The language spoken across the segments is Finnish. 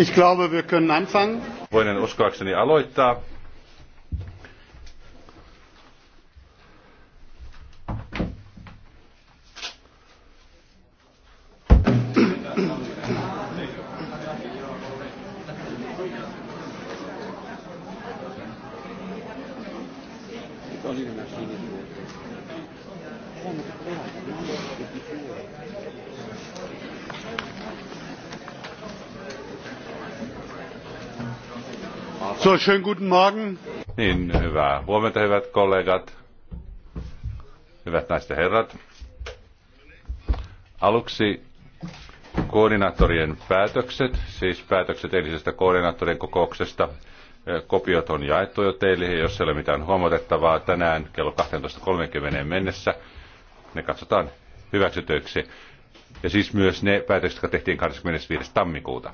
Ich glaube, wir können anfangen. Voinen uskoakseni aloittaa. So, schönen guten Morgen. Niin, hyvää huomenta, hyvät kollegat. Hyvät naiset ja herrat. Aluksi koordinaattorien päätökset, siis päätökset eilisestä koordinaattorien kokouksesta. Eh, kopiot on jaettu jo teille, jos ei ole mitään huomautettavaa tänään kello 12.30 mennessä, ne katsotaan hyväksytyiksi. Ja siis myös ne päätökset, jotka tehtiin 25. tammikuuta.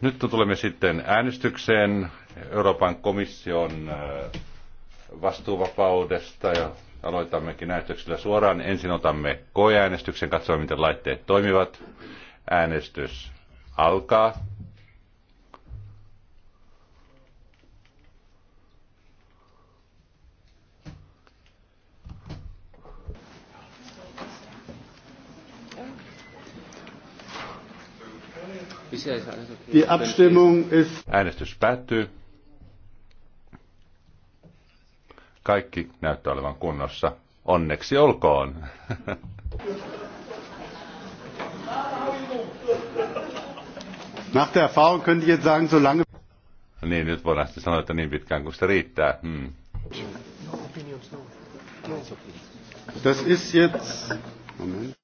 Nyt tulemme sitten äänestykseen Euroopan komission äh, vastuuvapaudesta ja aloitammekin äänestyksellä suoraan. Ensin otamme koeäänestyksen, katsomme miten laitteet toimivat. Äänestys alkaa. Die Abstimmung ist... Äänestys päättyy. Kaikki näyttää olevan kunnossa. Onneksi olkoon. Nach der Erfahrung könnte ich jetzt sagen, solange... Niin, nyt voidaan sitten sanoa, että niin pitkään kuin se riittää. Hmm. Das ist jetzt... Moment.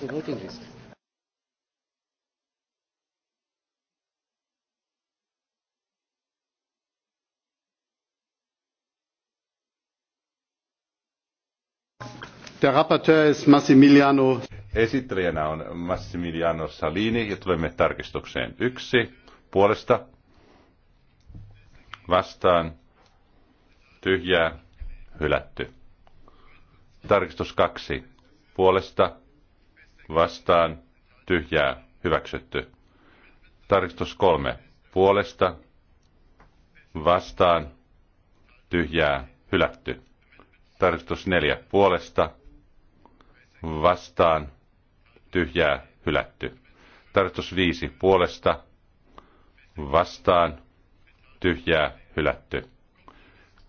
have a voting list. Der Rapporteur ist Massimiliano. Esittelijänä on Massimiliano Salini ja tulemme tarkistukseen yksi puolesta vastaan tyhjää hylätty. Tarkistus kaksi puolesta vastaan, tyhjää, hyväksytty. Tarkistus kolme, puolesta, vastaan, tyhjää, hylätty. Tarkistus neljä, puolesta, vastaan, tyhjää, hylätty. Tarkistus viisi, puolesta, vastaan, tyhjää, hylätty.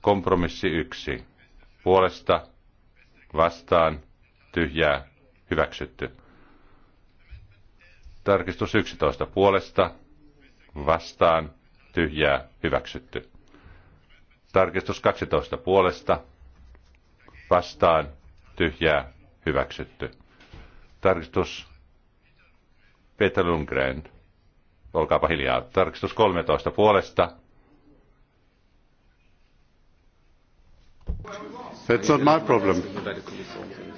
Kompromissi yksi, puolesta, vastaan, tyhjää, hyväksytty. Tarkistus 11 puolesta, vastaan, tyhjää, hyväksytty. Tarkistus 12 puolesta, vastaan, tyhjää, hyväksytty. Tarkistus Peter Lundgren, olkaapa hiljaa. Tarkistus 13 puolesta. That's not my problem.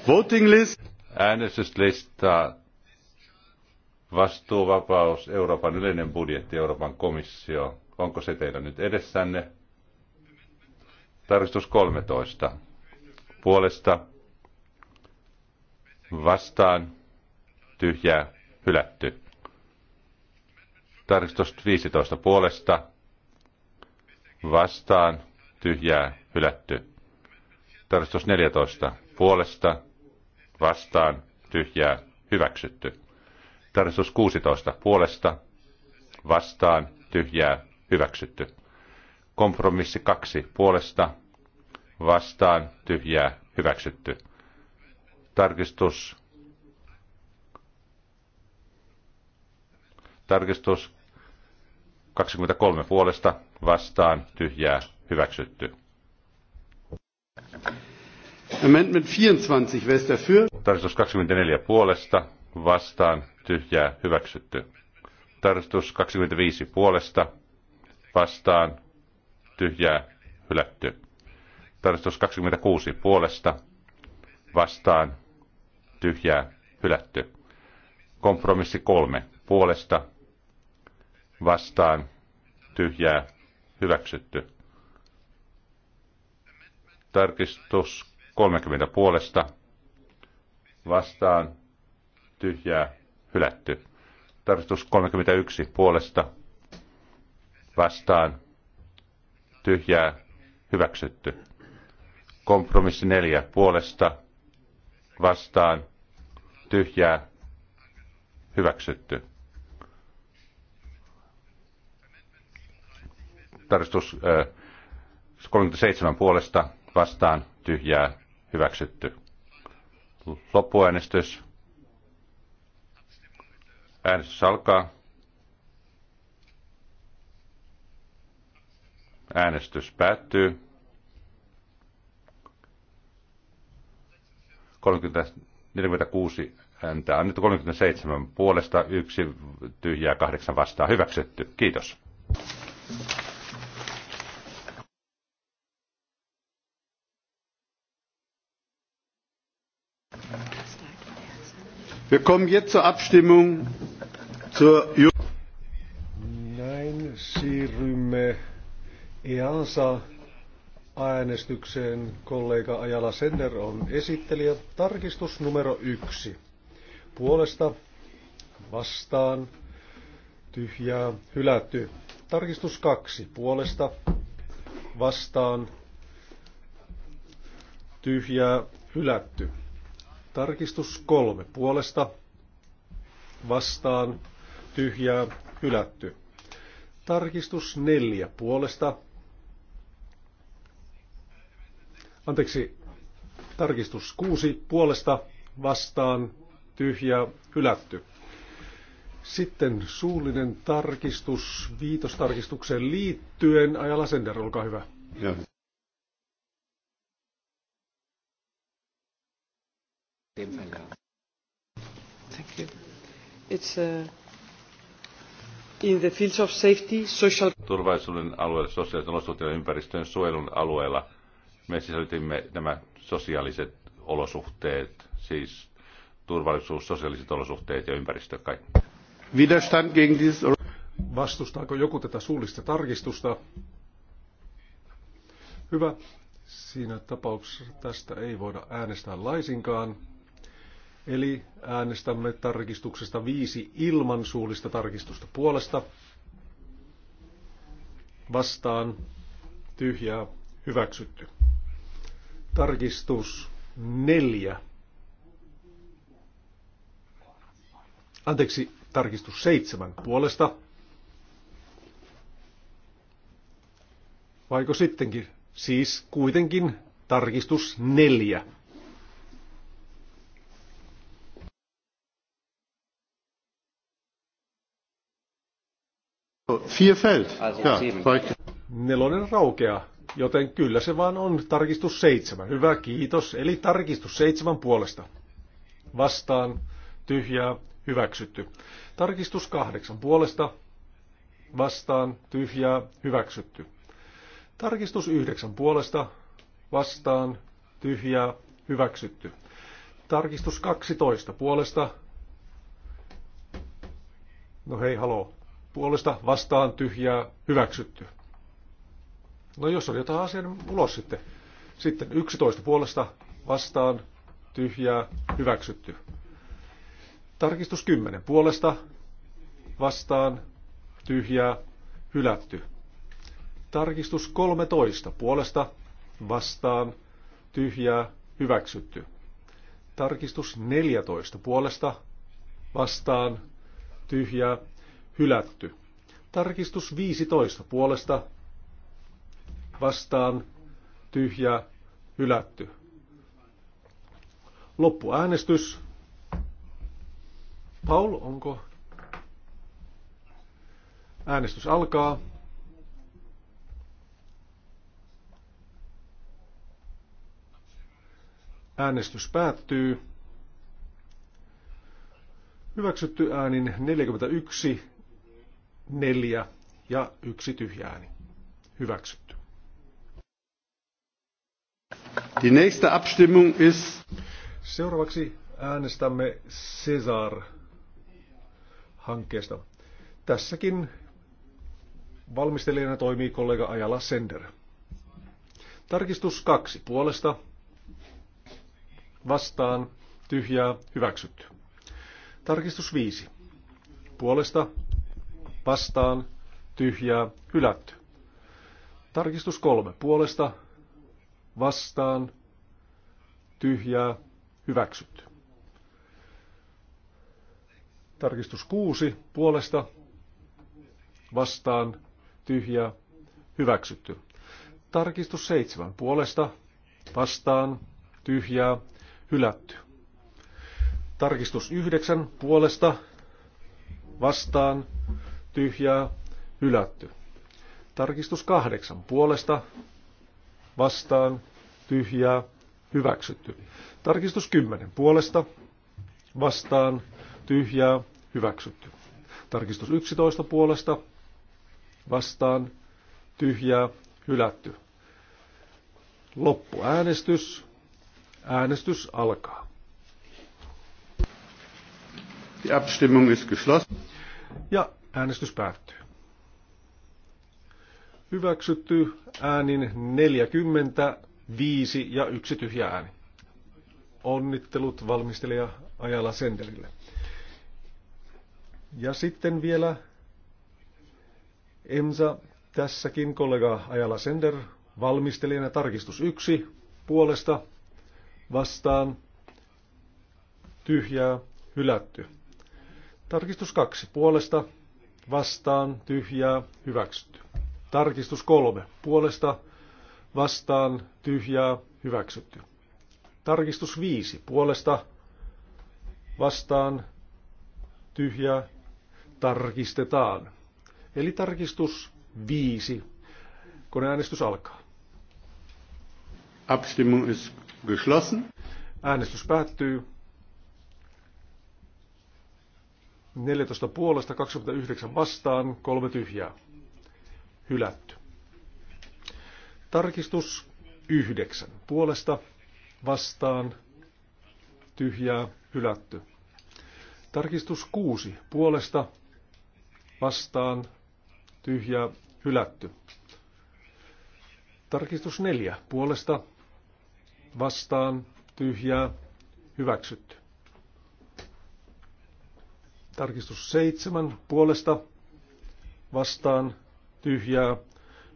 Voting list. Äänestyslista Vastuuvapaus, Euroopan yleinen budjetti, Euroopan komissio. Onko se teillä nyt edessänne? Tarkistus 13. Puolesta vastaan tyhjää hylätty. Tarkistus 15 puolesta vastaan tyhjää hylätty. Tarkistus 14 puolesta vastaan tyhjää hyväksytty. Tarkistus 16 puolesta vastaan tyhjää hyväksytty. Kompromissi 2 puolesta vastaan tyhjää hyväksytty. Tarkistus Tarkistus 23 puolesta vastaan tyhjää hyväksytty. Amendment 24 West dafür. Tarkistus 24 puolesta vastaan tyhjää hyväksytty. Tarkistus 25 puolesta vastaan tyhjää hylätty. Tarkistus 26 puolesta vastaan tyhjää hylätty. Kompromissi 3 puolesta vastaan tyhjää hyväksytty. Tarkistus 30 puolesta vastaan tyhjää hylätty. Tarkistus 31 puolesta vastaan tyhjää hyväksytty. Kompromissi 4 puolesta vastaan tyhjää hyväksytty. Tarkistus 37 äh, puolesta vastaan tyhjää hyväksytty. Loppuäänestys Äänestys alkaa. Äänestys päättyy. 36 46 ääntä annettu, 37 puolesta, yksi tyhjää, kahdeksan vastaan hyväksytty. Kiitos. Wir kommen jetzt zur Abstimmung zur Näin siirrymme EASA äänestykseen. Kollega Ajala Sender on esittelijä. Tarkistus numero yksi. Puolesta vastaan tyhjää hylätty. Tarkistus kaksi. Puolesta vastaan tyhjää hylätty. Tarkistus kolme puolesta vastaan tyhjää hylätty. Tarkistus neljä puolesta. Anteeksi, tarkistus kuusi puolesta vastaan tyhjää hylätty. Sitten suullinen tarkistus viitostarkistukseen liittyen. Ajala Sender, olkaa hyvä. Ja. dem Fall ja. Thank you. It's, a uh, in the fields of safety, social... Turvallisuuden alueella, sosiaalisen olosuhteiden ympäristön suojelun alueella me sisältimme nämä sosiaaliset olosuhteet, siis turvallisuus, sosiaaliset olosuhteet ja ympäristö kaikki. Vastustaako joku tätä suullista tarkistusta? Hyvä. Siinä tapauksessa tästä ei voida äänestää laisinkaan. Eli äänestämme tarkistuksesta viisi ilman suullista tarkistusta puolesta. Vastaan tyhjää hyväksytty. Tarkistus neljä. Anteeksi, tarkistus seitsemän puolesta. Vaiko sittenkin? Siis kuitenkin tarkistus neljä Vier Also Ja, Nelonen raukea, joten kyllä se vaan on tarkistus seitsemän. Hyvä, kiitos. Eli tarkistus seitsemän puolesta. Vastaan, tyhjää, hyväksytty. Tarkistus kahdeksan puolesta. Vastaan, tyhjää, hyväksytty. Tarkistus yhdeksän puolesta. Vastaan, tyhjää, hyväksytty. Tarkistus 12 puolesta. No hei, haloo puolesta vastaan tyhjää hyväksytty. No jos on jotain asiaa, niin ulos sitten. Sitten 11 puolesta vastaan tyhjää hyväksytty. Tarkistus 10 puolesta vastaan tyhjää hylätty. Tarkistus 13 puolesta vastaan tyhjää hyväksytty. Tarkistus 14 puolesta vastaan tyhjää hylätty. Tarkistus 15 puolesta vastaan Tyhjä. hylätty. Loppuäänestys. Paul, onko? Äänestys alkaa. Äänestys päättyy. Hyväksytty äänin 41 neljä ja yksi tyhjääni. Hyväksytty. Die nächste Abstimmung ist... Seuraavaksi äänestämme Cesar-hankkeesta. Tässäkin valmistelijana toimii kollega Ajala Sender. Tarkistus kaksi puolesta. Vastaan. Tyhjää. Hyväksytty. Tarkistus viisi Puolesta vastaan, tyhjää, hylätty. Tarkistus kolme puolesta, vastaan, tyhjää, hyväksytty. Tarkistus kuusi puolesta, vastaan, tyhjää, hyväksytty. Tarkistus seitsemän puolesta, vastaan, tyhjää, hylätty. Tarkistus yhdeksän puolesta, vastaan, tyhjää, hylätty. Tarkistus kahdeksan puolesta, vastaan, tyhjää, hyväksytty. Tarkistus kymmenen puolesta, vastaan, tyhjää, hyväksytty. Tarkistus yksitoista puolesta, vastaan, tyhjää, hylätty. Loppuäänestys. Äänestys alkaa. Die Abstimmung ist geschlossen. Ja Äänestys päättyy. Hyväksytty äänin 40, 5 ja yksi tyhjä ääni. Onnittelut valmistelija Ajala Senderille. Ja sitten vielä Emsa, tässäkin kollega Ajala Sender, valmistelijana tarkistus yksi puolesta vastaan tyhjää hylätty. Tarkistus kaksi puolesta vastaan, tyhjää, hyväksytty. Tarkistus kolme, puolesta, vastaan, tyhjää, hyväksytty. Tarkistus viisi, puolesta, vastaan, tyhjää, tarkistetaan. Eli tarkistus viisi, äänestys alkaa. Abstimmung ist geschlossen. Äänestys päättyy. 14 puolesta, 29 vastaan, kolme tyhjää. Hylätty. Tarkistus 9 puolesta, vastaan, tyhjää, hylätty. Tarkistus 6 puolesta, vastaan, tyhjää, hylätty. Tarkistus 4 puolesta, vastaan, tyhjää, hyväksytty. Tarkistus seitsemän puolesta vastaan tyhjää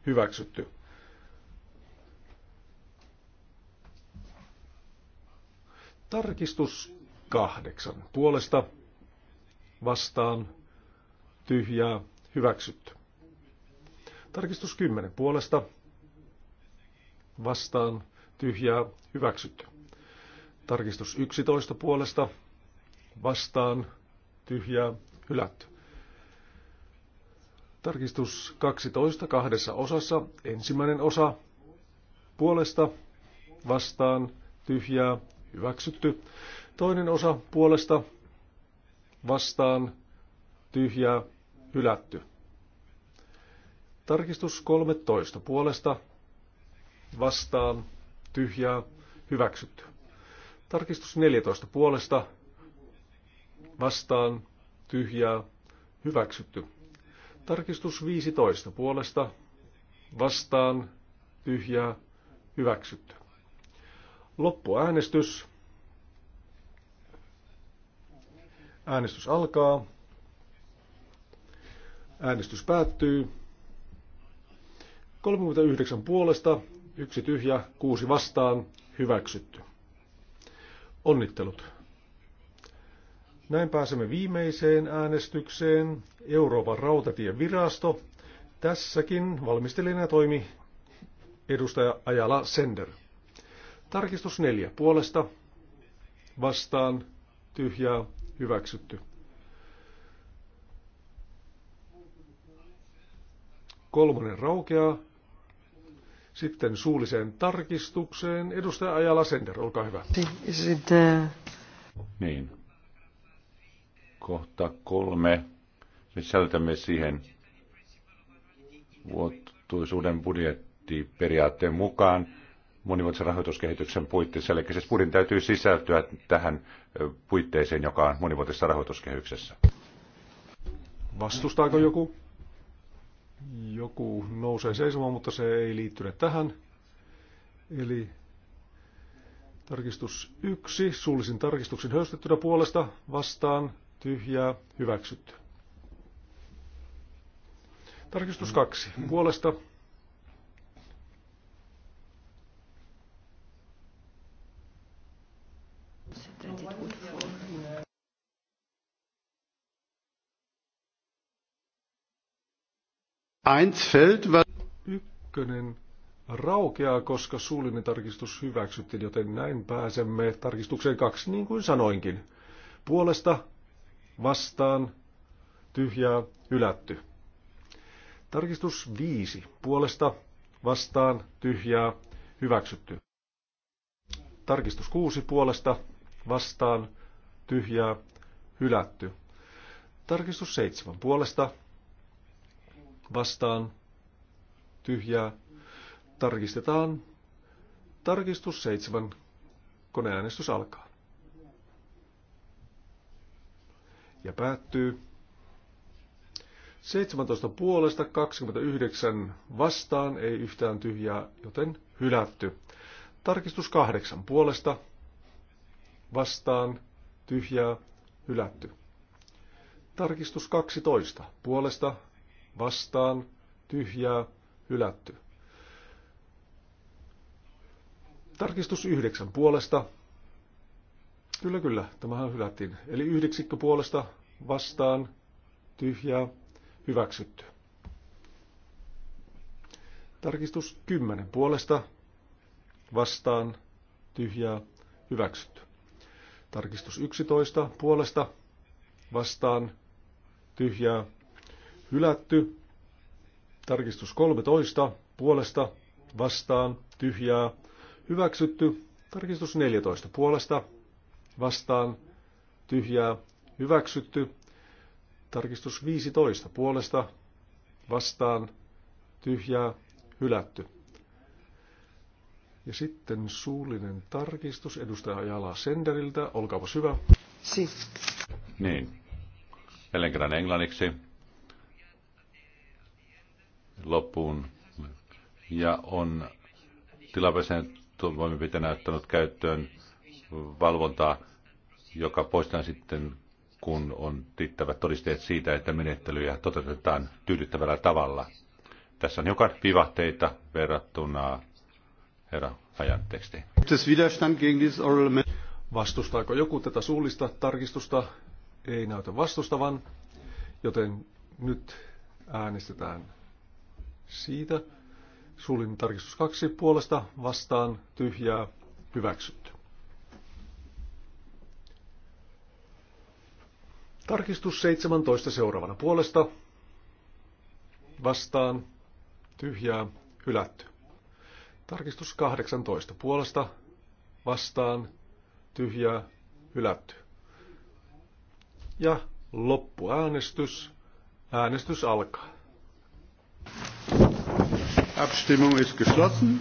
hyväksytty. Tarkistus kahdeksan puolesta vastaan tyhjää hyväksytty. Tarkistus kymmenen puolesta vastaan tyhjää hyväksytty. Tarkistus 11 puolesta vastaan tyhjää hylätty. Tarkistus 12 kahdessa osassa. Ensimmäinen osa puolesta vastaan tyhjää hyväksytty. Toinen osa puolesta vastaan tyhjää hylätty. Tarkistus 13 puolesta vastaan tyhjää hyväksytty. Tarkistus 14 puolesta vastaan tyhjää hyväksytty. Tarkistus 15 puolesta vastaan tyhjää hyväksytty. Loppuäänestys. Äänestys alkaa. Äänestys päättyy. 39 puolesta, yksi tyhjä, kuusi vastaan, hyväksytty. Onnittelut. Näin pääsemme viimeiseen äänestykseen. Euroopan rautatievirasto. Tässäkin valmistelijana toimi edustaja Ajala Sender. Tarkistus neljä puolesta vastaan tyhjää hyväksytty. Kolmonen raukeaa. Sitten suulliseen tarkistukseen. Edustaja Ajala Sender, olkaa hyvä. Uh, niin kohta kolme. Me sisältämme siihen vuotuisuuden budjettiperiaatteen mukaan monivuotisen rahoituskehityksen puitteissa. Eli siis budin täytyy sisältyä tähän puitteeseen, joka on monivuotisessa rahoituskehyksessä. Vastustaako joku? Joku nousee seisomaan, mutta se ei liittynyt tähän. Eli tarkistus yksi, suullisin tarkistuksen höystettynä puolesta vastaan tyhjää, hyväksytty. Tarkistus kaksi. Puolesta Ykkönen raukeaa, koska suullinen tarkistus hyväksyttiin, joten näin pääsemme tarkistukseen kaksi, niin kuin sanoinkin. Puolesta vastaan, tyhjää, hylätty. Tarkistus 5. Puolesta, vastaan, tyhjää, hyväksytty. Tarkistus 6. Puolesta, vastaan, tyhjää, hylätty. Tarkistus 7. Puolesta, vastaan, tyhjää, tarkistetaan. Tarkistus 7. Koneäänestys alkaa. ja päättyy. 17 puolesta 29 vastaan, ei yhtään tyhjää, joten hylätty. Tarkistus 8 puolesta vastaan, tyhjää, hylätty. Tarkistus 12 puolesta vastaan, tyhjää, hylätty. Tarkistus 9 puolesta Kyllä, kyllä. Tämähän hylättiin. Eli yhdeksikkö puolesta vastaan tyhjää hyväksytty. Tarkistus 10 puolesta vastaan tyhjää hyväksytty. Tarkistus 11 puolesta vastaan tyhjää hylätty. Tarkistus 13 puolesta vastaan tyhjää hyväksytty. Tarkistus 14 puolesta vastaan tyhjää hyväksytty. Tarkistus 15 puolesta vastaan tyhjää hylätty. Ja sitten suullinen tarkistus edustaja Jala Senderiltä. Olkaapa hyvä. Si. Niin. Jälleen kerran englanniksi. Loppuun. Ja on tilapäisen toimenpiteen näyttänyt käyttöön valvontaa, joka poistetaan sitten, kun on riittävät todisteet siitä, että menettelyjä toteutetaan tyydyttävällä tavalla. Tässä on hiukan vivahteita verrattuna herra Ajan tekstiin. Vastustaako joku tätä suullista tarkistusta? Ei näytä vastustavan, joten nyt äänestetään siitä. Suullinen tarkistus kaksi puolesta vastaan tyhjää hyväksytty. Tarkistus 17 seuraavana puolesta. Vastaan. Tyhjää. Hylätty. Tarkistus 18 puolesta. Vastaan. Tyhjää. Hylätty. Ja loppuäänestys. Äänestys alkaa. Abstimmung ist geschlossen.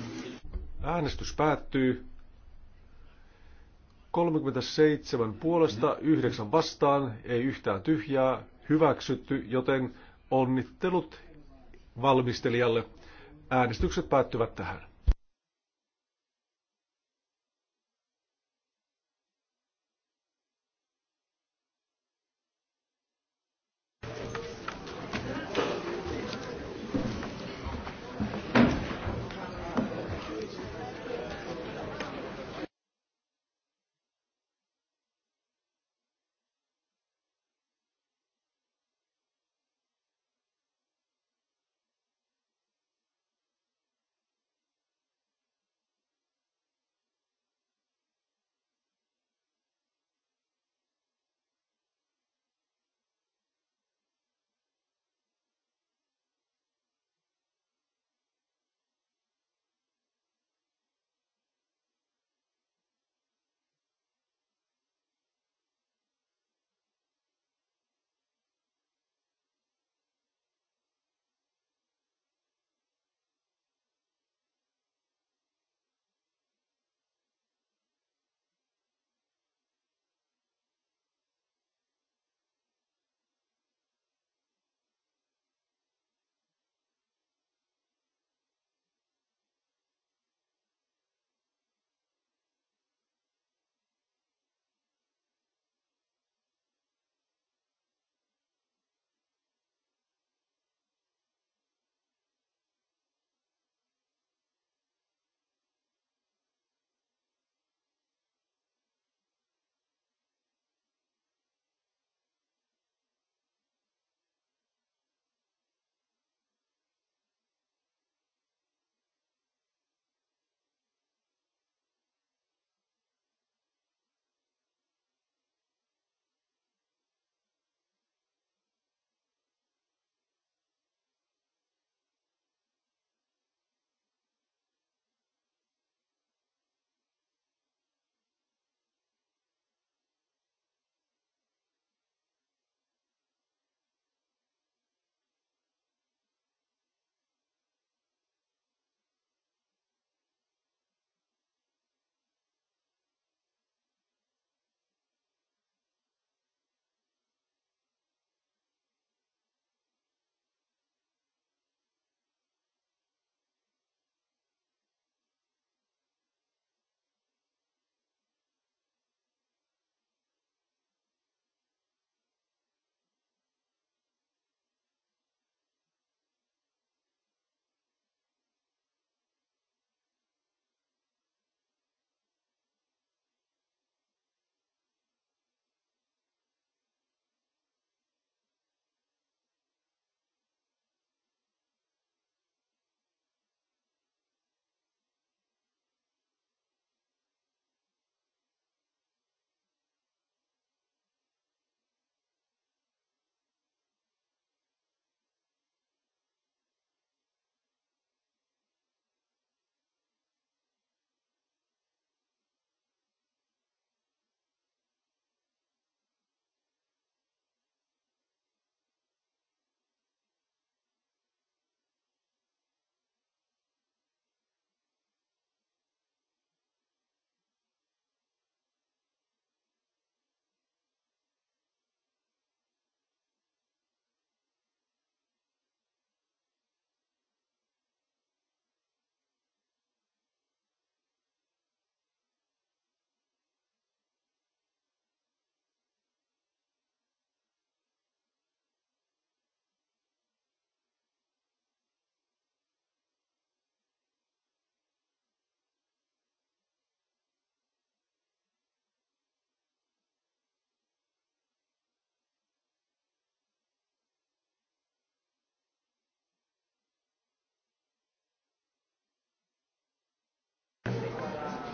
Äänestys päättyy. 37 puolesta, 9 mhm. vastaan, ei yhtään tyhjää, hyväksytty, joten onnittelut valmistelijalle. Äänestykset päättyvät tähän.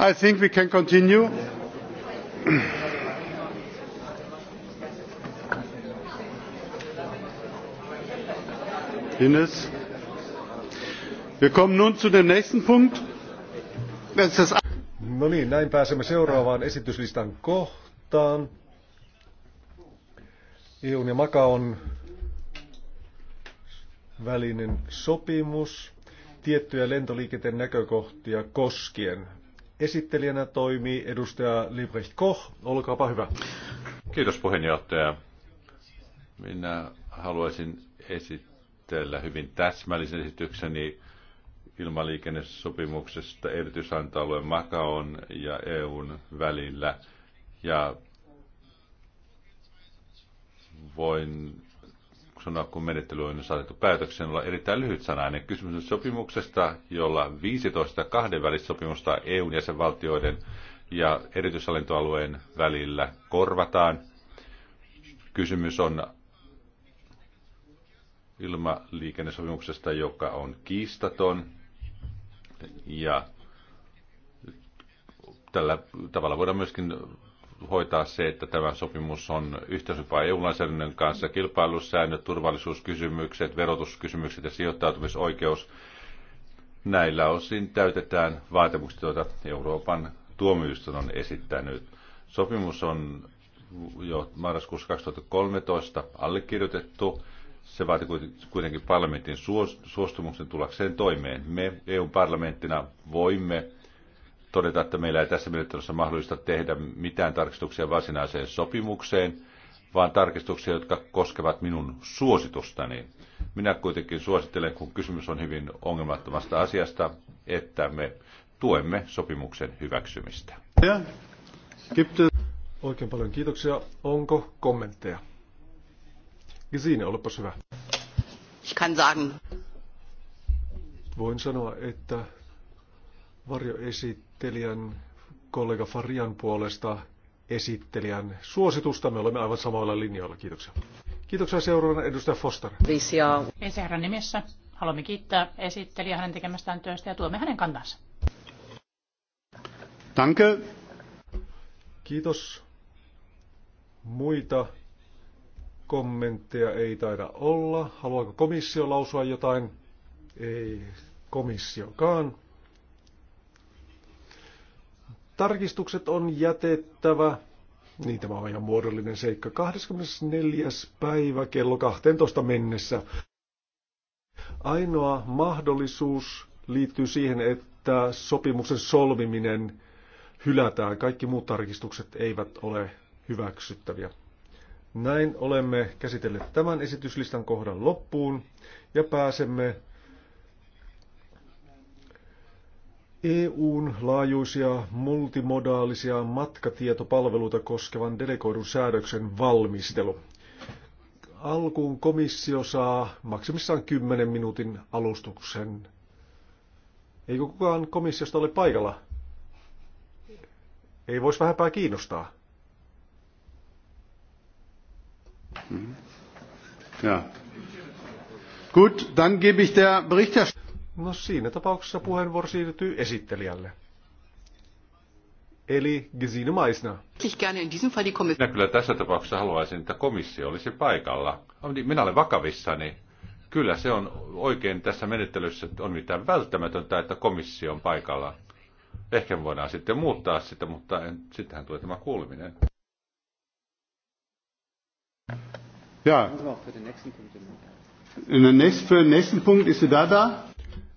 I think we can continue. Ines. Wir kommen nun zu dem nächsten Punkt. Das ist No niin, näin pääsemme seuraavaan esityslistan kohtaan. EUn ja Makaon välinen sopimus tiettyjä lentoliikenteen näkökohtia koskien. Esittelijänä toimii edustaja Liebrecht Koch. Olkaapa hyvä. Kiitos puheenjohtaja. Minä haluaisin esitellä hyvin täsmällisen esitykseni ilmaliikennesopimuksesta erityisanta Makaon ja EUn välillä. Ja voin sanoa, kun menettely on saatettu päätökseen, olla erittäin lyhytsanainen. Kysymys on sopimuksesta, jolla 15 kahdenvälistä sopimusta EUn jäsenvaltioiden ja erityishallintoalueen välillä korvataan. Kysymys on ilmaliikennesopimuksesta, joka on kiistaton. Ja tällä tavalla voidaan myöskin hoitaa se, että tämä sopimus on yhteisöpää EU-lainsäädännön kanssa, kilpailussäännöt, turvallisuuskysymykset, verotuskysymykset ja sijoittautumisoikeus. Näillä osin täytetään vaatimukset, joita Euroopan tuomioistuin on esittänyt. Sopimus on jo marraskuussa 2013 allekirjoitettu. Se vaati kuitenkin parlamentin suostumuksen tulakseen toimeen. Me EU-parlamenttina voimme todeta, että meillä ei tässä menettelyssä mahdollista tehdä mitään tarkistuksia varsinaiseen sopimukseen, vaan tarkistuksia, jotka koskevat minun suositustani. Minä kuitenkin suosittelen, kun kysymys on hyvin ongelmattomasta asiasta, että me tuemme sopimuksen hyväksymistä. Oikein paljon kiitoksia. Onko kommentteja? Gesine, olepas hyvä. Ich kann sagen. Voin sanoa, että esittää esittelijän kollega Farian puolesta esittelijän suositusta. Me olemme aivan samoilla linjoilla. Kiitoksia. Kiitoksia seuraavana edustaja Foster. Ensi herran nimessä haluamme kiittää esittelijä hänen tekemästään työstä ja tuomme hänen kantansa. Danke. Kiitos. Muita kommentteja ei taida olla. Haluaako komissio lausua jotain? Ei komissiokaan. Tarkistukset on jätettävä, niin tämä on ihan muodollinen seikka, 24. päivä kello 12 mennessä. Ainoa mahdollisuus liittyy siihen, että sopimuksen solmiminen hylätään. Kaikki muut tarkistukset eivät ole hyväksyttäviä. Näin olemme käsitelleet tämän esityslistan kohdan loppuun ja pääsemme EUn laajuisia multimodaalisia matkatietopalveluita koskevan delegoidun säädöksen valmistelu. Alkuun komissio saa maksimissaan 10 minuutin alustuksen. Eikö kukaan komissiosta ole paikalla? Ei voisi vähänpää kiinnostaa. Ja. Gut, dann gebe ich der Berichterstatter. No siinä tapauksessa puheenvuoro siirtyy esittelijälle. Eli Gesine Maisna. Minä kyllä tässä tapauksessa haluaisin, että komissio olisi paikalla. Niin, minä olen vakavissani. Kyllä se on oikein tässä menettelyssä, että on mitään välttämätöntä, että komissio on paikalla. Ehkä voidaan sitten muuttaa sitä, mutta en, sittenhän tulee tämä kuuleminen. Ja. Für den nächsten Punkt ist sie da da?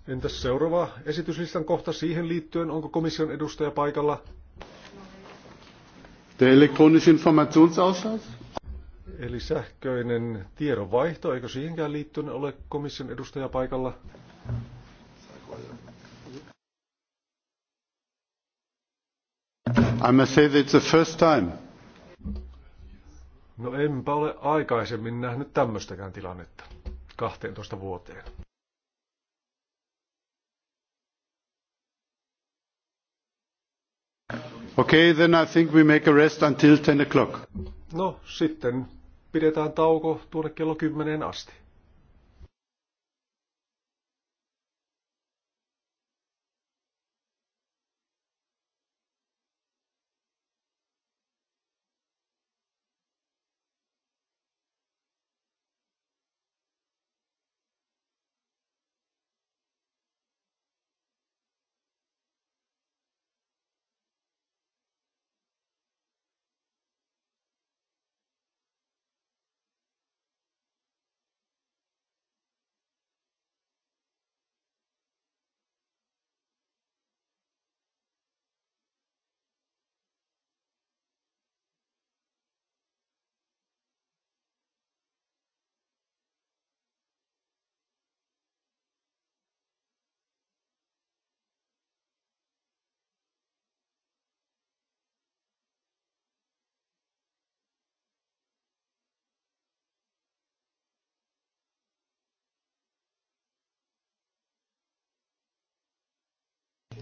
Entäs seuraava esityslistan kohta siihen liittyen, onko komission edustaja paikalla? Der elektronische Informationsausschuss? Eli sähköinen tiedonvaihto, eikö siihenkään liittyen ole komission edustaja paikalla? I must say that it's the first time. No enpä ole aikaisemmin nähnyt tämmöistäkään tilannetta 12 vuoteen. Okay, then I think we make a rest until 10 o'clock. No, sitten pidetään tauko tuonne kello 10 asti.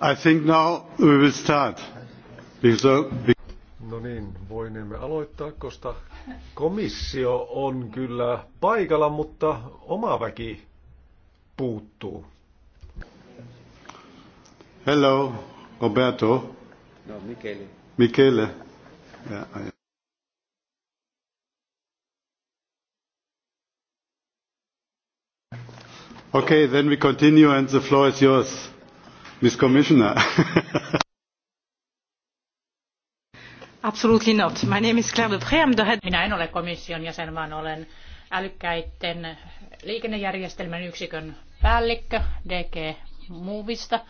I think now we will start. No niin, voinemme aloittaa, koska komissio on kyllä paikalla, mutta oma väki puuttuu. Hello, Roberto. No, Michele. Michele. Yeah, I... Okay, then we continue and the floor is yours. Ms. Commissioner. Absolutely not. My name is Claire Dupré. I'm the head. Minä en ole komission jäsen, vaan olen älykkäiden liikennejärjestelmän yksikön päällikkö DG Movista.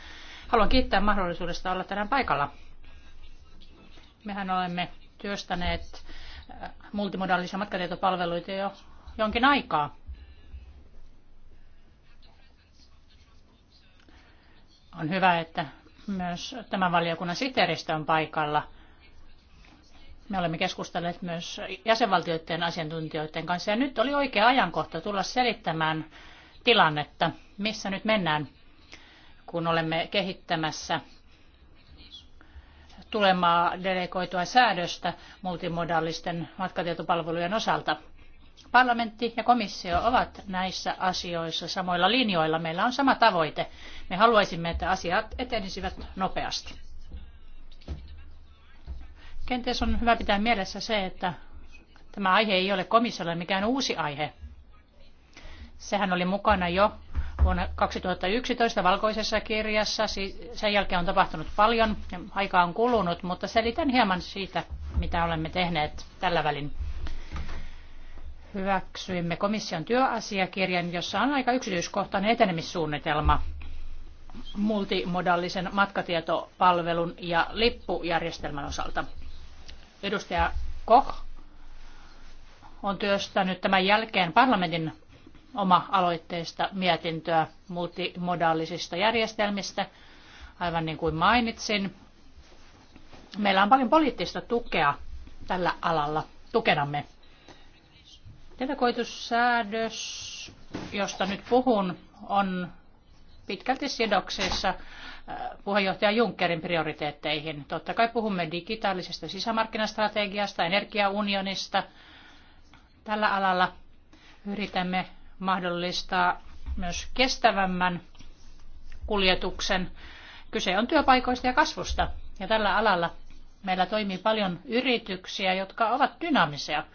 Haluan kiittää mahdollisuudesta olla tänään paikalla. Mehän olemme työstäneet äh, multimodaalisia matkatietopalveluita jo jonkin aikaa. On hyvä, että myös tämän valiokunnan sihteeristö on paikalla. Me olemme keskustelleet myös jäsenvaltioiden asiantuntijoiden kanssa ja nyt oli oikea ajankohta tulla selittämään tilannetta, missä nyt mennään, kun olemme kehittämässä tulemaa delegoitua säädöstä multimodaalisten matkatietopalvelujen osalta. Parlamentti ja komissio ovat näissä asioissa samoilla linjoilla. Meillä on sama tavoite. Me haluaisimme, että asiat etenisivät nopeasti. Kenties on hyvä pitää mielessä se, että tämä aihe ei ole komissiolle mikään uusi aihe. Sehän oli mukana jo vuonna 2011 valkoisessa kirjassa. Sen jälkeen on tapahtunut paljon ja aikaa on kulunut, mutta selitän hieman siitä, mitä olemme tehneet tällä välin hyväksyimme komission työasiakirjan, jossa on aika yksityiskohtainen etenemissuunnitelma multimodallisen matkatietopalvelun ja lippujärjestelmän osalta. Edustaja Koch on työstänyt tämän jälkeen parlamentin oma-aloitteista mietintöä multimodaalisista järjestelmistä, aivan niin kuin mainitsin. Meillä on paljon poliittista tukea tällä alalla tukenamme. Delegoitussäädös, josta nyt puhun, on pitkälti sidoksissa äh, puheenjohtaja Junckerin prioriteetteihin. Totta kai puhumme digitaalisesta sisämarkkinastrategiasta, energiaunionista. Tällä alalla yritämme mahdollistaa myös kestävämmän kuljetuksen. Kyse on työpaikoista ja kasvusta. Ja tällä alalla meillä toimii paljon yrityksiä, jotka ovat dynaamisia –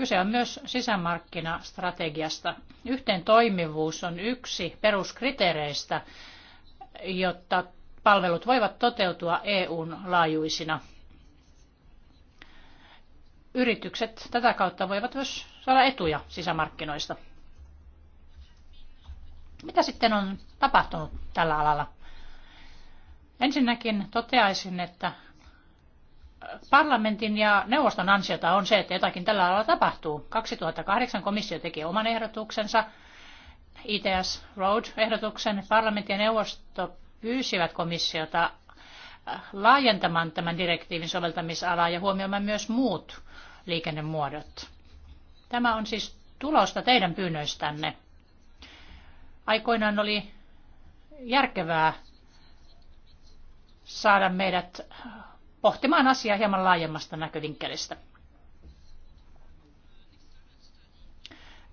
Kyse on myös sisämarkkinastrategiasta. Yhteen toimivuus on yksi peruskriteereistä, jotta palvelut voivat toteutua EUn laajuisina. Yritykset tätä kautta voivat myös saada etuja sisämarkkinoista. Mitä sitten on tapahtunut tällä alalla? Ensinnäkin toteaisin, että parlamentin ja neuvoston ansiota on se, että jotakin tällä alalla tapahtuu. 2008 komissio teki oman ehdotuksensa, ITS Road-ehdotuksen. Parlamentti ja neuvosto pyysivät komissiota äh, laajentamaan tämän direktiivin soveltamisalaa ja huomioimaan myös muut liikennemuodot. Tämä on siis tulosta teidän pyynnöistänne. Aikoinaan oli järkevää saada meidät pohtimaan asiaa hieman laajemmasta näkövinkkelistä.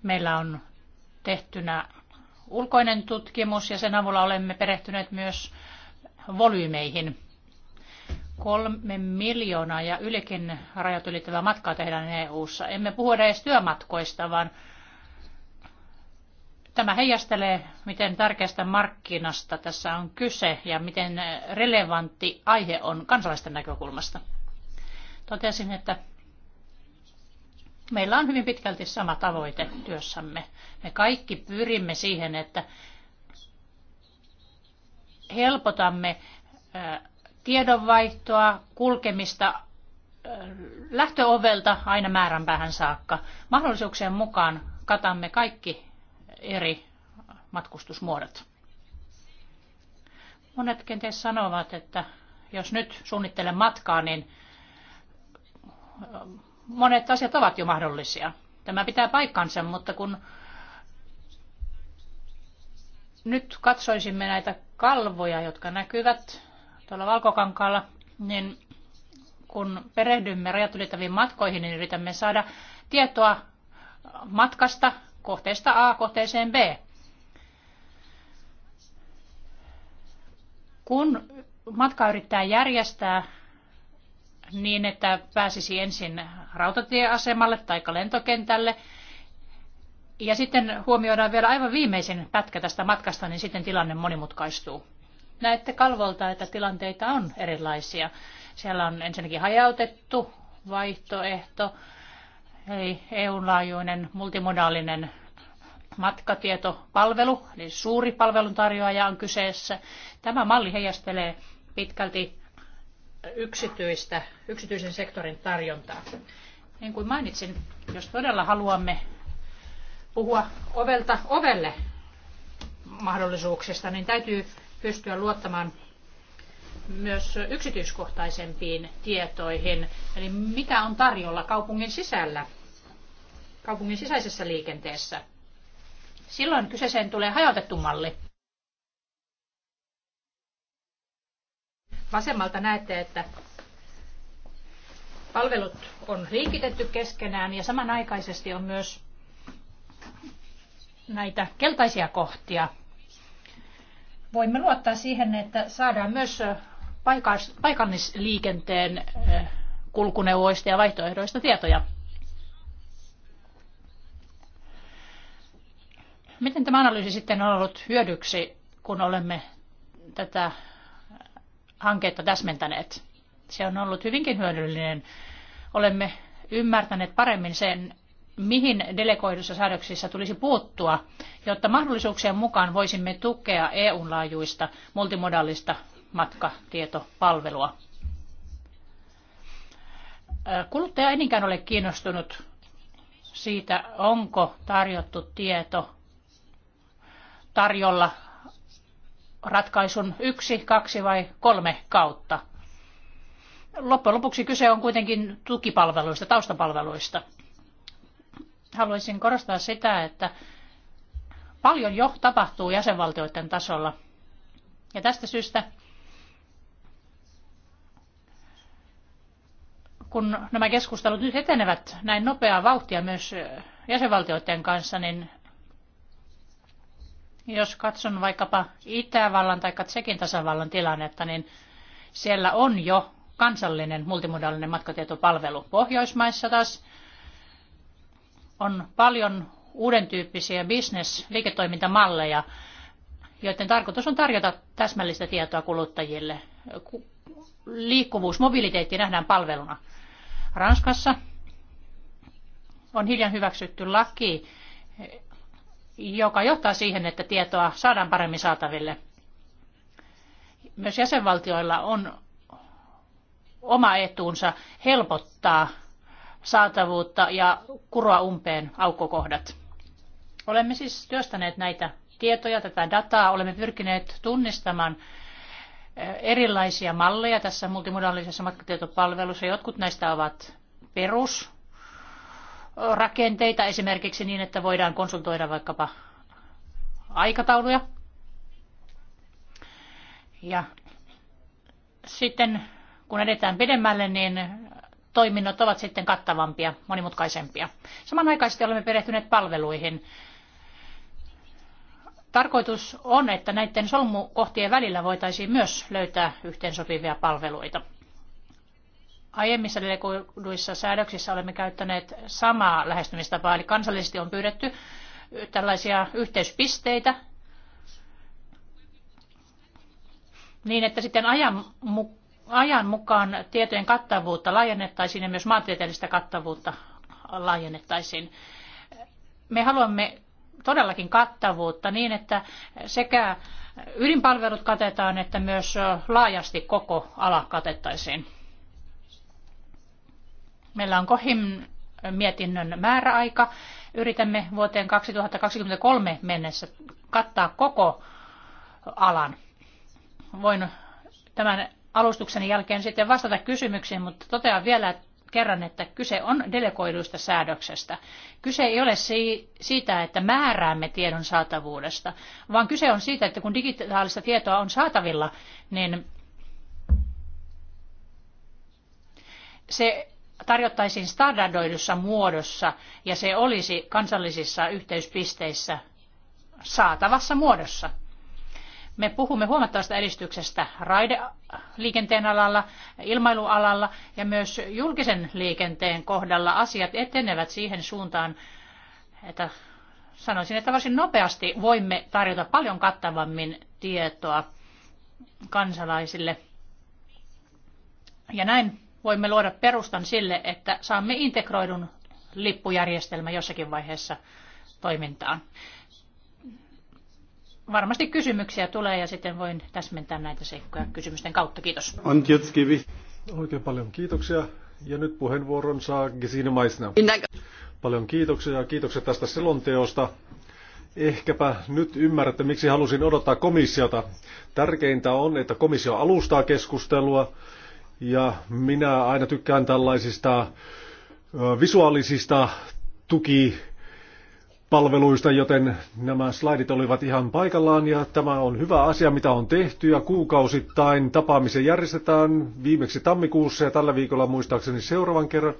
Meillä on tehtynä ulkoinen tutkimus ja sen avulla olemme perehtyneet myös volyymeihin. Kolme miljoonaa ja ylikin rajat ylittävää matkaa tehdään EU-ssa. Emme puhu edes työmatkoista, vaan Tämä heijastelee, miten tärkeästä markkinasta tässä on kyse ja miten relevantti aihe on kansalaisten näkökulmasta. Totesin, että meillä on hyvin pitkälti sama tavoite työssämme. Me kaikki pyrimme siihen, että helpotamme tiedonvaihtoa, kulkemista lähtöovelta aina määränpäähän saakka. Mahdollisuuksien mukaan katamme kaikki eri matkustusmuodot. Monet kenties sanovat, että jos nyt suunnittelen matkaa, niin monet asiat ovat jo mahdollisia. Tämä pitää paikkansa, mutta kun nyt katsoisimme näitä kalvoja, jotka näkyvät tuolla valkokankaalla, niin kun perehdymme rajat ylittäviin matkoihin, niin yritämme saada tietoa matkasta kohteesta A kohteeseen B. Kun matka yrittää järjestää niin, että pääsisi ensin rautatieasemalle tai lentokentälle, ja sitten huomioidaan vielä aivan viimeisen pätkä tästä matkasta, niin sitten tilanne monimutkaistuu. Näette kalvolta, että tilanteita on erilaisia. Siellä on ensinnäkin hajautettu vaihtoehto, eli EUn laajuinen multimodaalinen matkatietopalvelu, eli suuri palveluntarjoaja on kyseessä. Tämä malli heijastelee pitkälti yksityistä, yksityisen sektorin tarjontaa. Niin kuin mainitsin, jos todella haluamme puhua ovelta ovelle mahdollisuuksista, niin täytyy pystyä luottamaan myös yksityiskohtaisempiin tietoihin, eli mitä on tarjolla kaupungin sisällä kaupungin sisäisessä liikenteessä. Silloin kyseeseen tulee hajautettu malli. Vasemmalta näette, että palvelut on liikitetty keskenään ja samanaikaisesti on myös näitä keltaisia kohtia. Voimme luottaa siihen, että saadaan myös paikallisliikenteen kulkuneuvoista ja vaihtoehdoista tietoja. Miten tämä analyysi sitten on ollut hyödyksi, kun olemme tätä hanketta täsmentäneet? Se on ollut hyvinkin hyödyllinen. Olemme ymmärtäneet paremmin sen, mihin delegoidussa säädöksissä tulisi puuttua, jotta mahdollisuuksien mukaan voisimme tukea eu laajuista multimodaalista matkatietopalvelua. Kuluttaja ei niinkään ole kiinnostunut siitä, onko tarjottu tieto tarjolla ratkaisun yksi, kaksi vai kolme kautta. Loppujen lopuksi kyse on kuitenkin tukipalveluista, taustapalveluista. Haluaisin korostaa sitä, että paljon jo tapahtuu jäsenvaltioiden tasolla. Ja tästä syystä, kun nämä keskustelut nyt etenevät näin nopeaa vauhtia myös jäsenvaltioiden kanssa, niin jos katson vaikkapa Itävallan tai Tsekin tasavallan tilannetta, niin siellä on jo kansallinen multimodaalinen matkatietopalvelu. Pohjoismaissa taas on paljon uuden tyyppisiä business-liiketoimintamalleja, joiden tarkoitus on tarjota täsmällistä tietoa kuluttajille. Liikkuvuus, mobiliteetti nähdään palveluna. Ranskassa on hiljan hyväksytty laki, joka johtaa siihen, että tietoa saadaan paremmin saataville. Myös jäsenvaltioilla on oma etuunsa helpottaa saatavuutta ja kuroa umpeen aukkokohdat. Olemme siis työstäneet näitä tietoja, tätä dataa, olemme pyrkineet tunnistamaan eh, erilaisia malleja tässä multimodaalisessa matkatietopalvelussa. Jotkut näistä ovat perus rakenteita esimerkiksi niin, että voidaan konsultoida vaikkapa aikatauluja. Ja sitten kun edetään pidemmälle, niin toiminnot ovat sitten kattavampia, monimutkaisempia. Samanaikaisesti olemme perehtyneet palveluihin. Tarkoitus on, että näiden solmukohtien välillä voitaisiin myös löytää yhteensopivia palveluita. Aiemmissa delegoiduissa säädöksissä olemme käyttäneet samaa lähestymistapaa, eli kansallisesti on pyydetty tällaisia yhteyspisteitä niin, että sitten ajan, ajan mukaan tietojen kattavuutta laajennettaisiin ja myös maantieteellistä kattavuutta laajennettaisiin. Me haluamme todellakin kattavuutta niin, että sekä ydinpalvelut katetaan, että myös laajasti koko ala katettaisiin. Meillä on Kohin mietinnön määräaika. Yritämme vuoteen 2023 mennessä kattaa koko alan. Voin tämän alustuksen jälkeen sitten vastata kysymyksiin, mutta totean vielä kerran, että kyse on delegoiduista säädöksestä. Kyse ei ole siitä, että määräämme tiedon saatavuudesta, vaan kyse on siitä, että kun digitaalista tietoa on saatavilla, niin se tarjottaisiin standardoidussa muodossa ja se olisi kansallisissa yhteyspisteissä saatavassa muodossa. Me puhumme huomattavasta edistyksestä raideliikenteen alalla, ilmailualalla ja myös julkisen liikenteen kohdalla asiat etenevät siihen suuntaan, että sanoisin, että varsin nopeasti voimme tarjota paljon kattavammin tietoa kansalaisille. Ja näin voimme luoda perustan sille, että saamme integroidun lippujärjestelmän jossakin vaiheessa toimintaan. Varmasti kysymyksiä tulee ja sitten voin täsmentää näitä seikkoja kysymysten kautta. Kiitos. Antjotskivi. Oikein paljon kiitoksia. Ja nyt puheenvuoron saa Gesine Maisna. Paljon kiitoksia ja kiitokset tästä selonteosta. Ehkäpä nyt ymmärrätte, miksi halusin odottaa komissiota. Tärkeintä on, että komissio alustaa keskustelua ja minä aina tykkään tällaisista visuaalisista tukipalveluista, joten nämä slaidit olivat ihan paikallaan ja tämä on hyvä asia, mitä on tehty ja kuukausittain tapaamisen järjestetään viimeksi tammikuussa ja tällä viikolla muistaakseni seuraavan kerran.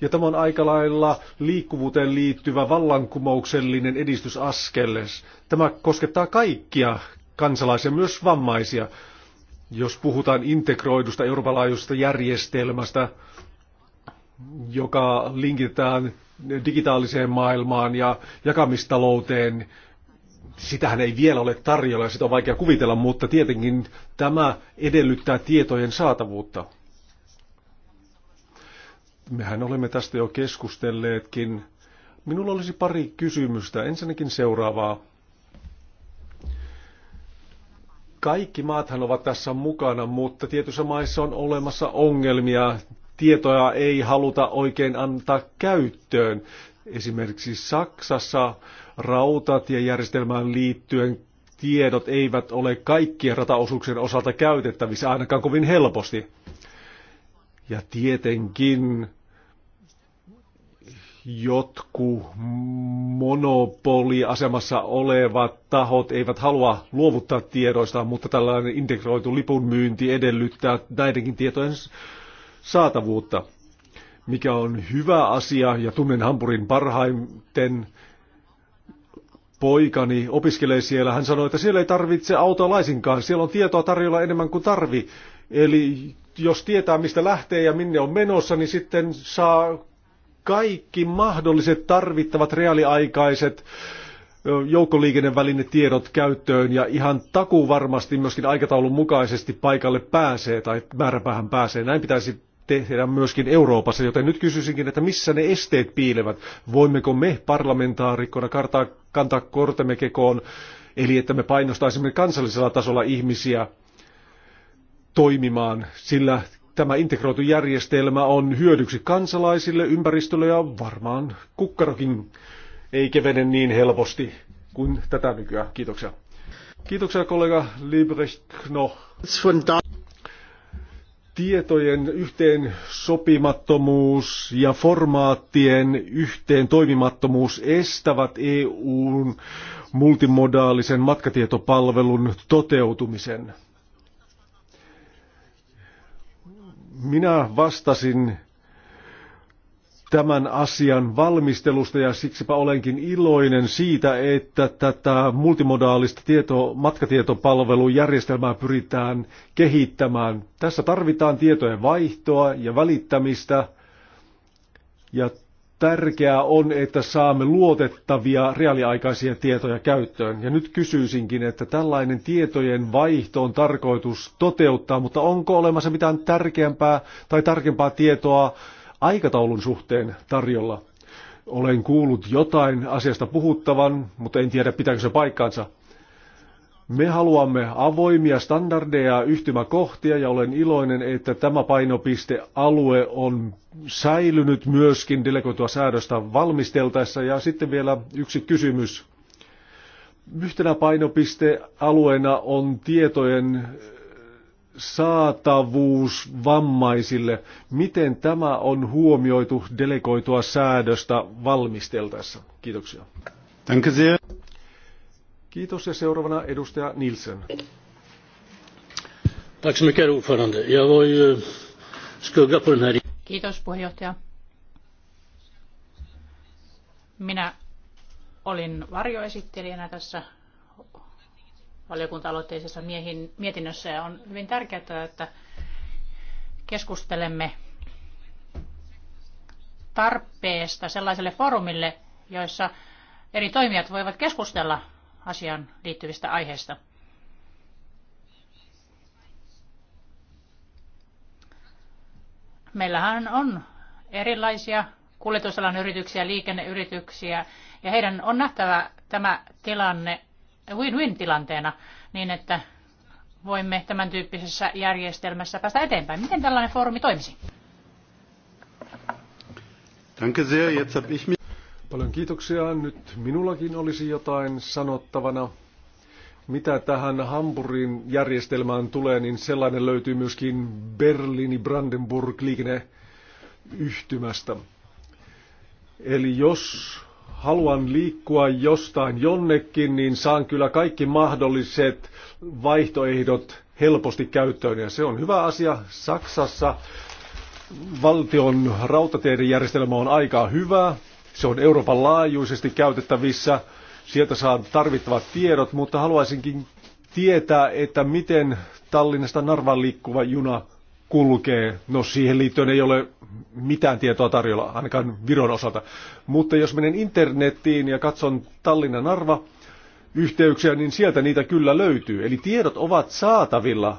Ja tämä on aika lailla liikkuvuuteen liittyvä vallankumouksellinen edistysaskelles. Tämä koskettaa kaikkia kansalaisia, myös vammaisia. Jos puhutaan integroidusta Euroopan laajuisesta järjestelmästä, joka linkitetään digitaaliseen maailmaan ja jakamistalouteen, sitähän ei vielä ole tarjolla ja sitä on vaikea kuvitella, mutta tietenkin tämä edellyttää tietojen saatavuutta. Mehän olemme tästä jo keskustelleetkin. Minulla olisi pari kysymystä. Ensinnäkin seuraavaa. Kaikki maathan ovat tässä mukana, mutta tietyissä maissa on olemassa ongelmia. Tietoja ei haluta oikein antaa käyttöön. Esimerkiksi Saksassa rautatiejärjestelmään liittyen tiedot eivät ole kaikkien rataosuuksien osalta käytettävissä ainakaan kovin helposti. Ja tietenkin jotkut monopoliasemassa olevat tahot eivät halua luovuttaa tiedoista, mutta tällainen integroitu lipunmyynti edellyttää näidenkin tietojen saatavuutta, mikä on hyvä asia ja tunnen Hampurin parhaiten. Poikani opiskelee siellä. Hän sanoi, että siellä ei tarvitse autoa laisinkaan. Siellä on tietoa tarjolla enemmän kuin tarvi. Eli jos tietää, mistä lähtee ja minne on menossa, niin sitten saa kaikki mahdolliset tarvittavat reaaliaikaiset joukkoliikennevälinetiedot käyttöön ja ihan takuu varmasti myöskin aikataulun mukaisesti paikalle pääsee tai määräpäähän pääsee. Näin pitäisi tehdä myöskin Euroopassa, joten nyt kysyisinkin, että missä ne esteet piilevät? Voimmeko me parlamentaarikkona kartaa, kantaa kortemme kekoon, eli että me painostaisimme kansallisella tasolla ihmisiä toimimaan, sillä Tämä integroitu järjestelmä on hyödyksi kansalaisille, ympäristölle ja varmaan kukkarokin ei kevene niin helposti kuin tätä nykyään. Kiitoksia. Kiitoksia kollega Liebrecht no. Tietojen yhteen sopimattomuus ja formaattien yhteen toimimattomuus estävät EUn multimodaalisen matkatietopalvelun toteutumisen. Minä vastasin tämän asian valmistelusta ja siksipä olenkin iloinen siitä, että tätä multimodaalista tieto, matkatietopalvelujärjestelmää pyritään kehittämään. Tässä tarvitaan tietojen vaihtoa ja välittämistä ja tärkeää on, että saamme luotettavia reaaliaikaisia tietoja käyttöön. Ja nyt kysyisinkin, että tällainen tietojen vaihto on tarkoitus toteuttaa, mutta onko olemassa mitään tärkeämpää tai tarkempaa tietoa aikataulun suhteen tarjolla? Olen kuullut jotain asiasta puhuttavan, mutta en tiedä pitääkö se paikkaansa. Me haluamme avoimia standardeja yhtymäkohtia ja olen iloinen, että tämä painopistealue on säilynyt myöskin delegoitua säädöstä valmisteltaessa. Ja sitten vielä yksi kysymys. Yhtenä painopistealueena on tietojen saatavuus vammaisille. Miten tämä on huomioitu delegoitua säädöstä valmisteltaessa? Kiitoksia. Danke sehr. Kiitos ja seuraavana edustaja Nielsen. Tack så mycket, ordförande. Jag var ju eh, skugga Kiitos, puheenjohtaja. Minä olin varjoesittelijänä tässä valiokunta-aloitteisessa mietinnössä ja on hyvin tärkeää, että keskustelemme tarpeesta sellaiselle foorumille, joissa eri toimijat voivat keskustella asiaan liittyvistä aiheista. Meillähän on erilaisia kuljetusalan yrityksiä, liikenneyrityksiä, ja heidän on nähtävä tämä tilanne win-win tilanteena, niin että voimme tämän tyyppisessä järjestelmässä päästä eteenpäin. Miten tällainen foorumi toimisi? Danke sehr. Jetzt habe ich mich Paljon kiitoksia. Nyt minullakin olisi jotain sanottavana. Mitä tähän Hamburgin järjestelmään tulee, niin sellainen löytyy myöskin Berliini Brandenburg yhtymästä. Eli jos haluan liikkua jostain jonnekin, niin saan kyllä kaikki mahdolliset vaihtoehdot helposti käyttöön. Ja se on hyvä asia. Saksassa valtion rautateiden järjestelmä on aika hyvä. Se on Euroopan laajuisesti käytettävissä. Sieltä saan tarvittavat tiedot, mutta haluaisinkin tietää, että miten Tallinnasta Narvan liikkuva juna kulkee. No siihen liittyen ei ole mitään tietoa tarjolla, ainakaan Viron osalta. Mutta jos menen internettiin ja katson Tallinnan Narva yhteyksiä, niin sieltä niitä kyllä löytyy. Eli tiedot ovat saatavilla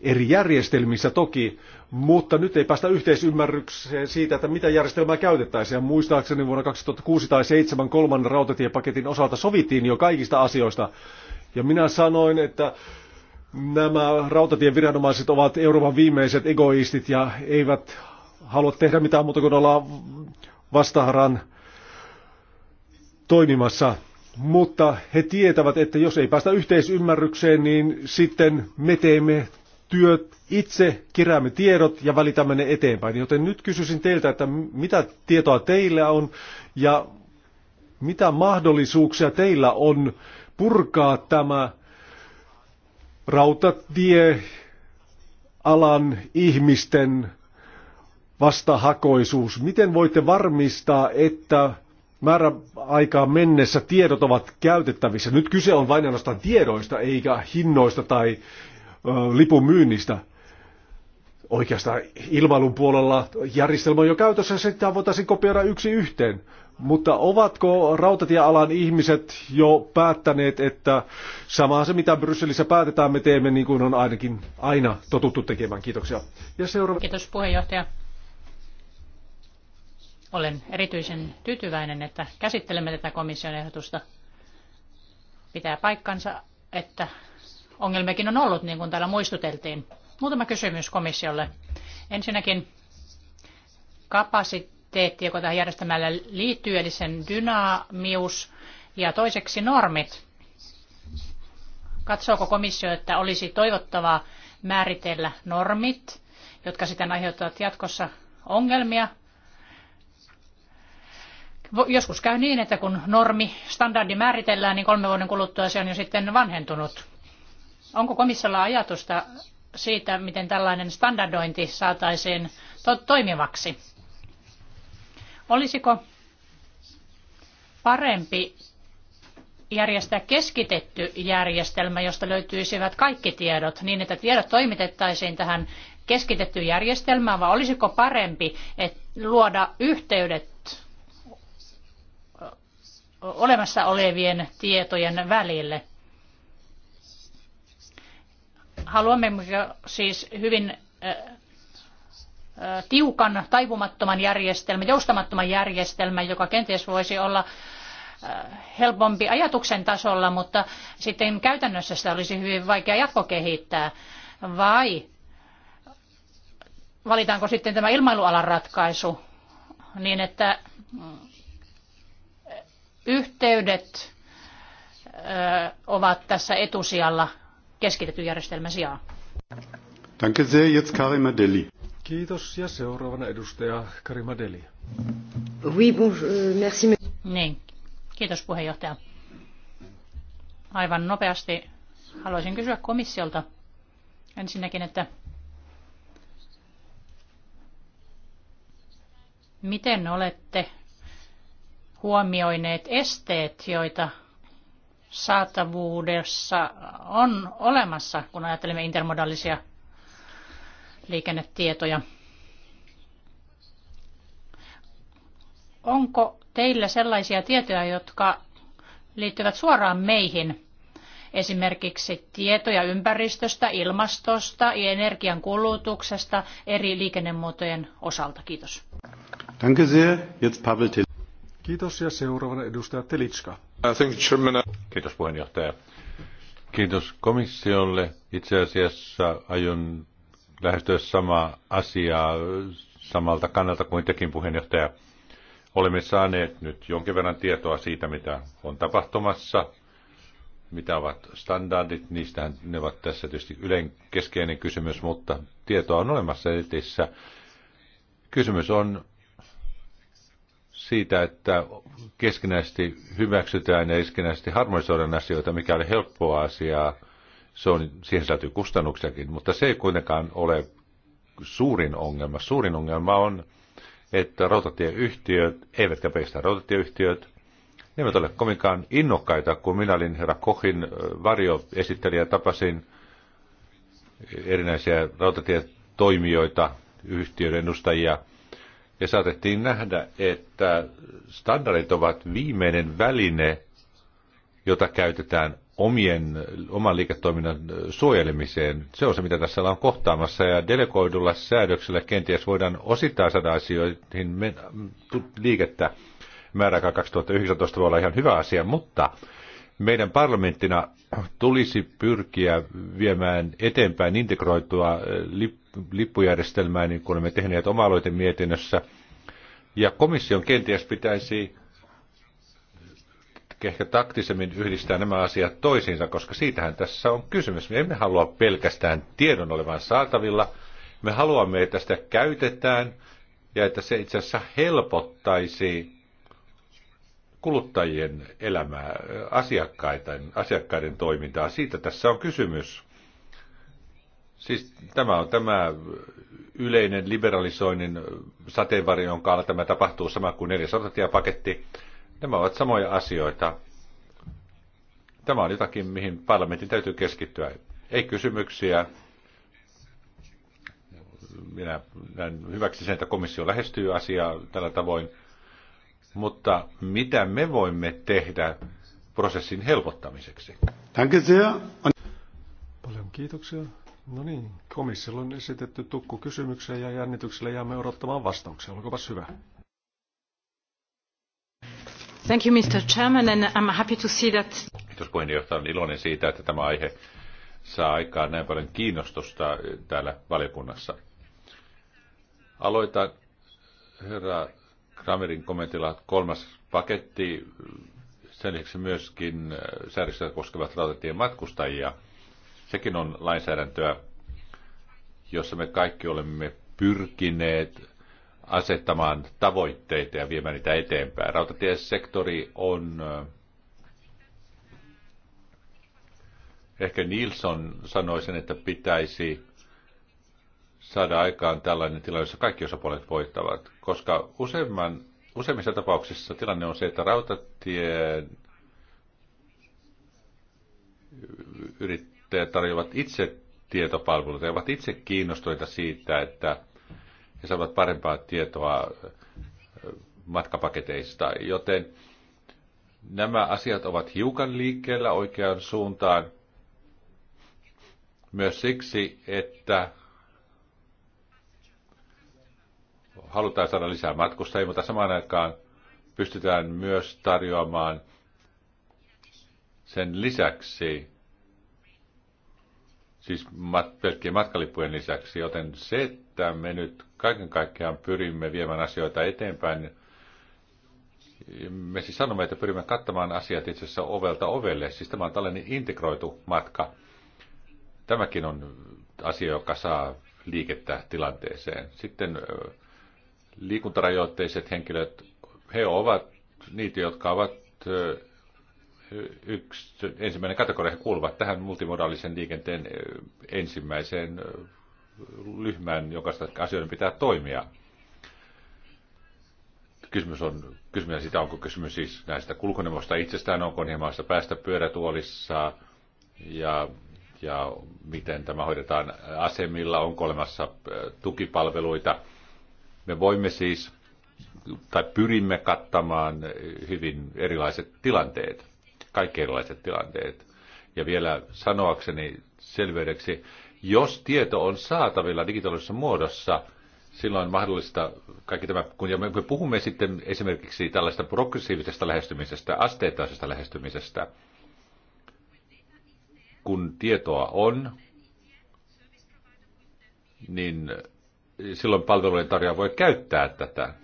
eri järjestelmissä toki, mutta nyt ei päästä yhteisymmärrykseen siitä, että mitä järjestelmää käytettäisiin. Ja muistaakseni vuonna 2006 tai 2007 kolmannen rautatiepaketin osalta sovittiin jo kaikista asioista. Ja minä sanoin, että nämä rautatien viranomaiset ovat Euroopan viimeiset egoistit ja eivät halua tehdä mitään muuta kuin olla vastaharan toimimassa. Mutta he tietävät, että jos ei päästä yhteisymmärrykseen, niin sitten me teemme työt, itse keräämme tiedot ja välitämme ne eteenpäin. Joten nyt kysyisin teiltä, että mitä tietoa teillä on ja mitä mahdollisuuksia teillä on purkaa tämä rautatiealan ihmisten vastahakoisuus. Miten voitte varmistaa, että määräaikaan mennessä tiedot ovat käytettävissä? Nyt kyse on vain ainoastaan tiedoista, eikä hinnoista tai lipun myynnistä. Oikeastaan ilmailun puolella järjestelmä on jo käytössä, sitä voitaisiin kopioida yksi yhteen. Mutta ovatko rautatiealan ihmiset jo päättäneet, että samaa se mitä Brysselissä päätetään, me teemme niin kuin on ainakin aina totuttu tekemään. Kiitoksia. Ja seuraava. Kiitos puheenjohtaja. Olen erityisen tyytyväinen, että käsittelemme tätä komission ehdotusta. Pitää paikkansa, että ongelmiakin on ollut, niin kuin täällä muistuteltiin. Muutama kysymys komissiolle. Ensinnäkin kapasiteetti, joka tähän järjestelmällä liittyy, eli sen dynaamius, ja toiseksi normit. Katsooko komissio, että olisi toivottavaa määritellä normit, jotka sitten aiheuttavat jatkossa ongelmia joskus käy niin, että kun normi, standardi määritellään, niin kolme vuoden kuluttua se on jo sitten vanhentunut. Onko komissiolla ajatusta siitä, miten tällainen standardointi saataisiin to- toimivaksi? Olisiko parempi järjestää keskitetty järjestelmä, josta löytyisivät kaikki tiedot, niin että tiedot toimitettaisiin tähän keskitettyyn järjestelmään, vai olisiko parempi että luoda yhteydet olemassa olevien tietojen välille? Haluamme siis hyvin tiukan, taipumattoman järjestelmän, joustamattoman järjestelmän, joka kenties voisi olla helpompi ajatuksen tasolla, mutta sitten käytännössä sitä olisi hyvin vaikea jatkokehittää. Vai valitaanko sitten tämä ilmailualan ratkaisu niin, että mm, yhteydet ovat tässä etusijalla keskitetyn järjestelmän sijaan. Danke sehr, jetzt Karima Deli. Kiitos ja seuraavana edustaja Karima Deli. Oui, bonjour, euh, merci. Niin, kiitos puheenjohtaja. Aivan nopeasti haluaisin kysyä komissiolta ensinnäkin, että miten olette huomioineet esteet, joita saatavuudessa on olemassa, kun ajattelemme intermodaalisia liikennetietoja. Onko teillä sellaisia tietoja, jotka liittyvät suoraan meihin? Esimerkiksi tietoja ympäristöstä, ilmastosta ja energian kulutuksesta eri liikennemuotojen osalta. Kiitos. Danke sehr. Jetzt Pavel Kiitos ja seuraavana edustaja Telitska. Uh, Kiitos puheenjohtaja. Kiitos komissiolle. Itse asiassa aion lähestyä samaa asiaa samalta kannalta kuin tekin puheenjohtaja. Olemme saaneet nyt jonkin verran tietoa siitä, mitä on tapahtumassa, mitä ovat standardit. Niistähän ne ovat tässä tietysti yleinen keskeinen kysymys, mutta tietoa on olemassa edessä. Kysymys on, siitä, että keskinäisesti hyväksytään ja keskinäisesti harmonisoidaan asioita, mikä oli helppoa asiaa. Se on, siihen säätyy kustannuksiakin, mutta se ei kuitenkaan ole suurin ongelma. Suurin ongelma on, että rautatieyhtiöt, eivätkä peistä rautatieyhtiöt, ne eivät ole kovinkaan innokkaita, kun minä olin herra Kohin varjoesittelijä, tapasin erinäisiä rautatietoimijoita, yhtiöiden edustajia – ja saatettiin nähdä, että standardit ovat viimeinen väline, jota käytetään omien, oman liiketoiminnan suojelemiseen. Se on se, mitä tässä ollaan kohtaamassa, ja delegoidulla säädöksellä kenties voidaan osittain saada asioihin liikettä. Määräaikaa 2019 voi olla ihan hyvä asia, mutta meidän parlamenttina tulisi pyrkiä viemään eteenpäin integroitua äh, lippujärjestelmää, niin kuin olemme tehneet oma mietinnössä. Ja komission kenties pitäisi ehkä taktisemmin yhdistää nämä asiat toisiinsa, koska siitähän tässä on kysymys. Me emme halua pelkästään tiedon olevan saatavilla. Me haluamme, että sitä käytetään ja että se itse asiassa helpottaisi kuluttajien elämää, asiakkaiden, asiakkaiden toimintaa. Siitä tässä on kysymys. Siis tämä on tämä yleinen liberalisoinnin sateenvarjon jonka alla tämä tapahtuu sama kuin 400 paketti. Nämä ovat samoja asioita. Tämä on jotakin, mihin parlamentin täytyy keskittyä. Ei kysymyksiä. Minä näen hyväksi sen, että komissio lähestyy asiaa tällä tavoin. Mutta mitä me voimme tehdä prosessin helpottamiseksi? Paljon kiitoksia. No niin, komissiolla on esitetty tukku kysymyksiä ja jännityksellä jäämme odottamaan vastauksia. Olkoonpas hyvä. Thank you, Mr. Chairman, and I'm happy to see that... Kiitos puheenjohtaja. Olen iloinen siitä, että tämä aihe saa aikaan näin paljon kiinnostusta täällä valiokunnassa. Aloitan herra Kramerin kommentilla kolmas paketti, sen lisäksi myöskin äh, säädöksiä koskevat rautatien matkustajia. Sekin on lainsäädäntöä, jossa me kaikki olemme pyrkineet asettamaan tavoitteita ja viemään niitä eteenpäin. Rautatiesektori on, äh, ehkä Nilsson sanoi sen, että pitäisi saada aikaan tällainen tilanne, jossa kaikki osapuolet voittavat, koska useimman, useimmissa tapauksissa tilanne on se, että rautatien yrittäjät tarjoavat itse tietopalveluita ja ovat itse kiinnostuneita siitä, että he saavat parempaa tietoa matkapaketeista, joten nämä asiat ovat hiukan liikkeellä oikeaan suuntaan myös siksi, että halutaan saada lisää matkustajia, mutta samaan aikaan pystytään myös tarjoamaan sen lisäksi, siis mat, pelkkien matkalippujen lisäksi, joten se, että me nyt kaiken kaikkiaan pyrimme viemään asioita eteenpäin, me siis sanomme, että pyrimme kattamaan asiat itse asiassa ovelta ovelle, siis tämä on tällainen integroitu matka. Tämäkin on asia, joka saa liikettä tilanteeseen. Sitten liikuntarajoitteiset henkilöt, he ovat niitä, jotka ovat yksi, ensimmäinen kategoria, he kuuluvat tähän multimodaalisen liikenteen ensimmäiseen lyhmään, jonka asioiden pitää toimia. Kysymys on kysymys siitä, onko kysymys siis näistä kulkuneuvosta itsestään, onko niin päästä pyörätuolissa ja, ja miten tämä hoidetaan asemilla, onko olemassa tukipalveluita – me voimme siis tai pyrimme kattamaan hyvin erilaiset tilanteet, kaikki erilaiset tilanteet. Ja vielä sanoakseni selveydeksi, jos tieto on saatavilla digitaalisessa muodossa, silloin mahdollista kaikki tämä, kun ja me puhumme sitten esimerkiksi tällaista progressiivisesta lähestymisestä, asteittaisesta lähestymisestä, kun tietoa on, niin silloin palvelujen tarjoaja voi käyttää tätä?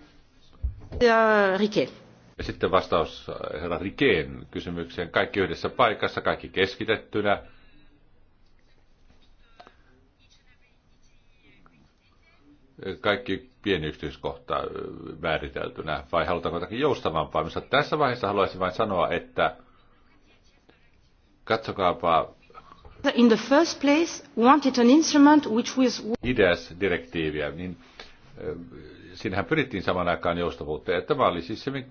Ja, Rike. Ja sitten vastaus äh, herra Rikeen kysymykseen. Kaikki yhdessä paikassa, kaikki keskitettynä. Kaikki pieni yksityiskohta äh, määriteltynä vai halutaanko jotakin joustavampaa? Missä tässä vaiheessa haluaisin vain sanoa, että katsokaapa In the first place wanted an instrument which was... direktiiviä niin ähm, siinähän pyrittiin saman aikaan joustavuutta. Ja tämä oli siis se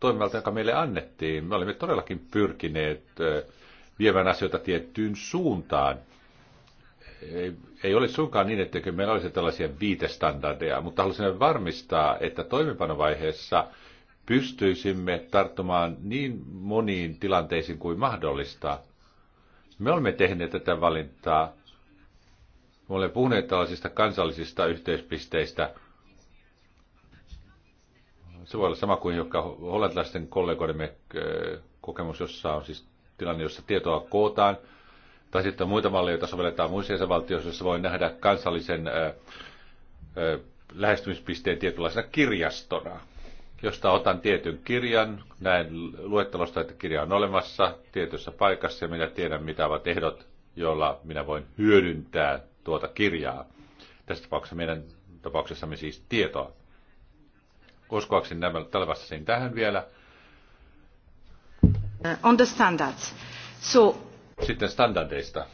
toimivalta, joka meille annettiin. Me olimme todellakin pyrkineet äh, viemään asioita tiettyyn suuntaan. Ei, ei ole suinkaan niin, että meillä olisi tällaisia viitestandardeja, mutta halusimme varmistaa, että toimipanovaiheessa pystyisimme tarttumaan niin moniin tilanteisiin kuin mahdollista. Me olemme tehneet tätä valintaa. Me olemme puhuneet tällaisista kansallisista yhteispisteistä. Se voi olla sama kuin joka hollantilaisten kollegoidemme äh, kokemus, jossa on siis tilanne, jossa tietoa kootaan. Tai sitten on muita malleja, joita sovelletaan muissa jäsenvaltioissa, joissa voi nähdä kansallisen äh, äh, lähestymispisteen tietynlaisena kirjastona josta otan tietyn kirjan, näen luettelosta, että kirja on olemassa tietyssä paikassa ja minä tiedän, mitä ovat ehdot, joilla minä voin hyödyntää tuota kirjaa. Tässä tapauksessa meidän tapauksessamme siis tietoa. Uskoakseni nämä, tällä tähän vielä. Uh, on the standards. So... Sitten standardeista.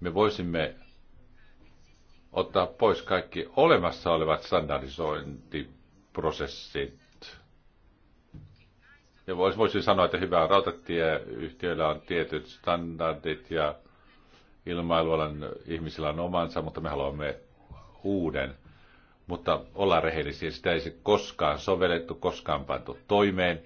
Me voisimme ottaa pois kaikki olemassa olevat standardisointiprosessit. Ja vois, voisin sanoa, että hyvää rautatieyhtiöillä on tietyt standardit ja ilmailualan ihmisillä on omansa, mutta me haluamme uuden. Mutta olla rehellisiä, sitä ei se koskaan sovellettu, koskaan pantu toimeen.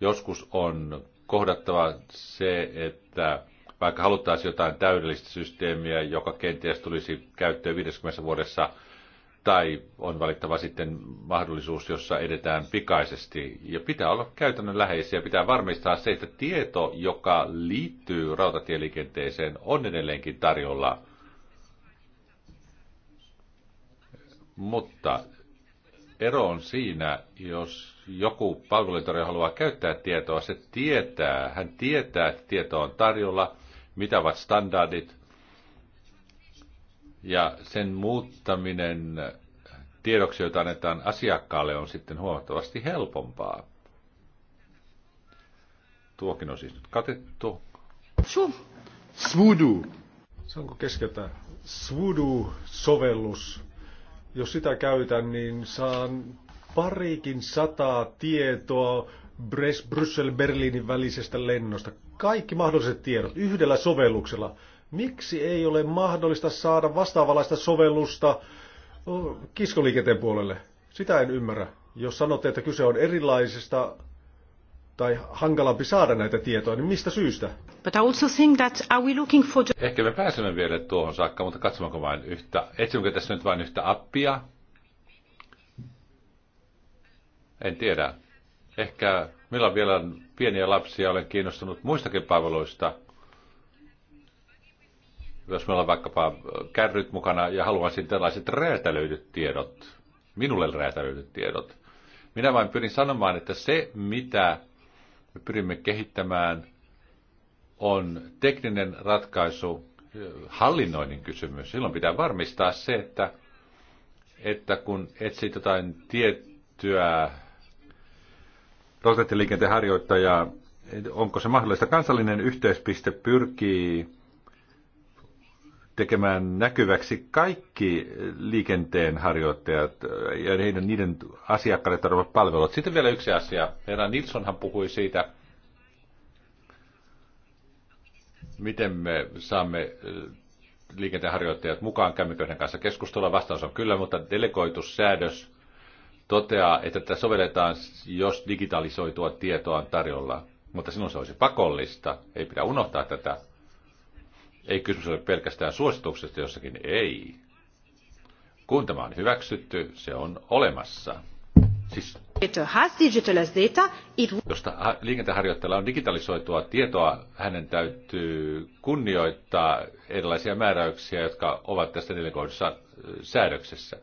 Joskus on kohdattava se, että vaikka haluttaisiin jotain täydellistä systeemiä, joka kenties tulisi käyttöön 50 vuodessa, tai on valittava sitten mahdollisuus, jossa edetään pikaisesti. Ja pitää olla käytännön läheisiä, pitää varmistaa se, että tieto, joka liittyy rautatieliikenteeseen, on edelleenkin tarjolla. Mutta ero on siinä, jos joku palvelutarjoaja haluaa käyttää tietoa, se tietää, hän tietää, että tietoa on tarjolla, mitä ovat standardit, ja sen muuttaminen tiedoksi, joita annetaan asiakkaalle, on sitten huomattavasti helpompaa. Tuokin on siis nyt katettu. Svudu. Saanko keskeltä? Svudu-sovellus. Jos sitä käytän, niin saan parikin sataa tietoa brüssel berliinin välisestä lennosta kaikki mahdolliset tiedot yhdellä sovelluksella. Miksi ei ole mahdollista saada vastaavanlaista sovellusta kiskoliikenteen puolelle? Sitä en ymmärrä. Jos sanotte, että kyse on erilaisista tai hankalampi saada näitä tietoja, niin mistä syystä? But I also think that are we looking for... the... Ehkä me pääsemme vielä tuohon saakka, mutta katsommeko vain yhtä, etsimmekö tässä nyt vain yhtä appia? En tiedä. Ehkä Meillä on vielä pieniä lapsia, olen kiinnostunut muistakin palveluista. Jos meillä on vaikkapa kärryt mukana ja haluaisin tällaiset räätälöidyt tiedot, minulle räätälöidyt tiedot. Minä vain pyrin sanomaan, että se mitä me pyrimme kehittämään on tekninen ratkaisu, hallinnoinnin kysymys. Silloin pitää varmistaa se, että, että kun etsit jotain tiettyä rautatieliikenteen harjoittaja, onko se mahdollista? Kansallinen yhteispiste pyrkii tekemään näkyväksi kaikki liikenteen harjoittajat ja heidän, niiden asiakkaille tarvitsevat palvelut. Sitten vielä yksi asia. Herra Nilssonhan puhui siitä, miten me saamme eh, liikenteenharjoittajat mukaan, käymmekö kanssa keskustella. Vastaus on kyllä, mutta delegoitussäädös säädös toteaa, että tätä sovelletaan, jos digitalisoitua tietoa on tarjolla. Mutta sinun se olisi pakollista. Ei pidä unohtaa tätä. Ei kysymys ole pelkästään suosituksesta jossakin. Ei. Kun tämä on hyväksytty, se on olemassa. Siis, josta liikenteenharjoittajalla on digitalisoitua tietoa, hänen täytyy kunnioittaa erilaisia määräyksiä, jotka ovat tässä delegoidussa säädöksessä.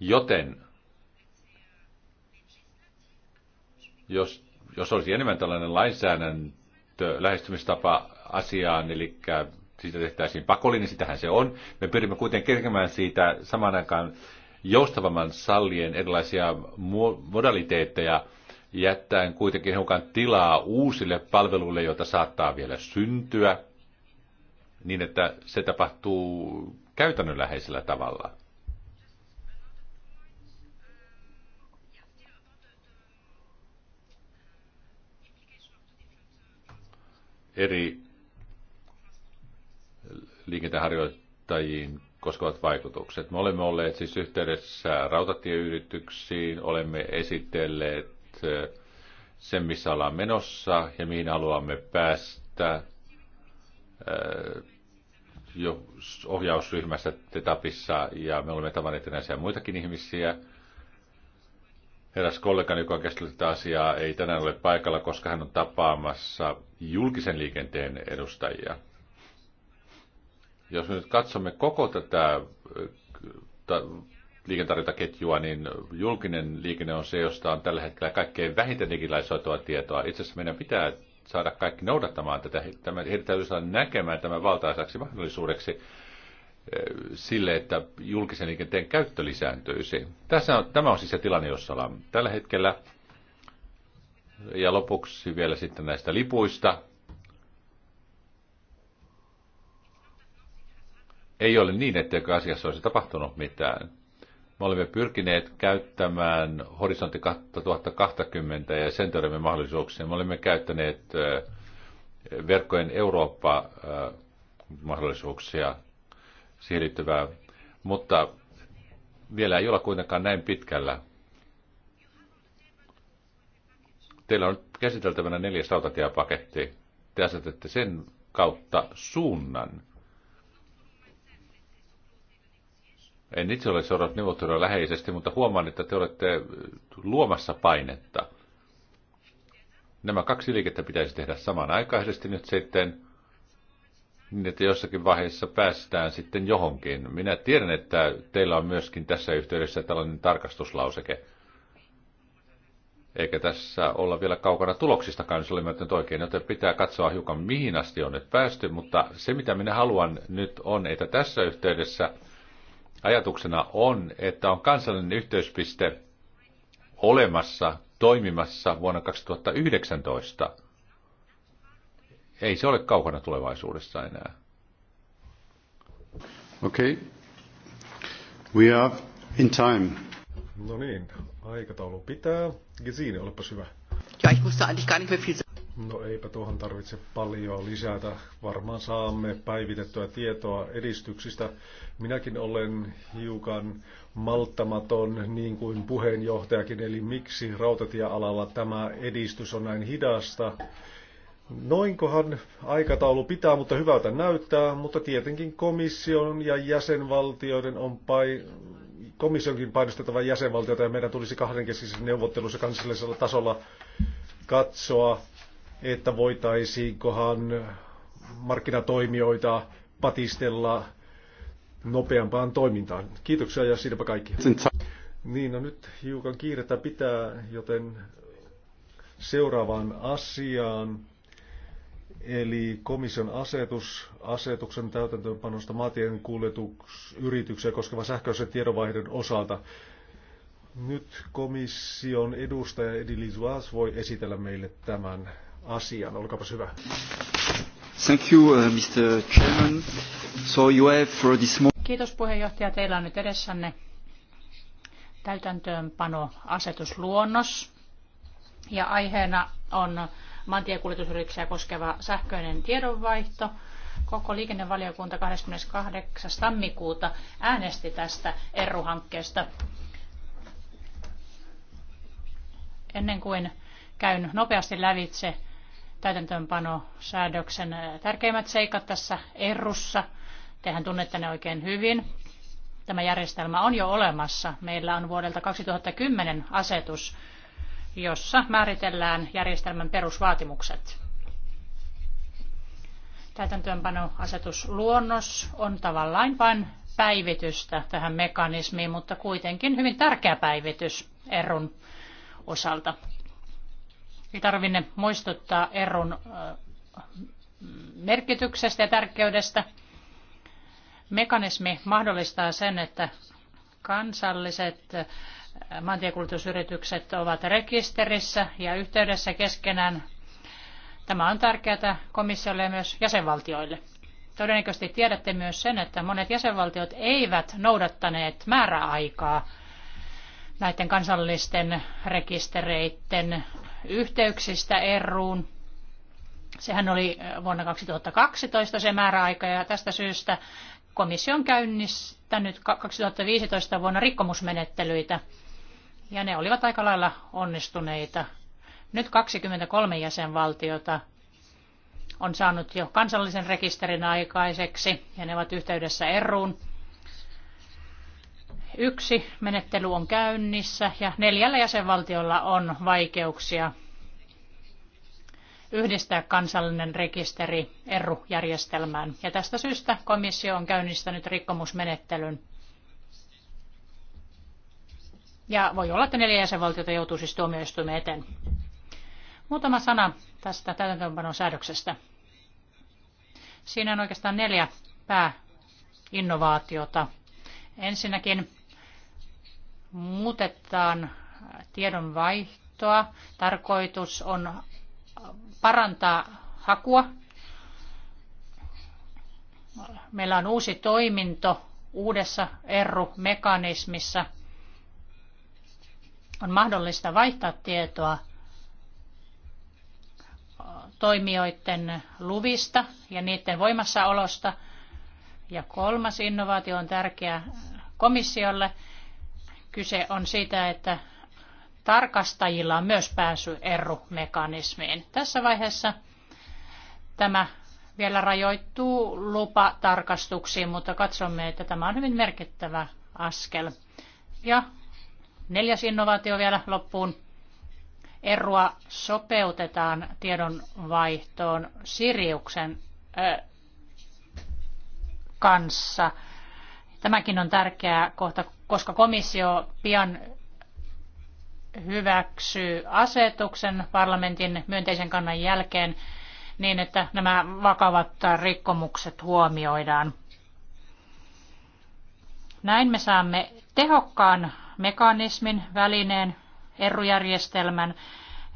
Joten jos, jos olisi enemmän tällainen lainsäädäntö, lähestymistapa asiaan, eli siitä tehtäisiin pakollinen, niin sitähän se on. Me pyrimme kuitenkin kerkemään siitä samaan aikaan joustavamman sallien erilaisia modaliteetteja, jättäen kuitenkin hiukan tilaa uusille palveluille, joita saattaa vielä syntyä, niin että se tapahtuu käytännönläheisellä tavalla. eri liikenteharjoittajiin koskevat vaikutukset. Me olemme olleet siis yhteydessä rautatieyrityksiin, olemme esitelleet eh, sen, missä ollaan menossa ja mihin haluamme päästä. Eh, jo ohjausryhmässä TETAPissa ja me olemme tavanneet näitä muitakin ihmisiä – Eräs kollegani, joka on käsitellyt asiaa, ei tänään ole paikalla, koska hän on tapaamassa julkisen liikenteen edustajia. Jos me nyt katsomme koko tätä äh, liikentarjontaketjua, niin julkinen liikenne on se, josta on tällä hetkellä kaikkein vähiten digitalisoitua tietoa. Itse asiassa meidän pitää saada kaikki noudattamaan tätä. Tämä, heidän täytyy saada näkemään tämän valtaisaksi mahdollisuudeksi. Eh, sille, että julkisen liikenteen käyttö lisääntyisi. Tässä on, tämä on siis se tilanne, jossa ollaan tällä hetkellä. Ja lopuksi vielä sitten näistä lipuista. Ei ole niin, etteikö asiassa olisi tapahtunut mitään. Me olemme pyrkineet käyttämään horisontti 2020 ja sen törmämme mahdollisuuksia. Me olemme käyttäneet eh, verkkojen Eurooppa-mahdollisuuksia eh, siihen liittyvää, mutta vielä ei olla kuitenkaan näin pitkällä. Teillä on käsiteltävänä neljäs rautatiepaketti. Te asetette sen kautta suunnan. En itse ole seurannut neuvotteluja läheisesti, mutta huomaan, että te olette luomassa painetta. Nämä kaksi liikettä pitäisi tehdä samanaikaisesti nyt sitten – niin että jossakin vaiheessa päästään sitten johonkin. Minä tiedän, että teillä on myöskin tässä yhteydessä tällainen tarkastuslauseke. Eikä tässä olla vielä kaukana tuloksistakaan, jos olen nyt oikein, joten pitää katsoa hiukan mihin asti on nyt päästy, mutta se mitä minä haluan nyt on, että tässä yhteydessä ajatuksena on, että on kansallinen yhteyspiste olemassa, toimimassa vuonna 2019 – ei se ole kaukana tulevaisuudessa enää. Okei. Okay. We are in time. No niin, aikataulu pitää. Gesine, olepas hyvä. Ja ich musste eigentlich gar nicht mehr viel No eipä tuohon tarvitse paljon lisätä. Varmaan saamme päivitettyä tietoa edistyksistä. Minäkin olen hiukan malttamaton, niin kuin puheenjohtajakin, eli miksi rautatiealalla tämä edistys on näin hidasta Noinkohan aikataulu pitää, mutta hyvältä näyttää, mutta tietenkin komission ja jäsenvaltioiden on pai, komissionkin painostettava jäsenvaltiota ja meidän tulisi kahdenkeskisissä neuvottelussa kansallisella tasolla katsoa, että voitaisiinkohan markkinatoimijoita patistella nopeampaan toimintaan. Kiitoksia ja siinäpä kaikki. Niin, no nyt hiukan kiirettä pitää, joten seuraavaan asiaan. Eli komission asetus, asetuksen täytäntöönpanosta maatien kuljetusyrityksiä koskeva sähköisen tiedonvaihdon osalta. Nyt komission edustaja Edi voi esitellä meille tämän asian. Olkaapas hyvä. Thank you, uh, Mr. Chairman. So you have for this Kiitos puheenjohtaja. Teillä on nyt edessänne täytäntöönpano asetusluonnos. Ja aiheena on maantiekuljetusyrityksiä koskeva sähköinen tiedonvaihto. Koko liikennevaliokunta 28. tammikuuta äänesti tästä ERU-hankkeesta. Ennen kuin käyn nopeasti lävitse täytäntöönpanosäädöksen äh, tärkeimmät seikat tässä ERUssa, tehän tunnette ne oikein hyvin, tämä järjestelmä on jo olemassa. Meillä on vuodelta 2010 asetus, jossa määritellään järjestelmän perusvaatimukset. Täytäntöönpanoasetusluonnos on tavallaan vain päivitystä tähän mekanismiin, mutta kuitenkin hyvin tärkeä päivitys erun osalta. Ei tarvinne muistuttaa erun merkityksestä ja tärkeydestä. Mekanismi mahdollistaa sen, että kansalliset maantiekuljetusyritykset ovat rekisterissä ja yhteydessä keskenään. Tämä on tärkeää komissiolle ja myös jäsenvaltioille. Todennäköisesti tiedätte myös sen, että monet jäsenvaltiot eivät noudattaneet määräaikaa näiden kansallisten rekistereiden yhteyksistä eruun. Sehän oli vuonna 2012 se määräaika ja tästä syystä komissio on käynnistänyt 2015 vuonna rikkomusmenettelyitä ja ne olivat aika lailla onnistuneita. Nyt 23 jäsenvaltiota on saanut jo kansallisen rekisterin aikaiseksi ja ne ovat yhteydessä eruun. Yksi menettely on käynnissä ja neljällä jäsenvaltiolla on vaikeuksia yhdistää kansallinen rekisteri ERU-järjestelmään. Ja tästä syystä komissio on käynnistänyt rikkomusmenettelyn ja voi olla, että neljä jäsenvaltiota joutuu siis tuomioistuimen eteen. Muutama sana tästä täytäntöönpanon säädöksestä. Siinä on oikeastaan neljä pääinnovaatiota. Ensinnäkin muutetaan tiedonvaihtoa. Tarkoitus on parantaa hakua. Meillä on uusi toiminto uudessa ERRU-mekanismissa – on mahdollista vaihtaa tietoa toimijoiden luvista ja niiden voimassaolosta. Ja kolmas innovaatio on tärkeä komissiolle. Kyse on siitä, että tarkastajilla on myös pääsy erumekanismiin. Tässä vaiheessa tämä vielä rajoittuu lupatarkastuksiin, mutta katsomme, että tämä on hyvin merkittävä askel. Ja Neljäs innovaatio vielä loppuun. Erua sopeutetaan tiedonvaihtoon Siriuksen äh, kanssa. Tämäkin on tärkeää kohta, koska komissio pian hyväksyy asetuksen parlamentin myönteisen kannan jälkeen niin, että nämä vakavat rikkomukset huomioidaan. Näin me saamme tehokkaan mekanismin, välineen, erujärjestelmän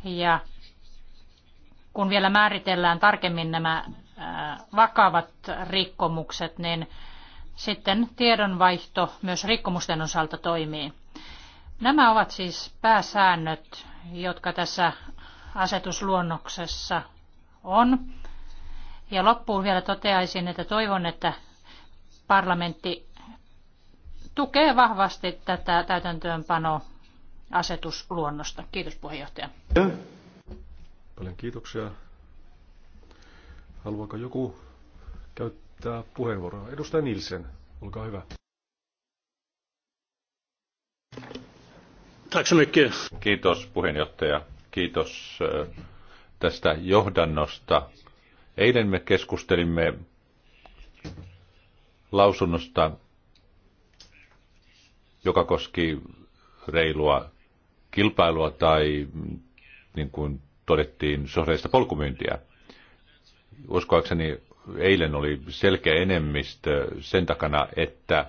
ja kun vielä määritellään tarkemmin nämä äh, vakavat rikkomukset, niin sitten tiedonvaihto myös rikkomusten osalta toimii. Nämä ovat siis pääsäännöt, jotka tässä asetusluonnoksessa on. Ja loppuun vielä toteaisin, että toivon, että parlamentti tukee vahvasti tätä täytäntöönpanoasetusluonnosta. asetusluonnosta. Kiitos puheenjohtaja. Paljon kiitoksia. Haluaako joku käyttää puheenvuoroa? Edustaja Nilsen, olkaa hyvä. Kiitos puheenjohtaja. Kiitos eh, tästä johdannosta. Eilen me keskustelimme lausunnosta, joka koski reilua kilpailua tai niin kuin todettiin sosiaalista polkumyyntiä. Uskoakseni eilen oli selkeä enemmistö sen takana, että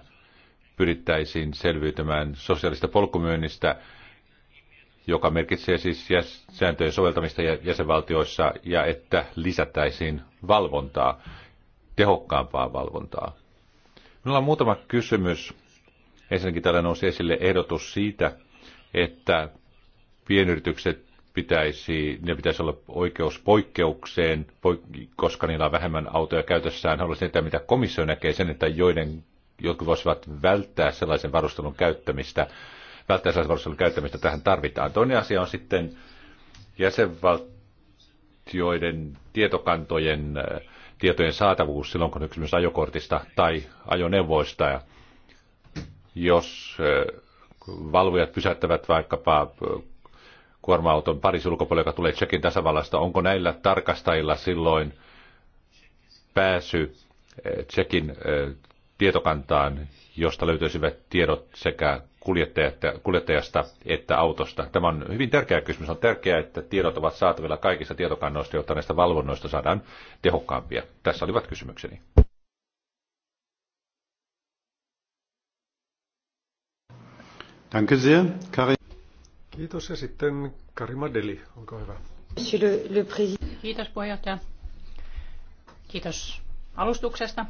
pyrittäisiin selviytymään sosiaalista polkumyynnistä, joka merkitsee siis sääntöjen soveltamista jäsenvaltioissa ja että lisättäisiin valvontaa, tehokkaampaa valvontaa. Minulla on muutama kysymys Ensinnäkin täällä nousi esille ehdotus siitä, että pienyritykset pitäisi, ne pitäisi olla oikeus poikkeukseen, koska niillä on vähemmän autoja käytössään. Haluaisin tietää, mitä komissio näkee sen, että joiden jotkut voisivat välttää sellaisen varustelun käyttämistä, välttää sellaisen varustelun käyttämistä tähän tarvitaan. Toinen asia on sitten jäsenvaltioiden tietokantojen tietojen saatavuus silloin, kun on kysymys ajokortista tai ajoneuvoista jos valvojat pysäyttävät vaikkapa kuorma-auton Pariisin ulkopuolella, joka tulee Tsekin tasavallasta, onko näillä tarkastajilla silloin pääsy Tsekin tietokantaan, josta löytyisivät tiedot sekä kuljettajasta että autosta? Tämä on hyvin tärkeä kysymys. On tärkeää, että tiedot ovat saatavilla kaikista tietokannoista, jotta näistä valvonnoista saadaan tehokkaampia. Tässä olivat kysymykseni. Danke sehr, Kiitos ja sitten Karima Deli, olkaa hyvä. Kiitos puheenjohtaja. Kiitos alustuksesta.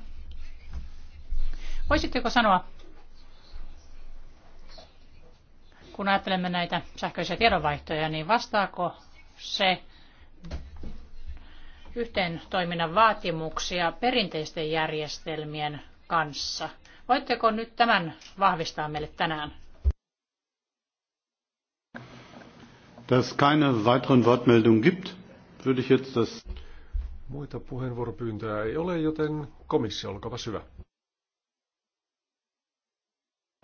Voisitteko sanoa, kun ajattelemme näitä sähköisiä tiedonvaihtoja, niin vastaako se yhteen toiminnan vaatimuksia perinteisten järjestelmien kanssa? Voitteko nyt tämän vahvistaa meille tänään? Da es keine weiteren Wortmeldungen gibt, würde ich jetzt das... Muita puheenvuoropyyntöjä ei ole, joten komissio, olkaa hyvä.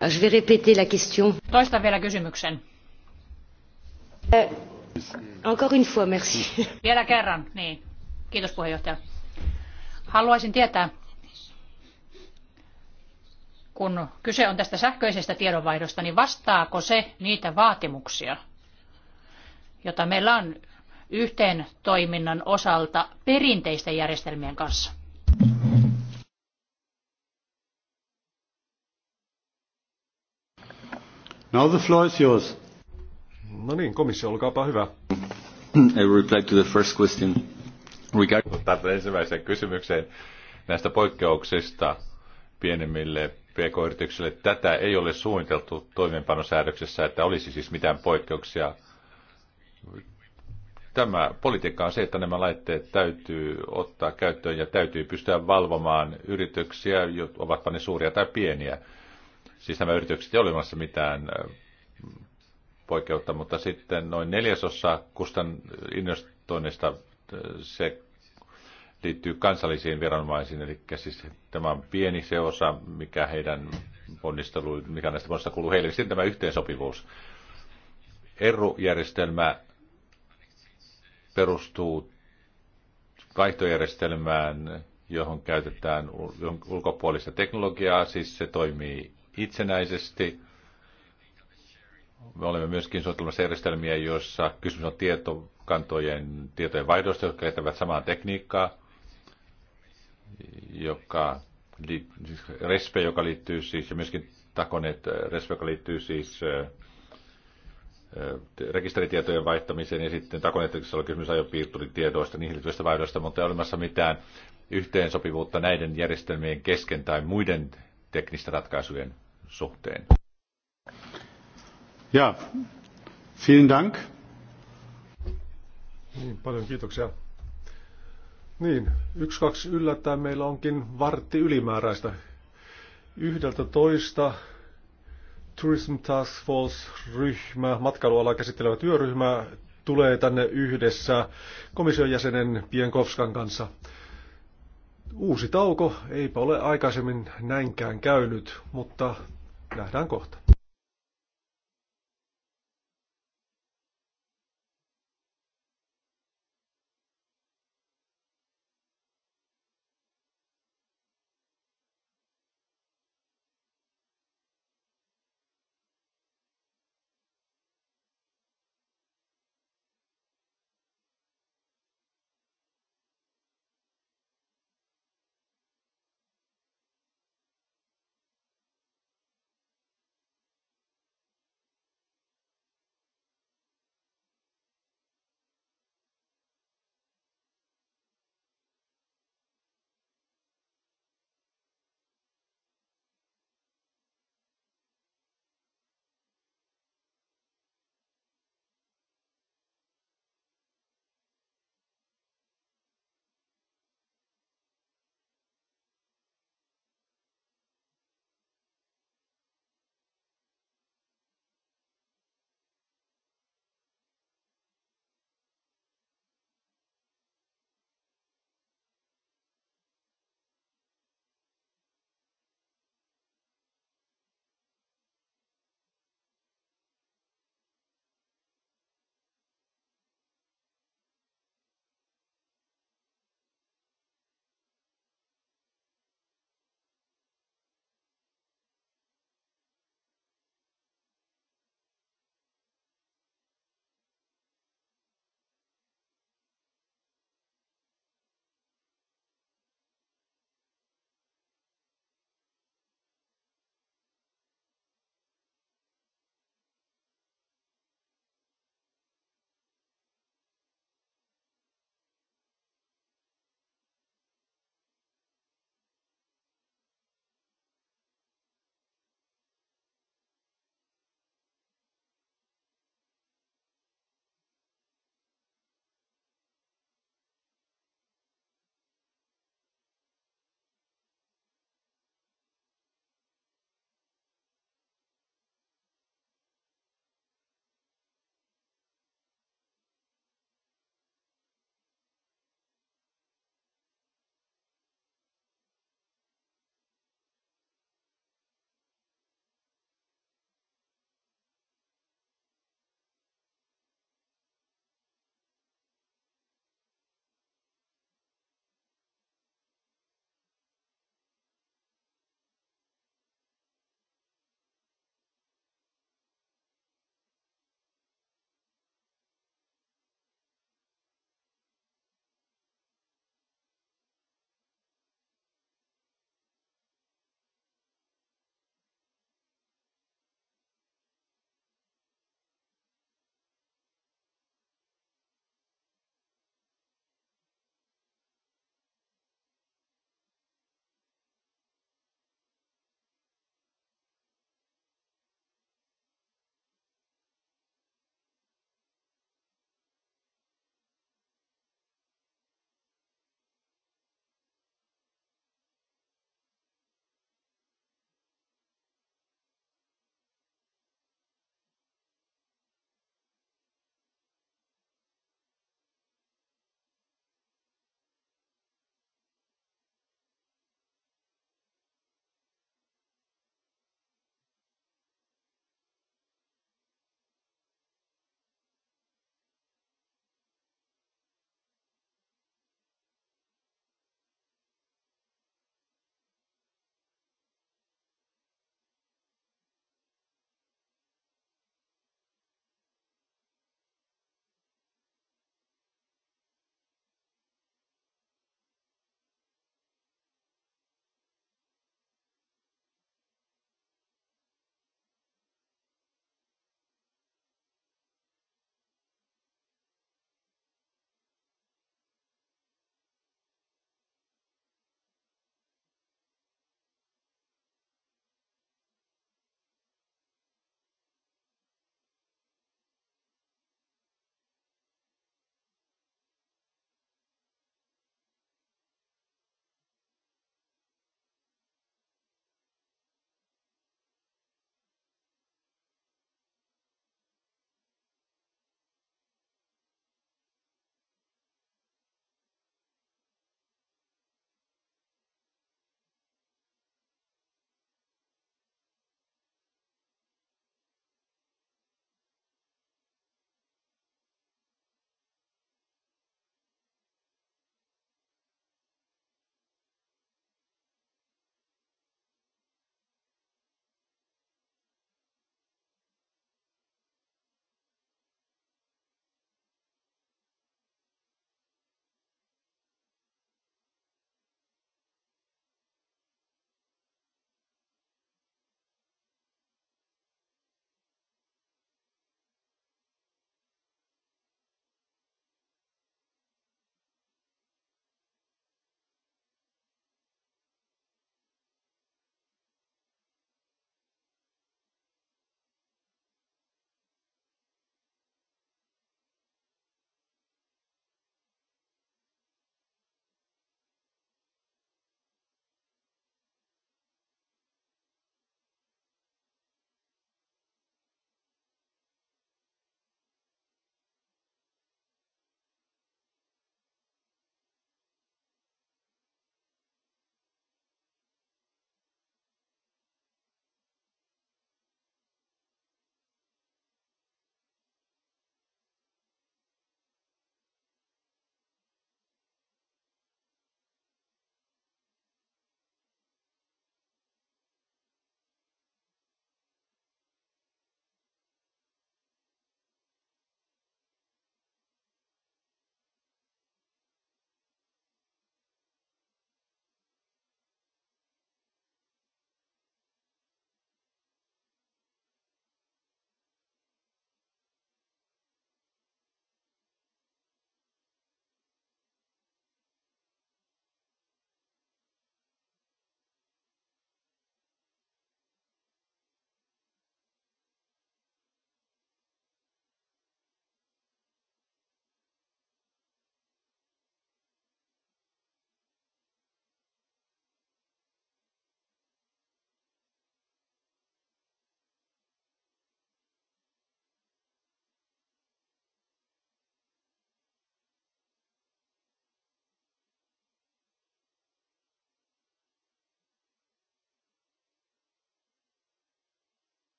Ah, je vais répéter la question. Toistan vielä kysymyksen. Eh, encore une fois, merci. Vielä kerran, niin. Kiitos puheenjohtaja. Haluaisin tietää, kun kyse on tästä sähköisestä tiedonvaihdosta, niin vastaako se niitä vaatimuksia, jota meillä on yhteen toiminnan osalta perinteisten järjestelmien kanssa. Now the floor is yours. No niin, komissio, olkaapa hyvä. I reply to the first question. Regarding... ensimmäiseen kysymykseen näistä poikkeuksista pienemmille pk-yrityksille. Tätä ei ole suunniteltu toimeenpanosäädöksessä, että olisi siis mitään poikkeuksia tämä politiikka on se, että nämä laitteet täytyy ottaa käyttöön ja täytyy pystyä valvomaan yrityksiä, ovatpa ne suuria tai pieniä. Siis nämä yritykset ei ole olemassa mitään poikkeutta, mutta sitten noin neljäsosa kustan investoinnista se liittyy kansallisiin viranomaisiin, eli siis tämä on pieni se osa, mikä heidän ponnistelu, mikä näistä ponnista kuuluu heille. Sitten tämä yhteensopivuus. järjestelmä perustuu vaihtojärjestelmään, johon käytetään ulkopuolista teknologiaa, siis se toimii itsenäisesti. Me olemme myöskin suunnittelemassa järjestelmiä, joissa kysymys on tietokantojen, tietojen vaihdosta, jotka käyttävät samaa tekniikkaa, joka, siis RESPE, joka liittyy siis, ja myöskin takoneet RESPE, joka liittyy siis äh, rekisteritietojen vaihtamiseen ja sitten takoneettisessa oli kysymys tiedoista niihin liittyvistä vaihdoista, mutta ei olemassa mitään yhteensopivuutta näiden järjestelmien kesken tai muiden teknisten ratkaisujen suhteen. Ja, vielen dank. Niin, paljon kiitoksia. Niin, yksi kaksi yllättäen meillä onkin vartti ylimääräistä. Yhdeltä toista Tourism Task Force-ryhmä, matkailualaa käsittelevä työryhmä, tulee tänne yhdessä komission jäsenen Pienkovskan kanssa. Uusi tauko, eipä ole aikaisemmin näinkään käynyt, mutta nähdään kohta.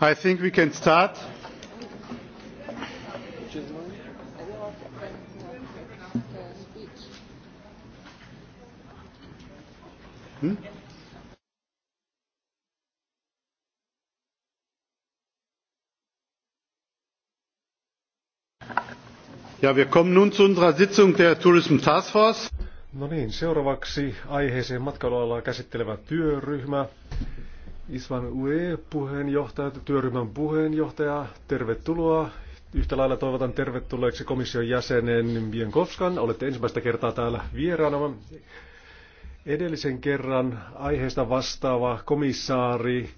I think we can start. Hmm? Ja, wir kommen nun zu unserer Sitzung der Tourism Task Force. No niin, seuraavaksi aiheeseen matkailualaa käsittelevä työryhmä. Islam UE puheenjohtaja, työryhmän puheenjohtaja, tervetuloa. Yhtä lailla toivotan tervetulleeksi komission jäsenen Bienkovskan. Olette ensimmäistä kertaa täällä vieraana. Edellisen kerran aiheesta vastaava komissaari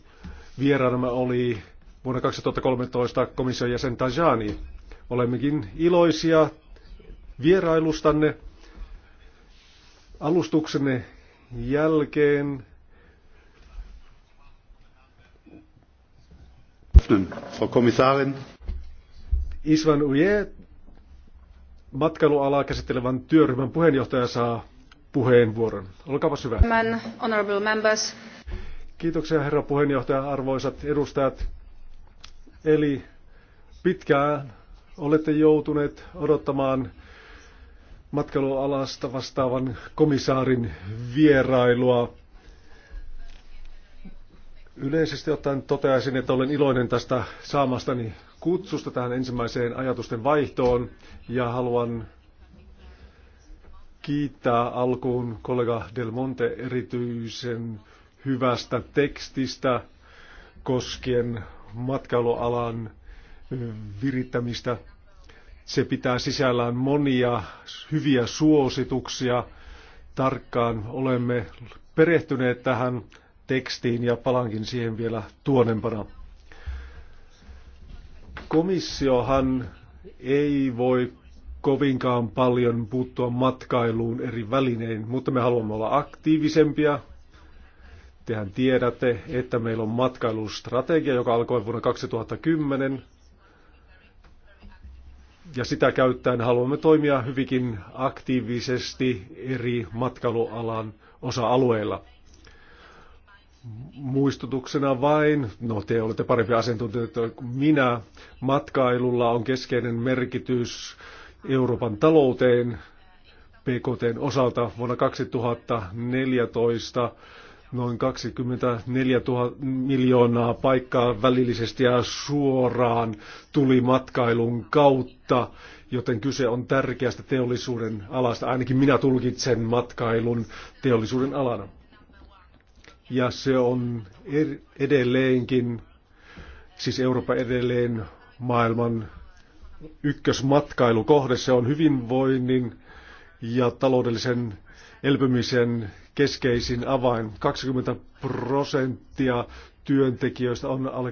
vieraana oli vuonna 2013 komission jäsen Tajani. Olemmekin iloisia vierailustanne alustuksenne jälkeen eröffnen. Frau Kommissarin. Isvan Uje, matkailualaa käsittelevän työryhmän puheenjohtaja saa puheenvuoron. Olkaapa hyvä. honorable members. Kiitoksia herra puheenjohtaja, arvoisat edustajat. Eli pitkään olette joutuneet odottamaan matkailualasta vastaavan komissaarin vierailua Yleisesti ottaen toteaisin, että olen iloinen tästä saamastani kutsusta tähän ensimmäiseen ajatusten vaihtoon ja haluan kiittää alkuun kollega Del Monte erityisen hyvästä tekstistä koskien matkailualan virittämistä. Se pitää sisällään monia hyviä suosituksia. Tarkkaan olemme perehtyneet tähän tekstiin ja palankin siihen vielä tuonempana. Komissiohan ei voi kovinkaan paljon puuttua matkailuun eri välinein, mutta me haluamme olla aktiivisempia. Tehän tiedätte, että meillä on matkailustrategia, joka alkoi vuonna 2010. Ja sitä käyttäen haluamme toimia hyvinkin aktiivisesti eri matkailualan osa-alueilla. Muistutuksena vain, no te olette parempi asiantuntijoita kuin minä, matkailulla on keskeinen merkitys Euroopan talouteen PKT osalta vuonna 2014 noin 24 000 miljoonaa paikkaa välillisesti ja suoraan tuli matkailun kautta, joten kyse on tärkeästä teollisuuden alasta. Ainakin minä tulkitsen matkailun teollisuuden alana ja se on er-, edelleenkin, siis Eurooppa edelleen maailman ykkösmatkailukohde. Se on hyvinvoinnin ja taloudellisen elpymisen keskeisin avain. 20 prosenttia työntekijöistä on alle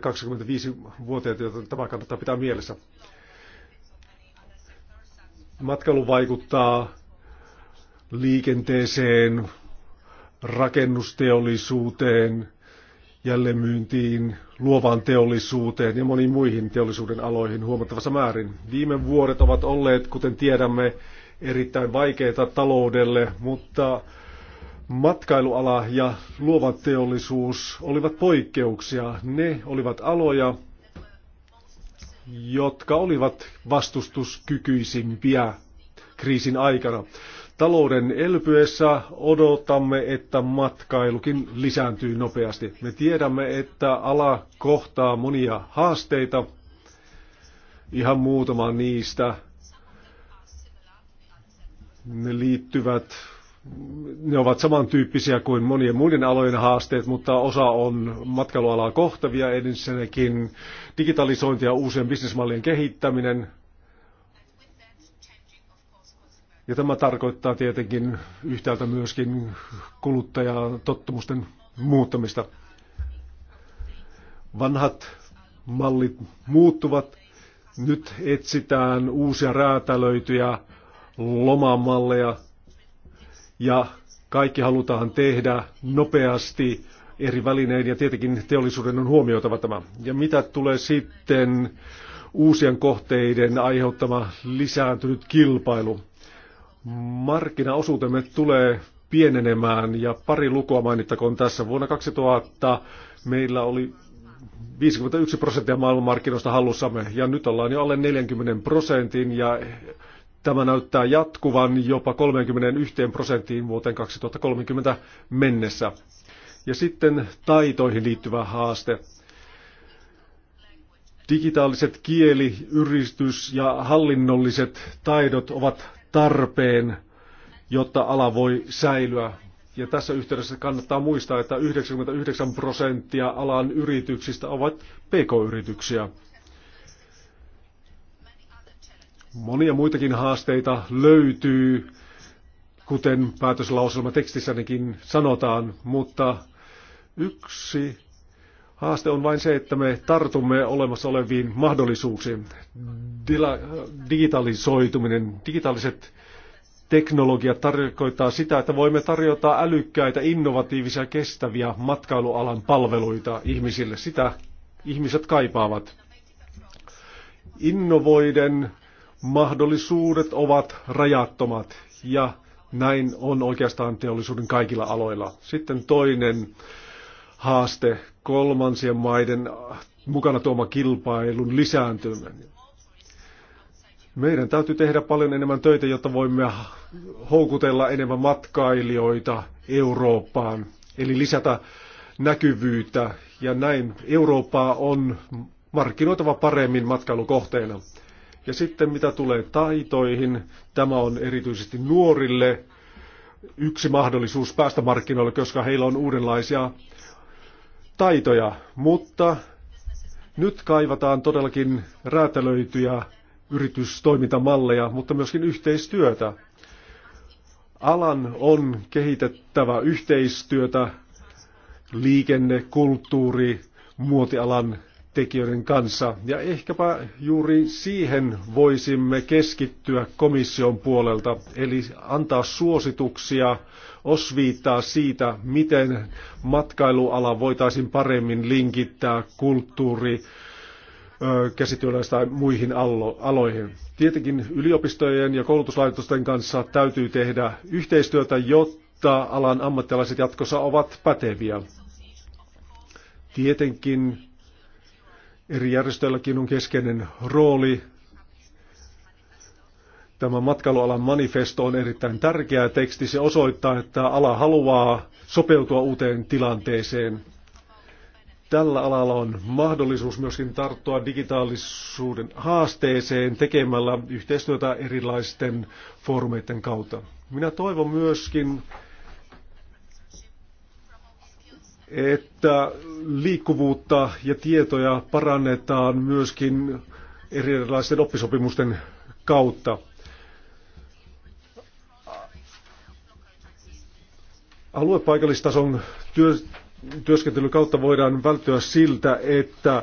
25-vuotiaita, joten tämä kannattaa pitää mielessä. Matkailu vaikuttaa liikenteeseen, rakennusteollisuuteen, jälleenmyyntiin, luovaan teollisuuteen ja moniin muihin teollisuuden aloihin huomattavassa määrin. Viime vuodet ovat olleet, kuten tiedämme, erittäin vaikeita taloudelle, mutta matkailuala ja luova teollisuus olivat poikkeuksia. Ne olivat aloja, jotka olivat vastustuskykyisimpiä kriisin aikana. Talouden elpyessä odotamme, että matkailukin lisääntyy nopeasti. Me tiedämme, että ala kohtaa monia haasteita. Ihan muutama niistä. Ne liittyvät, ne ovat samantyyppisiä kuin monien muiden alojen haasteet, mutta osa on matkailualaa kohtavia. Ensinnäkin digitalisointi ja uusien bisnesmallien kehittäminen, ja tämä tarkoittaa tietenkin yhtäältä myöskin kuluttajatottumusten muuttamista. Vanhat mallit muuttuvat. Nyt etsitään uusia räätälöityjä lomamalleja ja kaikki halutaan tehdä nopeasti eri välinein ja tietenkin teollisuuden on huomioitava tämä. Ja mitä tulee sitten uusien kohteiden aiheuttama lisääntynyt kilpailu? markkinaosuutemme tulee pienenemään ja pari lukua mainittakoon tässä. Vuonna 2000 meillä oli 51 prosenttia maailmanmarkkinoista hallussamme ja nyt ollaan jo alle 40 prosentin ja tämä näyttää jatkuvan jopa 31 prosenttiin vuoteen 2030 mennessä. Ja sitten taitoihin liittyvä haaste. Digitaaliset kieli, yritys ja hallinnolliset taidot ovat tarpeen, jotta ala voi säilyä. Ja tässä yhteydessä kannattaa muistaa, että 99 prosenttia alan yrityksistä ovat pk-yrityksiä. Monia muitakin haasteita löytyy, kuten päätöslauselma tekstissänikin sanotaan, mutta yksi Haaste on vain se, että me tartumme olemassa oleviin mahdollisuuksiin. Dila- digitalisoituminen, digitaaliset teknologia tarkoittaa sitä, että voimme tarjota älykkäitä, innovatiivisia, kestäviä matkailualan palveluita ihmisille. Sitä ihmiset kaipaavat. Innovoiden mahdollisuudet ovat rajattomat ja näin on oikeastaan teollisuuden kaikilla aloilla. Sitten toinen haaste, kolmansien maiden mukana tuoma kilpailun lisääntyminen. Meidän täytyy tehdä paljon enemmän töitä, jotta voimme houkutella enemmän matkailijoita Eurooppaan, eli lisätä näkyvyyttä. Ja näin Eurooppaa on markkinoitava paremmin matkailukohteena. Ja sitten mitä tulee taitoihin, tämä on erityisesti nuorille yksi mahdollisuus päästä markkinoille, koska heillä on uudenlaisia taitoja, mutta nyt kaivataan todellakin räätälöityjä yritystoimintamalleja, mutta myöskin yhteistyötä. Alan on kehitettävä yhteistyötä liikenne, kulttuuri, muotialan tekijöiden kanssa. Ja ehkäpä juuri siihen voisimme keskittyä komission puolelta, eli antaa suosituksia, osviittaa siitä, miten matkailuala voitaisiin paremmin linkittää kulttuuri, käsityöläistä tai muihin aloihin. Tietenkin yliopistojen ja koulutuslaitosten kanssa täytyy tehdä yhteistyötä, jotta alan ammattilaiset jatkossa ovat päteviä. Tietenkin Eri järjestöilläkin on keskeinen rooli. Tämä matkailualan manifesto on erittäin tärkeä teksti. Se osoittaa, että ala haluaa sopeutua uuteen tilanteeseen. Tällä alalla on mahdollisuus myöskin tarttua digitaalisuuden haasteeseen tekemällä yhteistyötä erilaisten foorumeiden kautta. Minä toivon myöskin, että liikkuvuutta ja tietoja parannetaan myöskin erilaisten oppisopimusten kautta. Aluepaikallistason työ, työskentelyn kautta voidaan välttyä siltä, että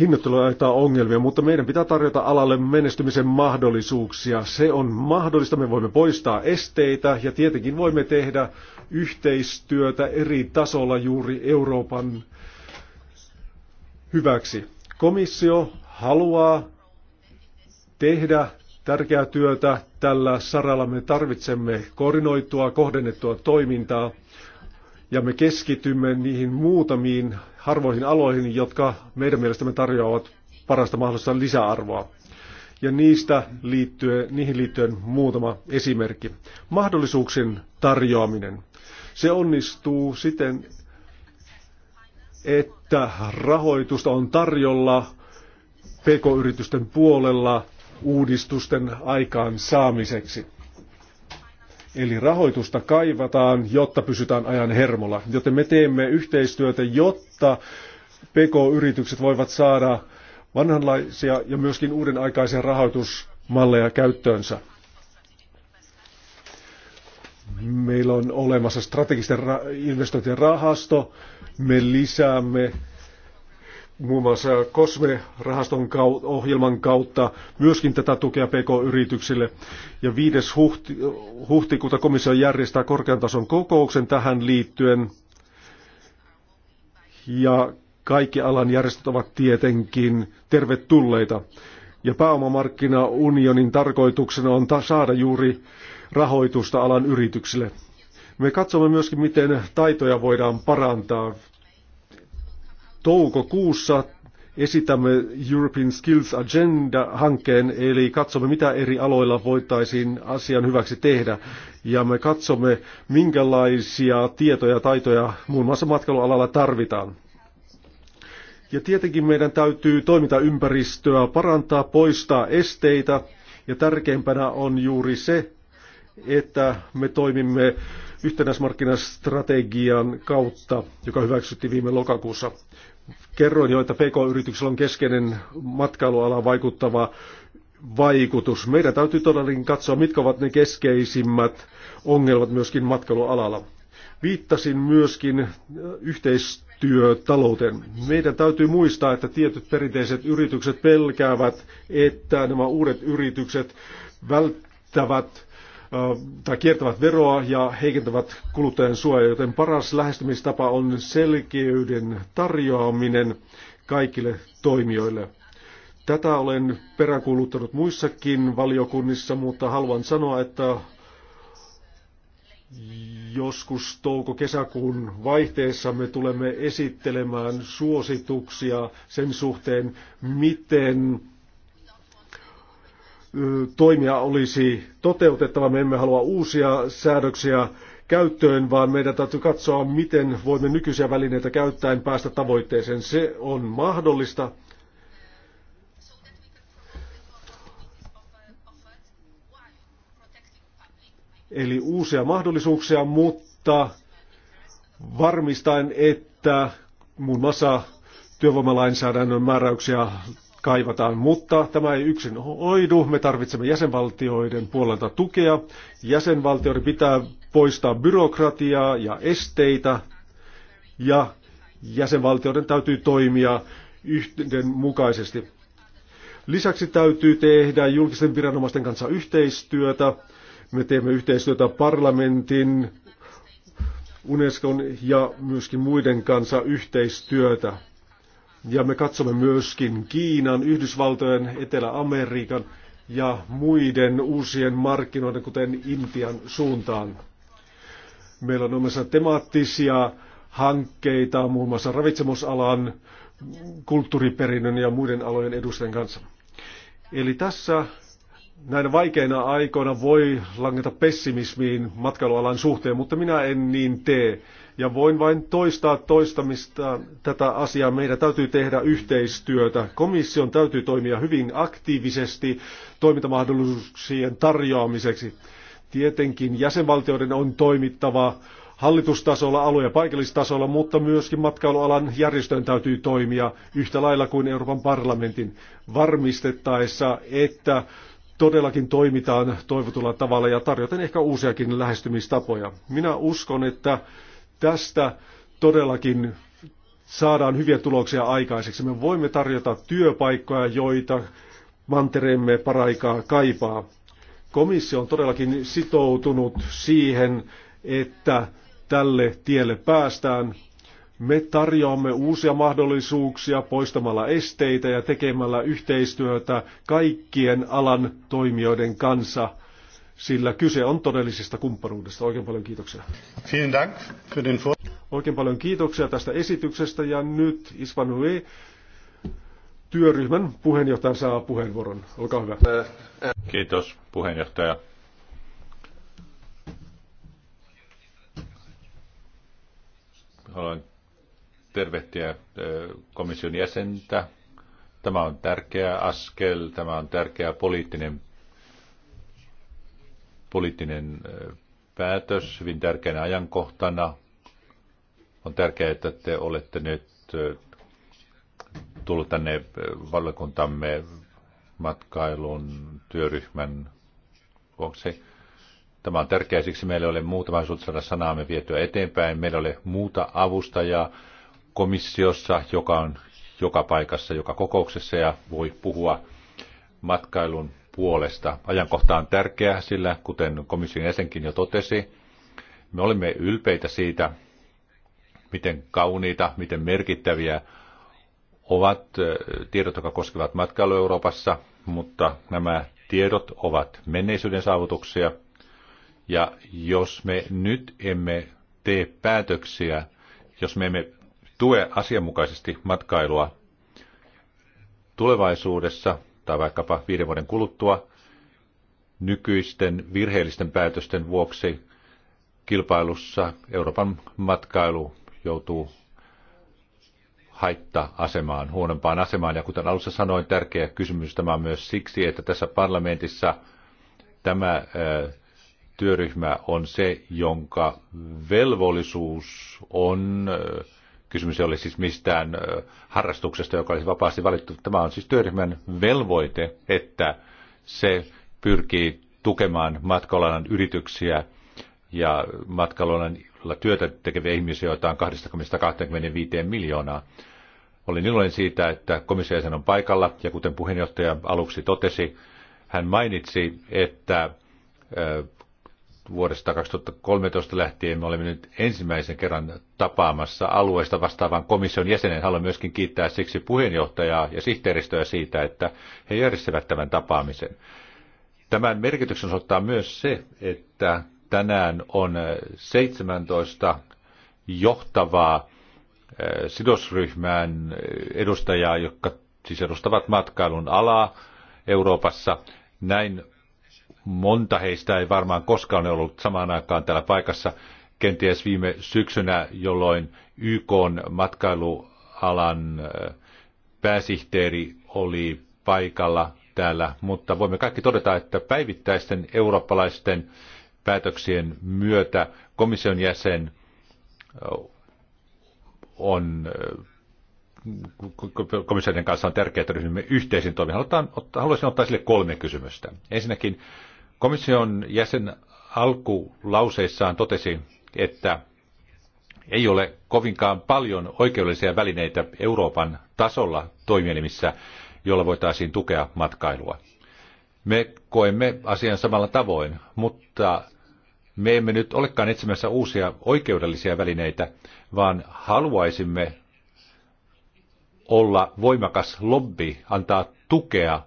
hinnoittelu aiheuttaa ongelmia, mutta meidän pitää tarjota alalle menestymisen mahdollisuuksia. Se on mahdollista, me voimme poistaa esteitä ja tietenkin voimme tehdä yhteistyötä eri tasolla juuri Euroopan hyväksi. Komissio haluaa tehdä tärkeää työtä tällä saralla. Me tarvitsemme koordinoitua, kohdennettua toimintaa – ja me keskitymme niihin muutamiin harvoihin aloihin, jotka meidän mielestämme tarjoavat parasta mahdollista lisäarvoa. Ja niistä liittyen, niihin liittyen muutama esimerkki. Mahdollisuuksien tarjoaminen. Se onnistuu siten, että rahoitusta on tarjolla pk-yritysten puolella uudistusten aikaan saamiseksi. Eli rahoitusta kaivataan, jotta pysytään ajan hermolla. Joten me teemme yhteistyötä, jotta PK-yritykset voivat saada vanhanlaisia ja myöskin uuden aikaisia rahoitusmalleja käyttöönsä. Meillä on olemassa strategisten investointien rahasto. Me lisäämme muun muassa COSME-rahaston ohjelman kautta myöskin tätä tukea PK-yrityksille. Ja 5. Huhti, huhtikuuta komissio järjestää korkean tason kokouksen tähän liittyen. Ja kaikki alan järjestöt ovat tietenkin tervetulleita. Ja pääomamarkkinaunionin tarkoituksena on saada juuri rahoitusta alan yrityksille. Me katsomme myöskin, miten taitoja voidaan parantaa toukokuussa esitämme European Skills Agenda-hankkeen, eli katsomme, mitä eri aloilla voitaisiin asian hyväksi tehdä. Ja me katsomme, minkälaisia tietoja ja taitoja muun muassa matkailualalla tarvitaan. Ja tietenkin meidän täytyy toimintaympäristöä parantaa, poistaa esteitä. Ja tärkeimpänä on juuri se, että me toimimme yhtenäismarkkinastrategian kautta, joka hyväksyttiin viime lokakuussa. Kerroin jo, että PK-yrityksellä on keskeinen matkailualaan vaikuttava vaikutus. Meidän täytyy todellakin katsoa, mitkä ovat ne keskeisimmät ongelmat myöskin matkailualalla. Viittasin myöskin äh, yhteistyötalouteen. Meidän täytyy muistaa, että tietyt perinteiset yritykset pelkäävät, että nämä uudet yritykset välttävät tai kiertävät veroa ja heikentävät kuluttajan suojaa, joten paras lähestymistapa on selkeyden tarjoaminen kaikille toimijoille. Tätä olen peräänkuuluttanut muissakin valiokunnissa, mutta haluan sanoa, että joskus touko-kesäkuun vaihteessa me tulemme esittelemään suosituksia sen suhteen, miten toimia olisi toteutettava. Me emme halua uusia säädöksiä käyttöön, vaan meidän täytyy katsoa, miten voimme nykyisiä välineitä käyttäen päästä tavoitteeseen. Se on mahdollista. Eli uusia mahdollisuuksia, mutta varmistaen, että muun muassa työvoimalainsäädännön määräyksiä kaivataan, mutta tämä ei yksin oidu. Me tarvitsemme jäsenvaltioiden puolelta tukea. Jäsenvaltioiden pitää poistaa byrokratiaa ja esteitä ja jäsenvaltioiden täytyy toimia yhdenmukaisesti. Lisäksi täytyy tehdä julkisten viranomaisten kanssa yhteistyötä. Me teemme yhteistyötä parlamentin, Unescon ja myöskin muiden kanssa yhteistyötä. Ja me katsomme myöskin Kiinan, Yhdysvaltojen, Etelä-Amerikan ja muiden uusien markkinoiden, kuten Intian suuntaan. Meillä on omassa temaattisia hankkeita muun muassa ravitsemusalan, kulttuuriperinnön ja muiden alojen edustajien kanssa. Eli tässä näinä vaikeina aikoina voi langeta pessimismiin matkailualan suhteen, mutta minä en niin tee. Ja voin vain toistaa toistamista tätä asiaa. Meidän täytyy tehdä yhteistyötä. Komission täytyy toimia hyvin aktiivisesti toimintamahdollisuuksien tarjoamiseksi. Tietenkin jäsenvaltioiden on toimittava hallitustasolla, alue- ja paikallistasolla, mutta myöskin matkailualan järjestöjen täytyy toimia yhtä lailla kuin Euroopan parlamentin varmistettaessa, että todellakin toimitaan toivotulla tavalla ja tarjoten ehkä uusiakin lähestymistapoja. Minä uskon, että tästä todellakin saadaan hyviä tuloksia aikaiseksi. Me voimme tarjota työpaikkoja, joita mantereemme paraikaa kaipaa. Komissio on todellakin sitoutunut siihen, että tälle tielle päästään. Me tarjoamme uusia mahdollisuuksia poistamalla esteitä ja tekemällä yhteistyötä kaikkien alan toimijoiden kanssa – sillä kyse on todellisesta kumppanuudesta. Oikein paljon kiitoksia. Vielen Dank für den Vor- Oikein paljon kiitoksia tästä esityksestä ja nyt Isvan työryhmän puheenjohtaja saa puheenvuoron. Olkaa hyvä. Kiitos puheenjohtaja. Haluan tervehtiä komission jäsentä. Tämä on tärkeä askel, tämä on tärkeä poliittinen poliittinen päätös hyvin tärkeänä ajankohtana. On tärkeää, että te olette nyt tullut tänne valiokuntamme matkailun työryhmän vuoksi. Tämä on tärkeää, siksi meillä oli muutama saada sanaamme vietyä eteenpäin. Meillä oli muuta avustajaa komissiossa, joka on joka paikassa, joka kokouksessa ja voi puhua matkailun puolesta. Ajankohta on tärkeä, sillä kuten komission jäsenkin jo totesi, me olimme ylpeitä siitä, miten kauniita, miten merkittäviä ovat tiedot, jotka koskevat matkailu Euroopassa, mutta nämä tiedot ovat menneisyyden saavutuksia. Ja jos me nyt emme tee päätöksiä, jos me emme tue asianmukaisesti matkailua tulevaisuudessa, tai vaikkapa viiden vuoden kuluttua nykyisten virheellisten päätösten vuoksi kilpailussa Euroopan matkailu joutuu haitta-asemaan, huonompaan asemaan. Ja kuten alussa sanoin, tärkeä kysymys tämä on myös siksi, että tässä parlamentissa tämä työryhmä on se, jonka velvollisuus on Kysymys ei ole siis mistään harrastuksesta, joka olisi vapaasti valittu. Tämä on siis työryhmän velvoite, että se pyrkii tukemaan matkailualan yrityksiä ja matkailualan työtä tekeviä ihmisiä, joita on 20-25 miljoonaa. Olin iloinen siitä, että komissio on paikalla ja kuten puheenjohtaja aluksi totesi, hän mainitsi, että vuodesta 2013 lähtien me olemme nyt ensimmäisen kerran tapaamassa alueesta vastaavan komission jäsenen. Haluan myöskin kiittää siksi puheenjohtajaa ja sihteeristöä siitä, että he järjestävät tämän tapaamisen. Tämän merkityksen osoittaa myös se, että tänään on 17 johtavaa eh, sidosryhmään edustajaa, jotka siis edustavat matkailun alaa Euroopassa. Näin monta heistä ei varmaan koskaan ollut samaan aikaan täällä paikassa. Kenties viime syksynä, jolloin YK matkailualan eh, pääsihteeri oli paikalla täällä, mutta voimme kaikki todeta, että päivittäisten eurooppalaisten päätöksien myötä komission jäsen eh, on eh, komissaarien kanssa on tärkeää, että ryhdymme yhteisiin toimiin. haluaisin ottaa sille kolme kysymystä. Ensinnäkin Komission jäsen alkulauseissaan totesi, että ei ole kovinkaan paljon oikeudellisia välineitä Euroopan tasolla toimielimissä, jolla voitaisiin tukea matkailua. Me koemme asian samalla tavoin, mutta me emme nyt olekaan etsimässä uusia oikeudellisia välineitä, vaan haluaisimme olla voimakas lobby, antaa tukea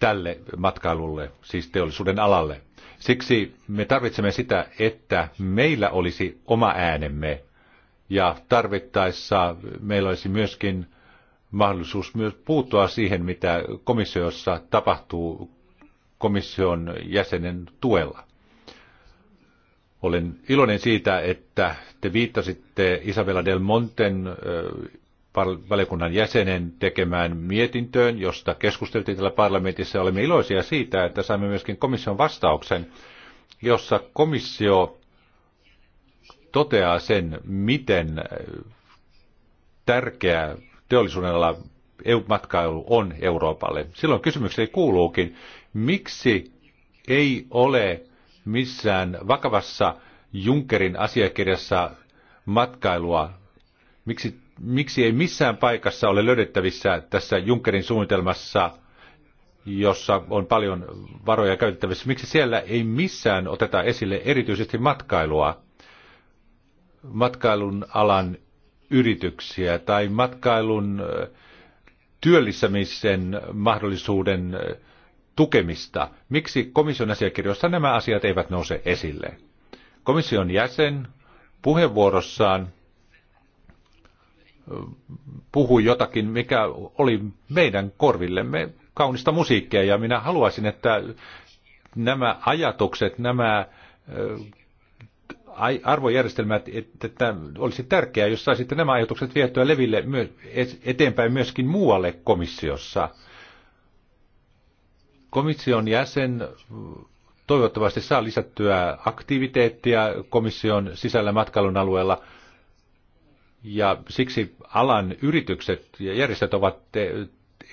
tälle matkailulle, siis teollisuuden alalle. Siksi me tarvitsemme sitä, että meillä olisi oma äänemme ja tarvittaessa meillä olisi myöskin mahdollisuus myös puuttua siihen, mitä komissiossa tapahtuu komission jäsenen tuella. Olen iloinen siitä, että te viittasitte Isabella del Monten valiokunnan jäsenen tekemään mietintöön, josta keskusteltiin täällä parlamentissa. Olemme iloisia siitä, että saimme myöskin komission vastauksen, jossa komissio toteaa sen, miten äh, tärkeä teollisuuden ala matkailu on Euroopalle. Silloin kysymykseni kuuluukin, miksi ei ole missään vakavassa Junckerin asiakirjassa matkailua, miksi miksi ei missään paikassa ole löydettävissä tässä Junckerin suunnitelmassa, jossa on paljon varoja käytettävissä, miksi siellä ei missään oteta esille erityisesti matkailua, matkailun alan yrityksiä tai matkailun työllistämisen mahdollisuuden tukemista. Miksi komission asiakirjoissa nämä asiat eivät nouse esille? Komission jäsen puheenvuorossaan puhui jotakin, mikä oli meidän korvillemme kaunista musiikkia. Ja minä haluaisin, että nämä ajatukset, nämä äh, arvojärjestelmät, että olisi tärkeää, jos saisitte nämä ajatukset vietyä leville eteenpäin myöskin muualle komissiossa. Komission jäsen toivottavasti saa lisättyä aktiviteettia komission sisällä matkailun alueella – ja siksi alan yritykset ja järjestöt ovat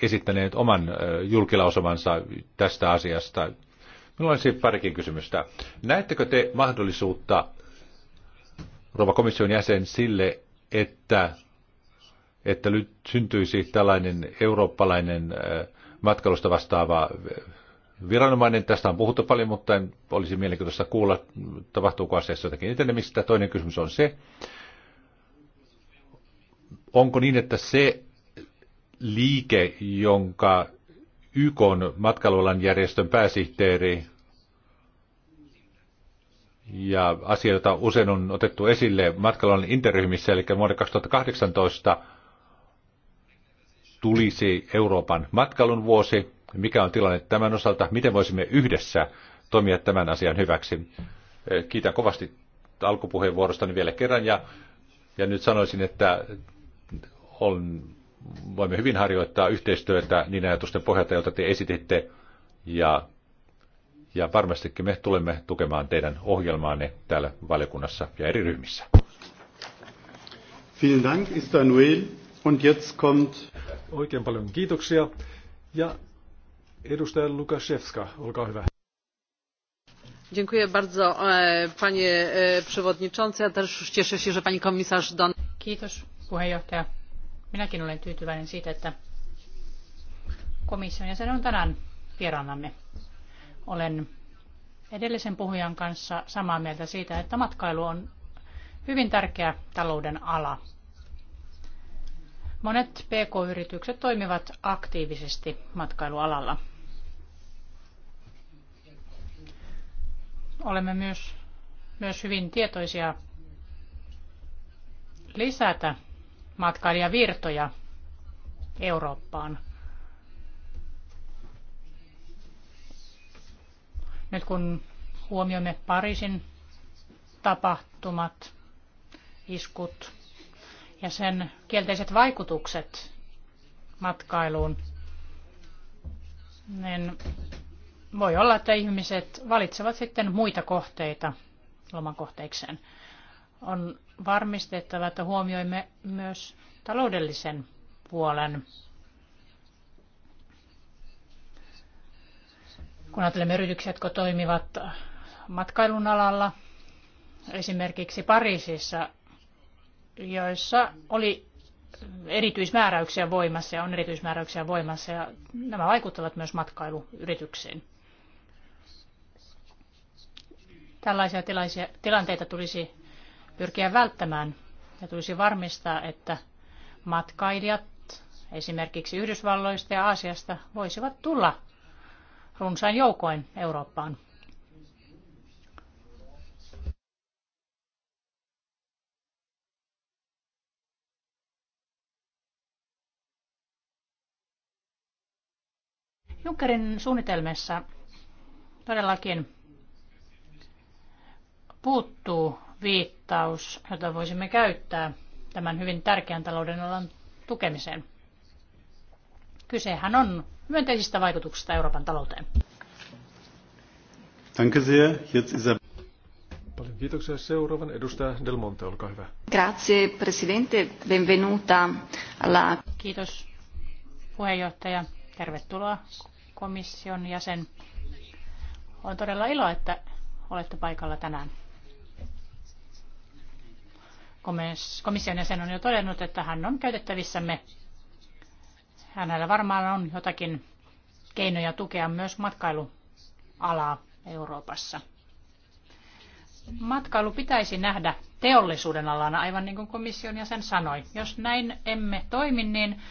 esittäneet oman julkilausumansa tästä asiasta. Minulla olisi parikin kysymystä. Näettekö te mahdollisuutta, rouva komission jäsen, sille, että, että nyt syntyisi tällainen eurooppalainen matkailusta vastaava viranomainen. Tästä on puhuttu paljon, mutta en olisi mielenkiintoista kuulla, tapahtuuko asiassa jotakin etenemistä. Toinen kysymys on se, Onko niin, että se liike, jonka YK matkailualan järjestön pääsihteeri ja asia, jota usein on otettu esille matkailualan interryhmissä, eli vuoden 2018 tulisi Euroopan matkailun vuosi. Mikä on tilanne tämän osalta? Miten voisimme yhdessä toimia tämän asian hyväksi? Kiitän kovasti alkupuheenvuorostani vielä kerran ja, ja nyt sanoisin, että on, voimme hyvin harjoittaa yhteistyötä niin ajatusten pohjalta, joita te esititte, ja, ja varmastikin me tulemme tukemaan teidän ohjelmaanne täällä valiokunnassa ja eri ryhmissä. Vielen Dank, Istanuel. Und jetzt kommt... Oikein paljon kiitoksia. Ja edustaja Lukaszewska, olkaa hyvä e, panie e, przewodniczący! ja też cieszę się że pani komisarz don. Minäkin olen tyytyväinen siitä, että komission jäsen on tänään vieraanamme. Olen edellisen puhujan kanssa samaa mieltä siitä, että matkailu on hyvin tärkeä talouden ala. Monet PK-yritykset toimivat aktiivisesti matkailualalla. Olemme myös, myös hyvin tietoisia lisätä matkailijavirtoja Eurooppaan. Nyt kun huomioimme Pariisin tapahtumat, iskut ja sen kielteiset vaikutukset matkailuun, niin voi olla, että ihmiset valitsevat sitten muita kohteita lomakohteikseen. On varmistettava, että huomioimme myös taloudellisen puolen. Kun ajattelemme yrityksiä, jotka toimivat matkailun alalla, esimerkiksi Pariisissa, joissa oli erityismääräyksiä voimassa ja on erityismääräyksiä voimassa ja nämä vaikuttavat myös matkailuyrityksiin. Tällaisia tilanteita tulisi pyrkiä välttämään ja tulisi varmistaa, että matkailijat esimerkiksi Yhdysvalloista ja Aasiasta voisivat tulla runsain joukoin Eurooppaan. Junckerin suunnitelmissa todellakin puuttuu viittaus, jota voisimme käyttää tämän hyvin tärkeän talouden alan tukemiseen. Kysehän on myönteisistä vaikutuksista Euroopan talouteen. Danke sehr. Jetzt Isabel. Paljon kiitoksia. Seuraavan edustaja Del Monte, olkaa hyvä. Grazie, presidente. Benvenuta alla... Kiitos, puheenjohtaja. Tervetuloa komission jäsen. On todella ilo, että olette paikalla tänään. Komission jäsen on jo todennut, että hän on käytettävissämme. Hänellä varmaan on jotakin keinoja tukea myös matkailualaa Euroopassa. Matkailu pitäisi nähdä teollisuuden alana, aivan niin kuin komission jäsen sanoi. Jos näin emme toimi, niin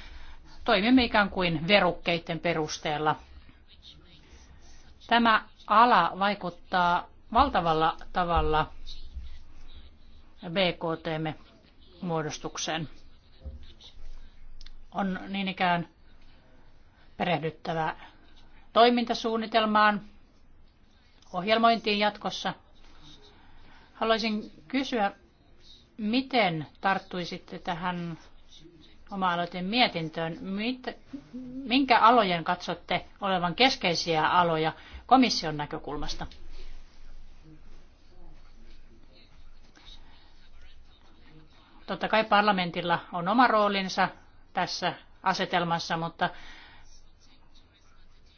toimimme ikään kuin verukkeiden perusteella. Tämä ala vaikuttaa valtavalla tavalla BKTmme muodostukseen. On niin ikään perehdyttävä toimintasuunnitelmaan, ohjelmointiin jatkossa. Haluaisin kysyä, miten tarttuisitte tähän oma-aloitteen mietintöön? Mit, minkä alojen katsotte olevan keskeisiä aloja komission näkökulmasta? Totta kai parlamentilla on oma roolinsa tässä asetelmassa, mutta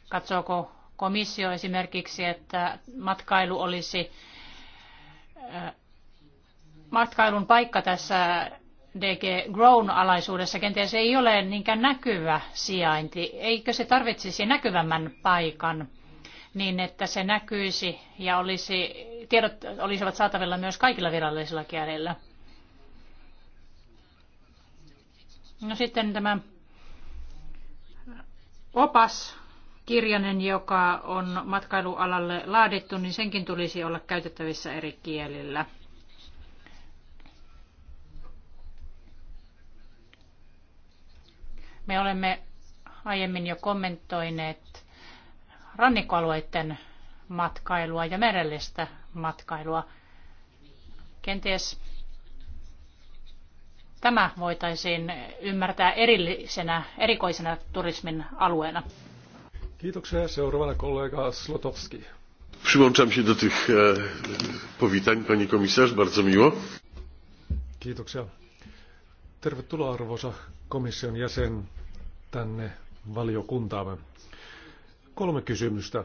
katsooko komissio esimerkiksi, että matkailu olisi äh, matkailun paikka tässä DG Grown alaisuudessa kenties ei ole niinkään näkyvä sijainti. Eikö se tarvitsisi näkyvämmän paikan niin, että se näkyisi ja olisi, tiedot olisivat saatavilla myös kaikilla virallisilla kielillä? No sitten tämä opas kirjanen, joka on matkailualalle laadittu, niin senkin tulisi olla käytettävissä eri kielillä. Me olemme aiemmin jo kommentoineet rannikkoalueiden matkailua ja merellistä matkailua. Kenties tämä voitaisiin ymmärtää erillisenä, erikoisena turismin alueena. Kiitoksia. Seuraavana kollega Slotowski. Przyłączam się do tych e, powitań, pani komisarz, bardzo miło. Kiitoksia. Tervetuloa arvoisa komission jäsen tänne valiokuntaamme. Kolme kysymystä.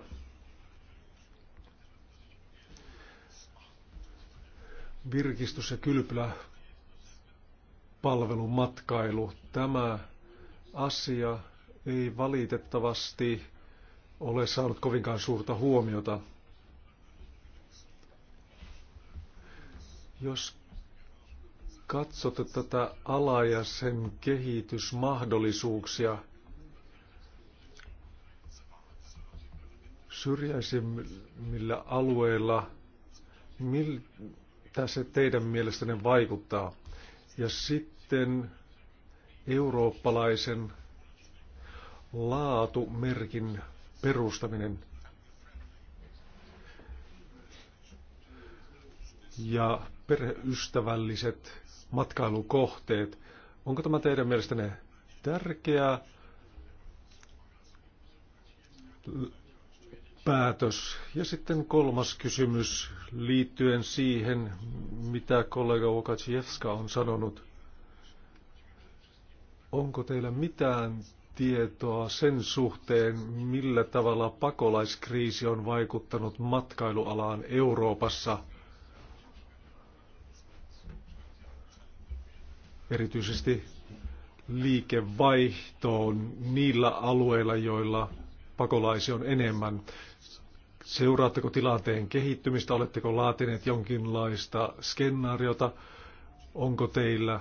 Virkistys- ja kylpylä palvelumatkailu. Tämä asia ei valitettavasti ole saanut kovinkaan suurta huomiota. Jos katsotte tätä alaa ja sen kehitysmahdollisuuksia, syrjäisimmillä alueilla, miltä se teidän mielestänne vaikuttaa? Ja sitten sitten eurooppalaisen laatumerkin perustaminen. Ja perheystävälliset matkailukohteet. Onko tämä teidän mielestänne tärkeä päätös? Ja sitten kolmas kysymys liittyen siihen, mitä kollega Okachevska on sanonut Onko teillä mitään tietoa sen suhteen, millä tavalla pakolaiskriisi on vaikuttanut matkailualaan Euroopassa, erityisesti liikevaihtoon niillä alueilla, joilla pakolaisia on enemmän. Seuraatteko tilanteen kehittymistä? Oletteko laatineet jonkinlaista skenaariota? Onko teillä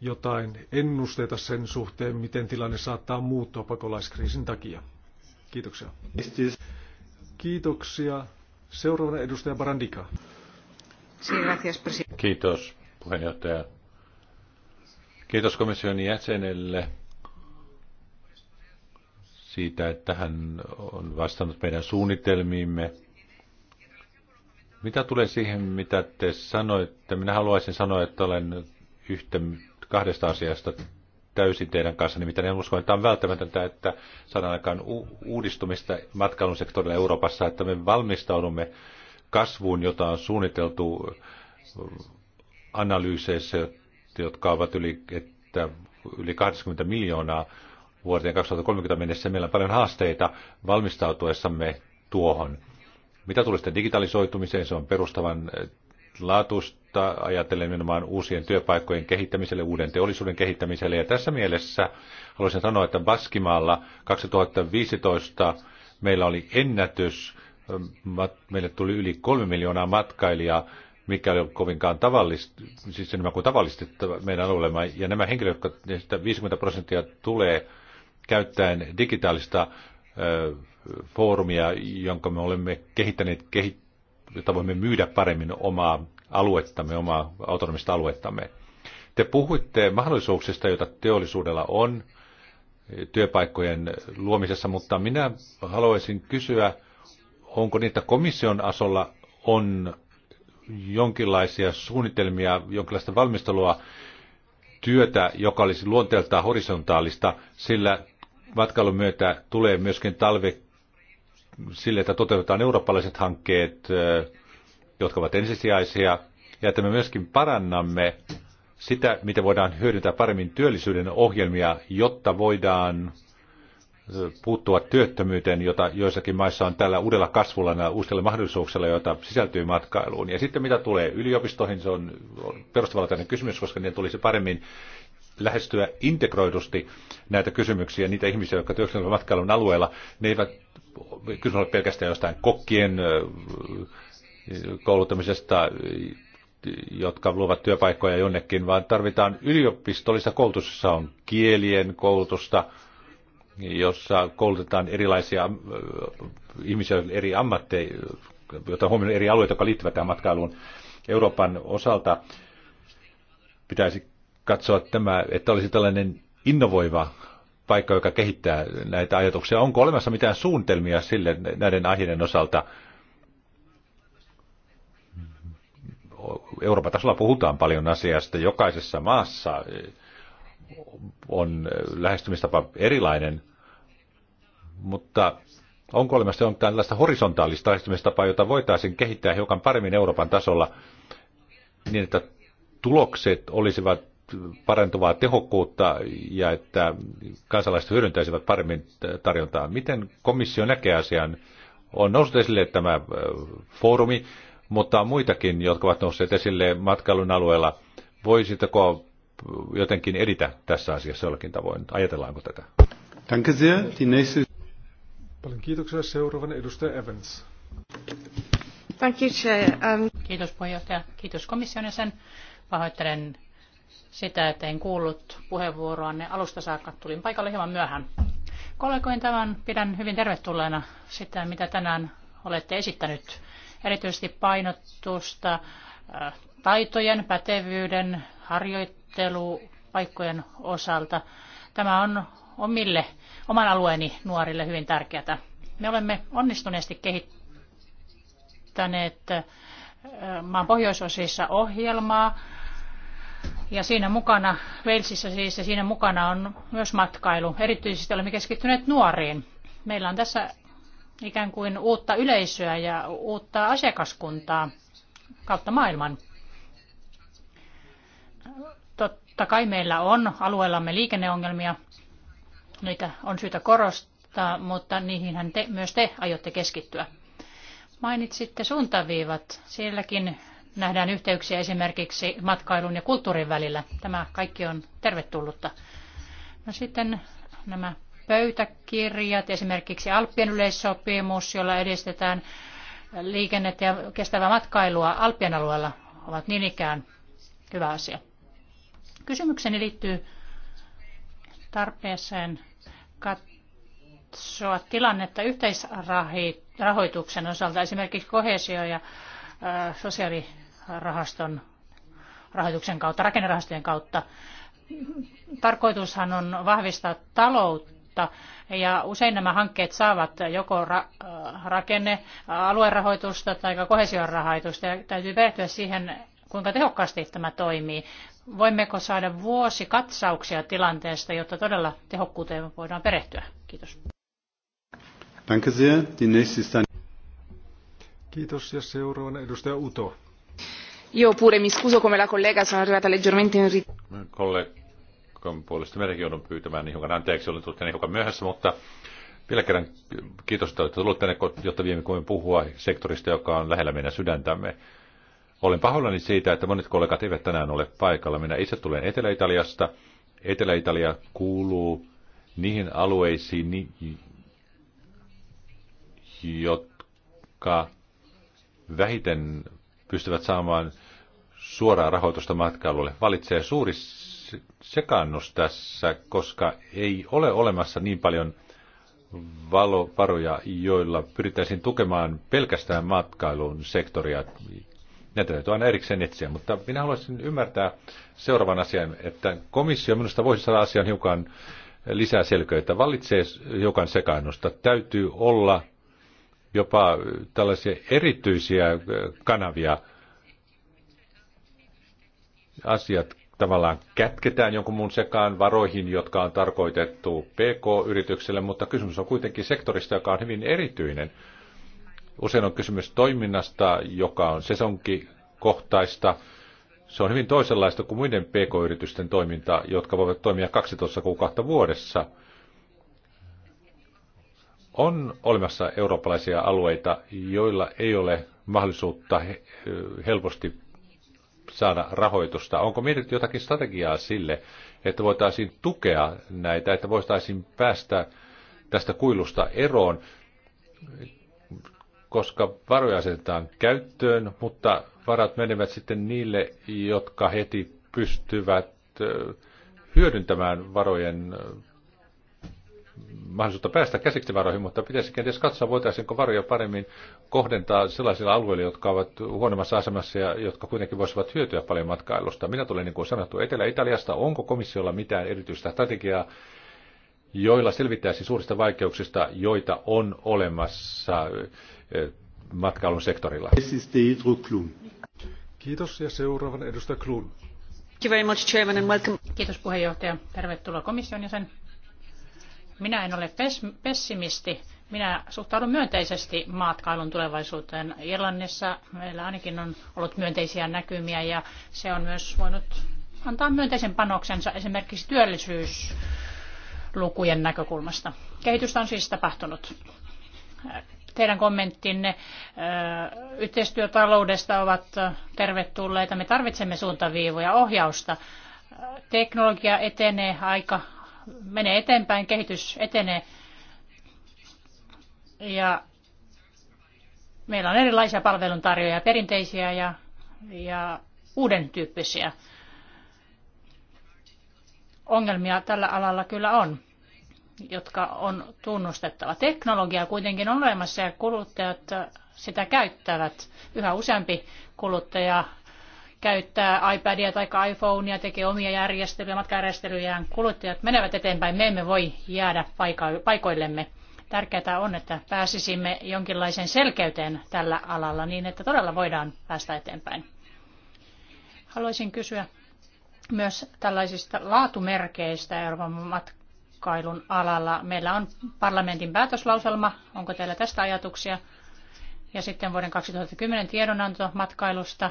jotain ennusteita sen suhteen, miten tilanne saattaa muuttua pakolaiskriisin takia. Kiitoksia. Kiitoksia. Seuraavana edustaja Barandika. Kiitos puheenjohtaja. Kiitos komission jäsenelle siitä, että hän on vastannut meidän suunnitelmiimme. Mitä tulee siihen, mitä te sanoitte? Minä haluaisin sanoa, että olen yhtä kahdesta asiasta täysin teidän kanssa, nimittäin en usko, että on välttämätöntä, että saadaan aikaan uudistumista matkailun sektorilla Euroopassa, että me valmistaudumme kasvuun, jota on suunniteltu analyyseissä, jotka ovat yli, että yli 80 miljoonaa vuoteen 2030 mennessä. Meillä on paljon haasteita valmistautuessamme tuohon. Mitä tulee sitten digitalisoitumiseen, se on perustavan laatuista mutta ajatellen nimenomaan uusien työpaikkojen kehittämiselle, uuden teollisuuden kehittämiselle. Ja tässä mielessä haluaisin sanoa, että Baskimaalla 2015 meillä oli ennätys, meille tuli yli kolme miljoonaa matkailijaa, mikä ei ole kovinkaan tavallista, siis enemmän kuin tavallisesti meidän alueella. Ja nämä henkilöt, jotka 50 prosenttia tulee käyttäen digitaalista foorumia, jonka me olemme kehittäneet kehit- jotta voimme myydä paremmin omaa aluettamme, omaa autonomista aluettamme. Te puhuitte mahdollisuuksista, joita teollisuudella on työpaikkojen luomisessa, mutta minä haluaisin kysyä, onko niitä komission asolla on jonkinlaisia suunnitelmia, jonkinlaista valmistelua, työtä, joka olisi luonteeltaan horisontaalista, sillä matkailun myötä tulee myöskin talve sille, että toteutetaan eurooppalaiset hankkeet, jotka ovat ensisijaisia, ja että me myöskin parannamme sitä, miten voidaan hyödyntää paremmin työllisyyden ohjelmia, jotta voidaan puuttua työttömyyteen, jota joissakin maissa on tällä uudella kasvulla ja uusilla mahdollisuuksilla, joita sisältyy matkailuun. Ja sitten mitä tulee yliopistoihin, se on perustavanlaatuinen kysymys, koska ne tulisi paremmin lähestyä integroidusti näitä kysymyksiä, niitä ihmisiä, jotka työskentelevät matkailun alueella, ne eivät kysy ole pelkästään jostain kokkien kouluttamisesta, jotka luovat työpaikkoja jonnekin, vaan tarvitaan yliopistollista koulutusta, jossa on kielien koulutusta, jossa koulutetaan erilaisia ihmisiä eri ammatteja, joita huomioon eri alueita, jotka liittyvät tähän matkailuun Euroopan osalta. Pitäisi katsoa tämä, että olisi tällainen innovoiva paikka, joka kehittää näitä ajatuksia. Onko olemassa mitään suunnitelmia sille näiden aiheiden osalta? Euroopan tasolla puhutaan paljon asiasta. Jokaisessa maassa on lähestymistapa erilainen, mutta onko olemassa on tällaista horisontaalista lähestymistapaa, jota voitaisiin kehittää hiukan paremmin Euroopan tasolla niin, että tulokset olisivat parantuvaa tehokkuutta ja että kansalaiset hyödyntäisivät paremmin tarjontaa. Miten komissio näkee asian? On noussut esille tämä äh, foorumi, mutta on muitakin, jotka ovat nousseet esille matkailun alueella. Voisitko jotenkin edetä tässä asiassa jollakin tavoin? Ajatellaanko tätä? Paljon kiitoksia. Seuraavan edustaja Evans. Thank you, Chair. Um... Kiitos puheenjohtaja. Kiitos komission sen. Pahoittelen sitä, että en kuullut puheenvuoroanne alusta saakka. Tulin paikalle hieman myöhään. Kollegoin tämän pidän hyvin tervetulleena sitä, mitä tänään olette esittänyt. Erityisesti painotusta taitojen, pätevyyden, harjoittelupaikkojen osalta. Tämä on omille, oman alueeni nuorille hyvin tärkeää. Me olemme onnistuneesti kehittäneet maan pohjoisosissa ohjelmaa, ja siinä mukana, Walesissa siis, ja siinä mukana on myös matkailu. Erityisesti olemme keskittyneet nuoriin. Meillä on tässä ikään kuin uutta yleisöä ja uutta asiakaskuntaa kautta maailman. Totta kai meillä on alueellamme liikenneongelmia. Niitä on syytä korostaa, mutta niihinhän te, myös te aiotte keskittyä. Mainitsitte suuntaviivat. Sielläkin nähdään yhteyksiä esimerkiksi matkailun ja kulttuurin välillä. Tämä kaikki on tervetullutta. No sitten nämä pöytäkirjat, esimerkiksi Alppien yleissopimus, jolla edistetään liikennettä ja kestävää matkailua Alppien alueella, ovat niin ikään hyvä asia. Kysymykseni liittyy tarpeeseen katsoa tilannetta yhteisrahoituksen osalta, esimerkiksi kohesio- ja sosiaali- rahaston rahoituksen kautta, rakennerahastojen kautta. Tarkoitushan on vahvistaa taloutta ja usein nämä hankkeet saavat joko ra- rakenne, aluerahoitusta tai kohesion rahoitusta ja täytyy perehtyä siihen, kuinka tehokkaasti tämä toimii. Voimmeko saada vuosi katsauksia tilanteesta, jotta todella tehokkuuteen voidaan perehtyä? Kiitos. Danke sehr. Kiitos ja seuraavana edustaja Uto. Io pure mi scuso come la collega, sono arrivata leggermente in ritardo. Kollegan puolesta minäkin joudun pyytämään hiukan anteeksi, olen tullut tänne hiukan myöhässä, mutta vielä kerran kiitos, että olette tullut tänne, jotta viemme kuin puhua sektorista, joka on lähellä meidän sydäntämme. Olen pahoillani siitä, että monet kollegat eivät tänään ole paikalla. Minä itse tulen Etelä-Italiasta. Etelä-Italia kuuluu niihin alueisiin, jotka vähiten pystyvät saamaan suoraa rahoitusta matkailulle. Valitsee suuri sekannus tässä, koska ei ole olemassa niin paljon valoparoja, joilla pyrittäisiin tukemaan pelkästään matkailun sektoria. Näitä täytyy aina erikseen etsiä, mutta minä haluaisin ymmärtää seuraavan asian, että komissio minusta voisi saada asian hiukan lisää selkeyttä. Vallitsee hiukan sekaannusta. Täytyy olla jopa äh, tällaisia erityisiä äh, kanavia. Asiat tavallaan kätketään jonkun muun sekaan varoihin, jotka on tarkoitettu PK-yritykselle, mutta kysymys on kuitenkin sektorista, joka on hyvin erityinen. Usein on kysymys toiminnasta, joka on sesonkikohtaista. Se on hyvin toisenlaista kuin muiden PK-yritysten toiminta, jotka voivat toimia 12 kuukautta vuodessa – on olemassa eurooppalaisia alueita, joilla ei ole mahdollisuutta helposti saada rahoitusta. Onko mietitty jotakin strategiaa sille, että voitaisiin tukea näitä, että voitaisiin päästä tästä kuilusta eroon, koska varoja asetetaan käyttöön, mutta varat menevät sitten niille, jotka heti pystyvät hyödyntämään varojen mahdollisuutta päästä käsiksi varoihin, mutta pitäisi kenties katsoa, voitaisiinko varoja paremmin kohdentaa sellaisilla alueilla, jotka ovat huonommassa asemassa ja jotka kuitenkin voisivat hyötyä paljon matkailusta. Minä tulen niin kuin sanottu Etelä-Italiasta. Onko komissiolla mitään erityistä strategiaa, joilla selvittäisi suurista vaikeuksista, joita on olemassa eh, matkailun sektorilla? Kiitos ja seuraavan edustaja Klun. Kiitos puheenjohtaja. Tervetuloa komission jäsen. Minä en ole pessimisti. Minä suhtaudun myönteisesti maatkailun tulevaisuuteen. Irlannissa meillä ainakin on ollut myönteisiä näkymiä ja se on myös voinut antaa myönteisen panoksensa esimerkiksi työllisyyslukujen näkökulmasta. Kehitystä on siis tapahtunut. Teidän kommenttinne yhteistyötaloudesta ovat tervetulleita. Me tarvitsemme suuntaviivoja, ohjausta. Teknologia etenee aika menee eteenpäin, kehitys etenee. Ja meillä on erilaisia palveluntarjoajia, perinteisiä ja, ja uuden tyyppisiä. Ongelmia tällä alalla kyllä on, jotka on tunnustettava. Teknologia kuitenkin on olemassa ja kuluttajat sitä käyttävät. Yhä useampi kuluttaja käyttää iPadia tai iPhonea, tekee omia järjestelyjä, matkajärjestelyjään. Kuluttajat menevät eteenpäin, me emme voi jäädä paikoillemme. Tärkeää on, että pääsisimme jonkinlaiseen selkeyteen tällä alalla niin, että todella voidaan päästä eteenpäin. Haluaisin kysyä myös tällaisista laatumerkeistä Euroopan matkailun alalla. Meillä on parlamentin päätöslauselma. Onko teillä tästä ajatuksia? Ja sitten vuoden 2010 tiedonanto matkailusta.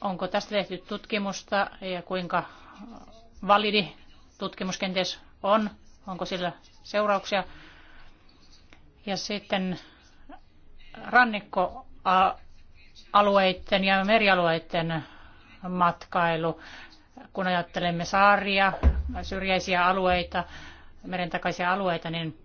Onko tästä tehty tutkimusta ja kuinka validi tutkimus kenties on? Onko sillä seurauksia? Ja sitten rannikkoalueiden ja merialueiden matkailu, kun ajattelemme saaria, syrjäisiä alueita, merentakaisia alueita, niin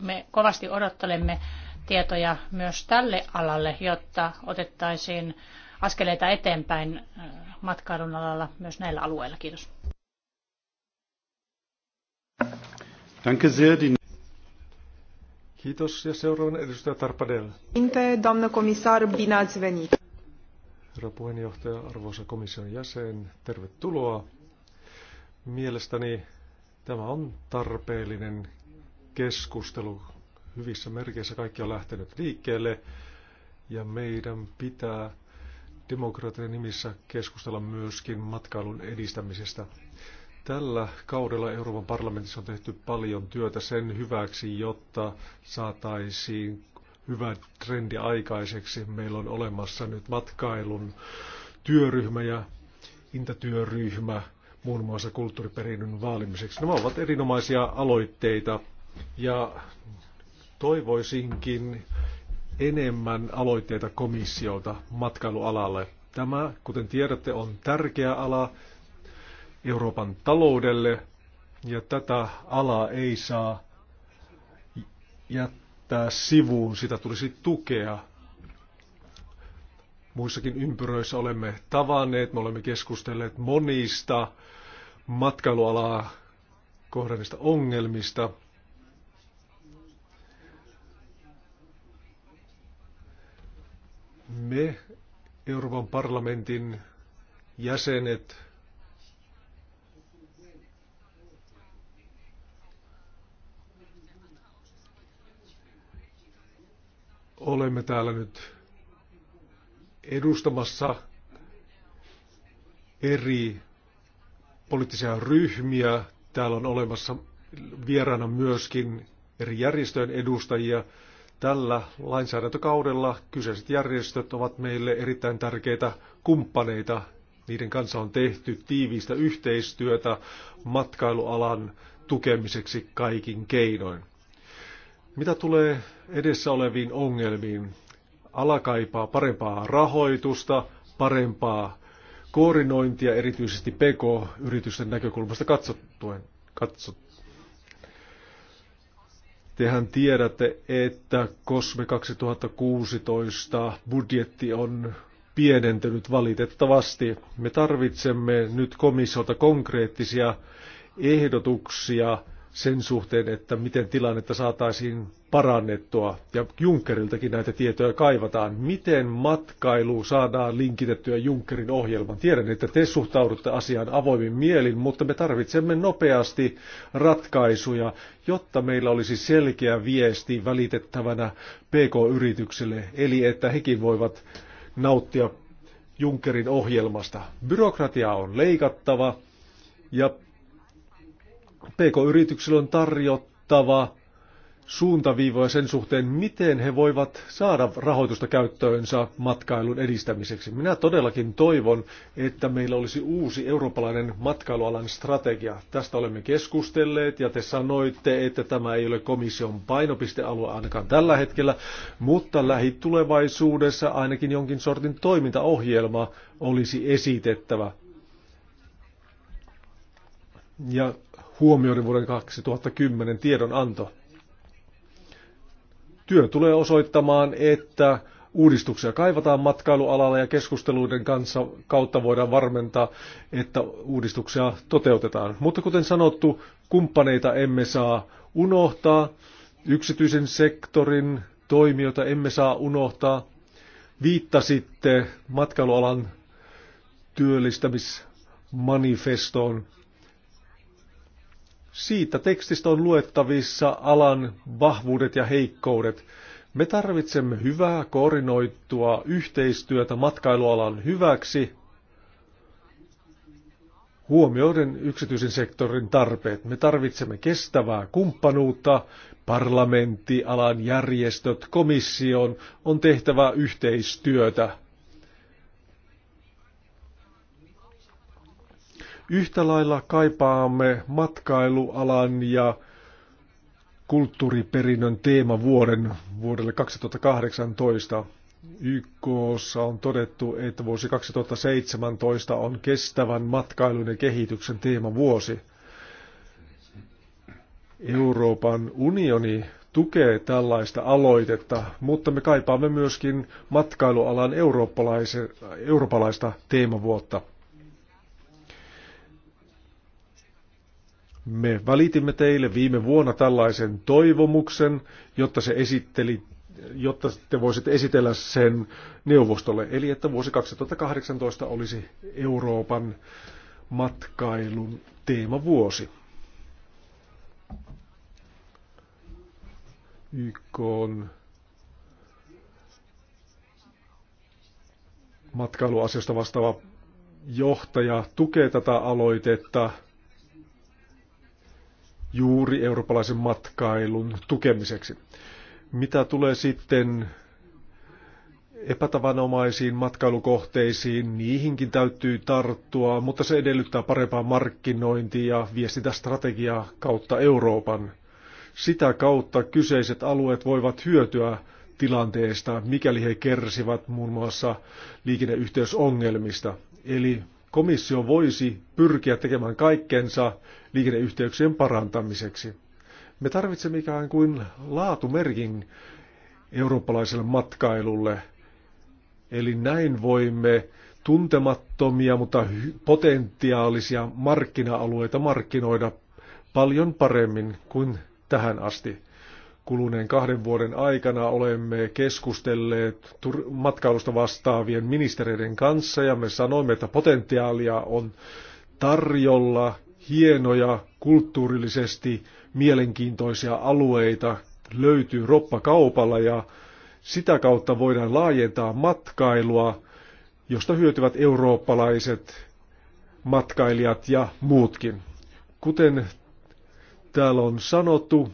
me kovasti odottelemme tietoja myös tälle alalle, jotta otettaisiin askeleita eteenpäin äh, matkailun alalla myös näillä alueilla. Kiitos. Danke sehr. Kiitos ja seuraavan edustaja Tarpadella. Doamnă comisar, bine ați venit. Herra puheenjohtaja, arvoisa komission jäsen, tervetuloa. Mielestäni tämä on tarpeellinen keskustelu, hyvissä merkeissä kaikki on lähtenyt liikkeelle ja meidän pitää demokratian nimissä keskustella myöskin matkailun edistämisestä. Tällä kaudella Euroopan parlamentissa on tehty paljon työtä sen hyväksi, jotta saataisiin hyvä trendi aikaiseksi. Meillä on olemassa nyt matkailun työryhmä ja intatyöryhmä muun muassa kulttuuriperinnön vaalimiseksi. Nämä ovat erinomaisia aloitteita ja Toivoisinkin enemmän aloitteita komissiolta matkailualalle. Tämä, kuten tiedätte, on tärkeä ala Euroopan taloudelle ja tätä alaa ei saa jättää sivuun. Sitä tulisi tukea. Muissakin ympyröissä olemme tavanneet, me olemme keskustelleet monista matkailualaa kohdannista ongelmista – Me Euroopan parlamentin jäsenet olemme täällä nyt edustamassa eri poliittisia ryhmiä. Täällä on olemassa vieraana myöskin eri järjestöjen edustajia. Tällä lainsäädäntökaudella kyseiset järjestöt ovat meille erittäin tärkeitä kumppaneita. Niiden kanssa on tehty tiiviistä yhteistyötä matkailualan tukemiseksi kaikin keinoin. Mitä tulee edessä oleviin ongelmiin? Ala kaipaa parempaa rahoitusta, parempaa koordinointia erityisesti PK-yritysten näkökulmasta katsottuen. Katsot, Tehän tiedätte, että Kosme 2016 budjetti on pienentynyt valitettavasti. Me tarvitsemme nyt komissiolta konkreettisia ehdotuksia sen suhteen, että miten tilannetta saataisiin parannettua. Ja Junckeriltakin näitä tietoja kaivataan. Miten matkailu saadaan linkitettyä Junckerin ohjelman? Tiedän, että te suhtaudutte asiaan avoimin mielin, mutta me tarvitsemme nopeasti ratkaisuja, jotta meillä olisi selkeä viesti välitettävänä PK-yrityksille, eli että hekin voivat nauttia Junckerin ohjelmasta. Byrokratia on leikattava ja PK-yrityksillä on tarjottava suuntaviivoja sen suhteen, miten he voivat saada rahoitusta käyttöönsä matkailun edistämiseksi. Minä todellakin toivon, että meillä olisi uusi eurooppalainen matkailualan strategia. Tästä olemme keskustelleet ja te sanoitte, että tämä ei ole komission painopistealue ainakaan tällä hetkellä, mutta lähitulevaisuudessa ainakin jonkin sortin toimintaohjelma olisi esitettävä. Ja huomioiden vuoden 2010 tiedonanto. Työ tulee osoittamaan, että uudistuksia kaivataan matkailualalla ja keskusteluiden kanssa kautta voidaan varmentaa, että uudistuksia toteutetaan. Mutta kuten sanottu, kumppaneita emme saa unohtaa, yksityisen sektorin toimijoita emme saa unohtaa. Viittasitte matkailualan työllistämismanifestoon. Siitä tekstistä on luettavissa alan vahvuudet ja heikkoudet. Me tarvitsemme hyvää koordinoitua yhteistyötä matkailualan hyväksi, huomioiden yksityisen sektorin tarpeet. Me tarvitsemme kestävää kumppanuutta, parlamentti, alan järjestöt, komission on tehtävä yhteistyötä Yhtä lailla kaipaamme matkailualan ja kulttuuriperinnön teemavuoden vuodelle 2018. YKssa on todettu, että vuosi 2017 on kestävän matkailun ja kehityksen teemavuosi. Euroopan unioni tukee tällaista aloitetta, mutta me kaipaamme myöskin matkailualan eurooppalaista teemavuotta. Me valitimme teille viime vuonna tällaisen toivomuksen, jotta se esitteli jotta te voisitte esitellä sen neuvostolle, eli että vuosi 2018 olisi Euroopan matkailun teemavuosi. YK on matkailuasioista vastaava johtaja tukee tätä aloitetta – juuri eurooppalaisen matkailun tukemiseksi. Mitä tulee sitten epätavanomaisiin matkailukohteisiin, niihinkin täytyy tarttua, mutta se edellyttää parempaa markkinointia ja viestintästrategiaa kautta Euroopan. Sitä kautta kyseiset alueet voivat hyötyä tilanteesta, mikäli he kärsivät muun muassa liikenneyhteysongelmista. Eli komissio voisi pyrkiä tekemään kaikkensa liikenneyhteyksien parantamiseksi. Me tarvitsemme ikään kuin laatumerkin eurooppalaiselle matkailulle. Eli näin voimme tuntemattomia, mutta potentiaalisia markkina-alueita markkinoida paljon paremmin kuin tähän asti kuluneen kahden vuoden aikana olemme keskustelleet matkailusta vastaavien ministereiden kanssa ja me sanoimme, että potentiaalia on tarjolla hienoja, kulttuurillisesti mielenkiintoisia alueita löytyy roppakaupalla ja sitä kautta voidaan laajentaa matkailua, josta hyötyvät eurooppalaiset matkailijat ja muutkin. Kuten täällä on sanottu,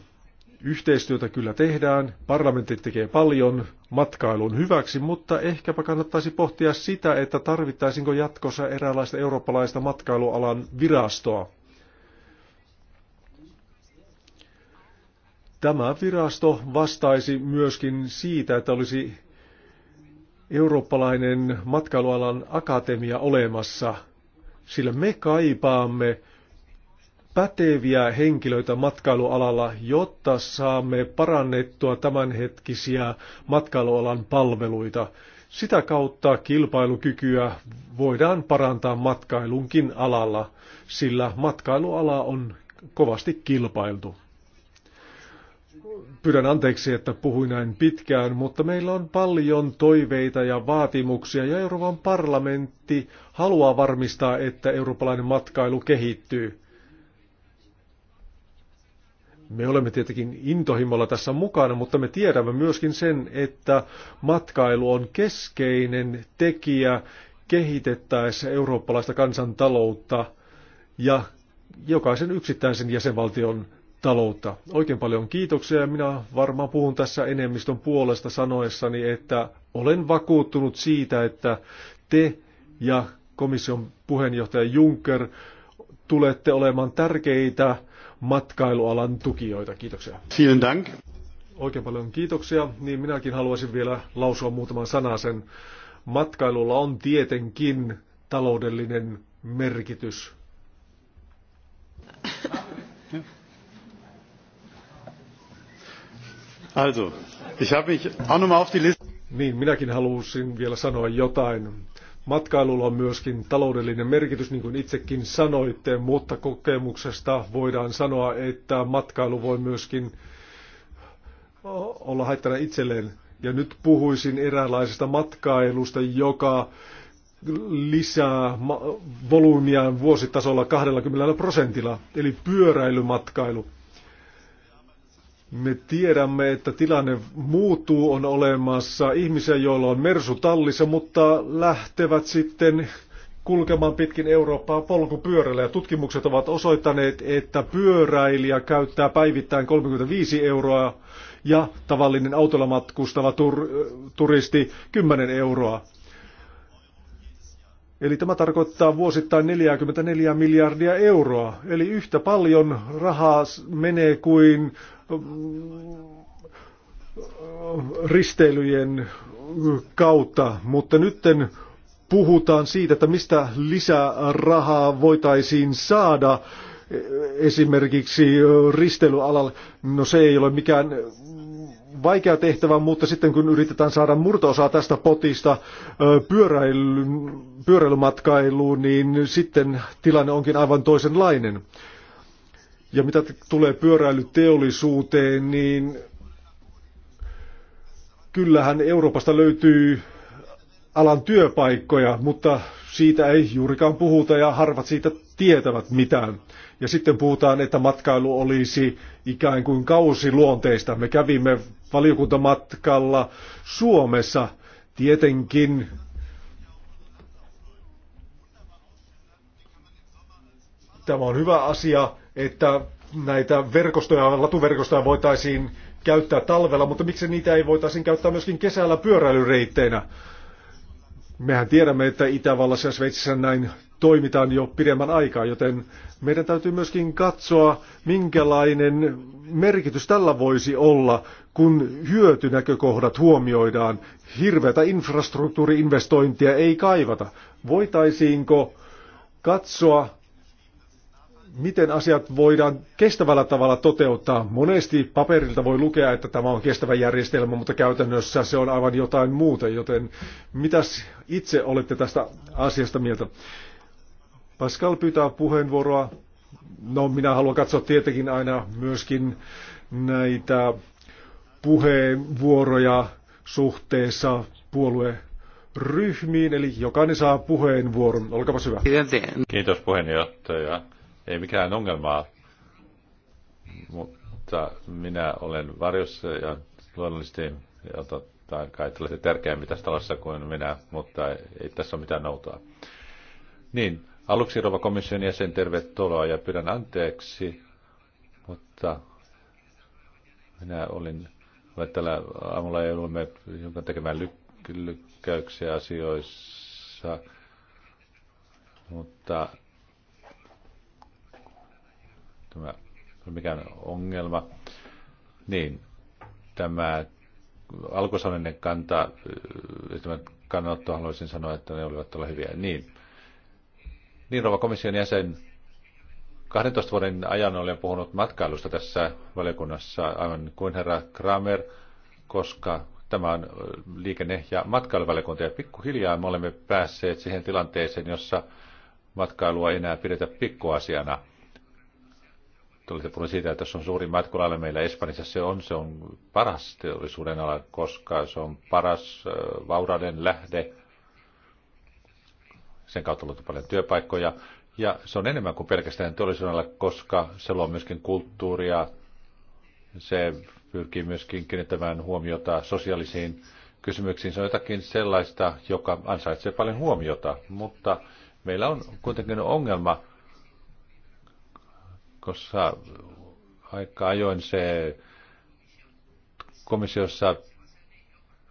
Yhteistyötä kyllä tehdään, parlamentti tekee paljon matkailun hyväksi, mutta ehkäpä kannattaisi pohtia sitä, että tarvittaisinko jatkossa eräänlaista eurooppalaista matkailualan virastoa. Tämä virasto vastaisi myöskin siitä, että olisi eurooppalainen matkailualan akatemia olemassa, sillä me kaipaamme päteviä henkilöitä matkailualalla, jotta saamme parannettua tämänhetkisiä matkailualan palveluita. Sitä kautta kilpailukykyä voidaan parantaa matkailunkin alalla, sillä matkailuala on kovasti kilpailtu. Pyydän anteeksi, että puhuin näin pitkään, mutta meillä on paljon toiveita ja vaatimuksia ja Euroopan parlamentti haluaa varmistaa, että eurooppalainen matkailu kehittyy. Me olemme tietenkin intohimolla tässä mukana, mutta me tiedämme myöskin sen, että matkailu on keskeinen tekijä kehitettäessä eurooppalaista kansantaloutta ja jokaisen yksittäisen jäsenvaltion taloutta. Oikein paljon kiitoksia ja minä varmaan puhun tässä enemmistön puolesta sanoessani, että olen vakuuttunut siitä, että te ja komission puheenjohtaja Juncker tulette olemaan tärkeitä matkailualan tukijoita. Kiitoksia. Vielen dank. Oikein paljon kiitoksia. Niin minäkin haluaisin vielä lausua muutaman sanan sen. Matkailulla on tietenkin taloudellinen merkitys. Also, ich habe mich auch nochmal auf die Liste. Niin, minäkin halusin vielä sanoa jotain. Matkailulla on myöskin taloudellinen merkitys, niin kuin itsekin sanoitte, mutta kokemuksesta voidaan sanoa, että matkailu voi myöskin olla haittana itselleen. Ja nyt puhuisin eräänlaisesta matkailusta, joka lisää volyymiaan vuositasolla 20 prosentilla, eli pyöräilymatkailu. Me tiedämme, että tilanne muuttuu, on olemassa ihmisiä, joilla on mersu tallissa, mutta lähtevät sitten kulkemaan pitkin Eurooppaa polkupyörällä. Ja tutkimukset ovat osoittaneet, että pyöräilijä käyttää päivittäin 35 euroa ja tavallinen autolla matkustava tur- turisti 10 euroa. Eli tämä tarkoittaa vuosittain 44 miljardia euroa, eli yhtä paljon rahaa menee kuin risteilyjen kautta, mutta nyt puhutaan siitä, että mistä lisärahaa voitaisiin saada esimerkiksi risteilyalalle. No se ei ole mikään vaikea tehtävä, mutta sitten kun yritetään saada murtoosaa tästä potista pyöräily, pyöräilymatkailuun, niin sitten tilanne onkin aivan toisenlainen. Ja mitä tulee pyöräilyteollisuuteen, niin kyllähän Euroopasta löytyy alan työpaikkoja, mutta siitä ei juurikaan puhuta ja harvat siitä tietävät mitään. Ja sitten puhutaan, että matkailu olisi ikään kuin kausiluonteista. Me kävimme valiokuntamatkalla Suomessa tietenkin Tämä on hyvä asia että näitä verkostoja, latuverkostoja voitaisiin käyttää talvella, mutta miksi niitä ei voitaisiin käyttää myöskin kesällä pyöräilyreitteinä? Mehän tiedämme, että Itävallassa ja Sveitsissä näin toimitaan jo pidemmän aikaa, joten meidän täytyy myöskin katsoa, minkälainen merkitys tällä voisi olla, kun hyötynäkökohdat huomioidaan. Hirveätä infrastruktuuriinvestointia ei kaivata. Voitaisiinko katsoa, miten asiat voidaan kestävällä tavalla toteuttaa. Monesti paperilta voi lukea, että tämä on kestävä järjestelmä, mutta käytännössä se on aivan jotain muuta, joten mitäs itse olette tästä asiasta mieltä? Pascal pyytää puheenvuoroa. No, minä haluan katsoa tietenkin aina myöskin näitä puheenvuoroja suhteessa puolue ryhmiin, eli jokainen saa puheenvuoron. Olkapas hyvä. Kiitos puheenjohtaja ei mikään ongelmaa, mutta minä olen varjossa ja luonnollisesti tai kai tällaisia tärkeämmin tässä talossa kuin minä, mutta ei tässä ole mitään noutoa. Niin, aluksi Rova komission jäsen, tervetuloa ja pyydän anteeksi, mutta minä olin, olen tällä aamulla joudumme jonkin tekemään lyk- lykkäyksiä asioissa, mutta tämä on mikään ongelma. Niin, tämä alkusanainen kanta, äh, tämä kannanotto haluaisin sanoa, että ne olivat olla hyviä. Niin, niin rova komission jäsen, 12 vuoden ajan olen puhunut matkailusta tässä valiokunnassa aivan kuin herra Kramer, koska tämä on äh, liikenne- ja matkailuvaliokunta ja pikkuhiljaa me olemme päässeet siihen tilanteeseen, jossa matkailua ei enää pidetä pikkuasiana – Tuli puhun siitä, että jos on suuri matkulailla meillä Espanjassa, se on, se on paras teollisuuden ala, koska se on paras vaurauden lähde. Sen kautta on paljon työpaikkoja. Ja se on enemmän kuin pelkästään teollisuuden ala, koska se luo myöskin kulttuuria. Se pyrkii myöskin kiinnittämään huomiota sosiaalisiin kysymyksiin. Se on jotakin sellaista, joka ansaitsee paljon huomiota, mutta meillä on kuitenkin ongelma – koska aika ajoin se komissiossa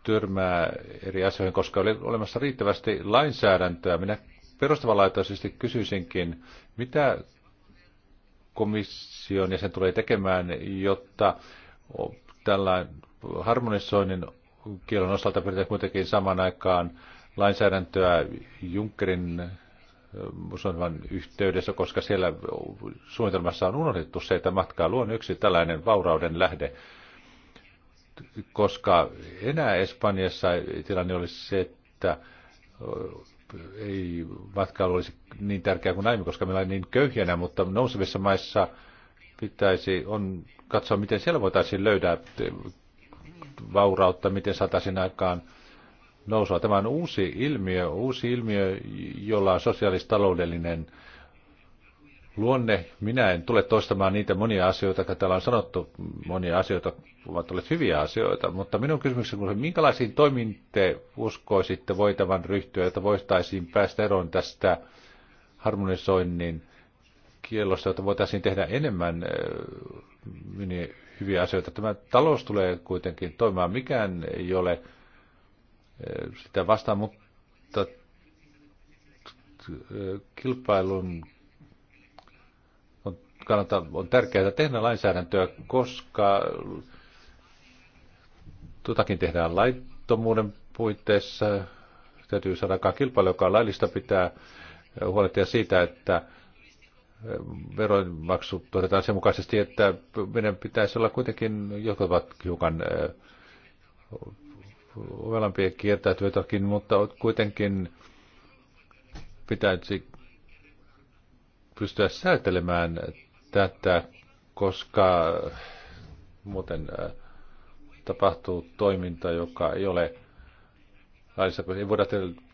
tyrmää eri asioihin, koska oli olemassa riittävästi lainsäädäntöä. Minä perustavanlaatuisesti kysyisinkin, mitä komission jäsen tulee tekemään, jotta tällainen harmonisoinnin kielon osalta pyritään kuitenkin samaan aikaan lainsäädäntöä Junckerin Musonvan yhteydessä, koska siellä suunnitelmassa on unohdettu se, että matkailu on yksi tällainen vaurauden lähde. Koska enää Espanjassa tilanne olisi se, että ei matkailu olisi niin tärkeää kuin aiemmin, koska meillä on niin köyhienä, mutta nousevissa maissa pitäisi on katsoa, miten siellä voitaisiin löydää vaurautta, miten saataisiin aikaan nousua. Tämä on uusi ilmiö, uusi ilmiö, jolla on sosiaalistaloudellinen luonne. Minä en tule toistamaan niitä monia asioita, jotka täällä on sanottu. Monia asioita ovat olleet hyviä asioita, mutta minun kysymykseni on, minkälaisiin toimiin te uskoisitte voitavan ryhtyä, että voitaisiin päästä eroon tästä harmonisoinnin kiellosta, että voitaisiin tehdä enemmän äh, hyviä asioita. Tämä talous tulee kuitenkin toimimaan. Mikään ei ole Eh, sitä vastaan, mutta eh, kilpailun kannalta on tärkeää tehdä lainsäädäntöä, koska tuotakin tehdään laittomuuden puitteissa. Täytyy saada aikaan kilpailu, joka on laillista, pitää huolehtia siitä, että eh, veronmaksu todetaan sen mukaisesti, että meidän pitäisi olla kuitenkin, jotka ovat hiukan ovelampia kiertäytyy jotakin, mutta kuitenkin pitäisi pystyä säätelemään tätä, koska muuten äh, tapahtuu toiminta, joka ei ole laissa. Ei voida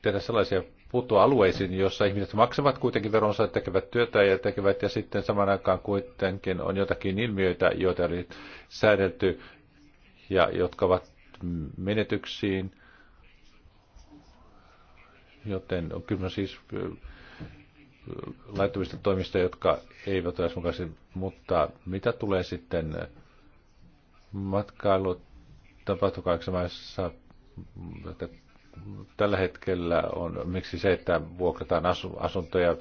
tehdä sellaisia putoalueisiin, jossa ihmiset maksavat kuitenkin veronsa, tekevät työtä ja tekevät, ja sitten saman aikaan kuitenkin on jotakin ilmiöitä, joita oli säädelty ja jotka ovat menetyksiin. Joten on kyllä siis laittomista toimista, jotka eivät ole mukaisesti, mutta mitä tulee sitten matkailu tapahtukaiksemassa, että tällä hetkellä on miksi se, että vuokrataan asuntoja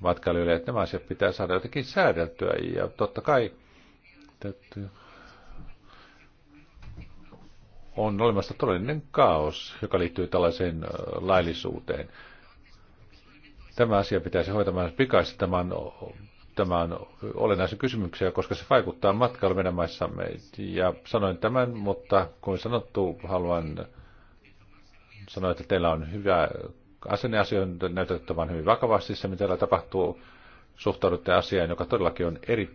matkailijoille, että nämä asiat pitää saada jotenkin säädeltyä ja totta kai täytyy on olemassa todellinen kaos, joka liittyy tällaiseen laillisuuteen. Tämä asia pitäisi hoitamaan pikaisesti. tämän tämän olennaisen on kysymyksiä, koska se vaikuttaa matkailu meidän maissamme. Ja sanoin tämän, mutta kuin sanottu, haluan sanoa, että teillä on hyvä asenne asioihin näytettävän hyvin vakavasti. Se, mitä täällä tapahtuu, suhtaudutte asiaan, joka todellakin on eri,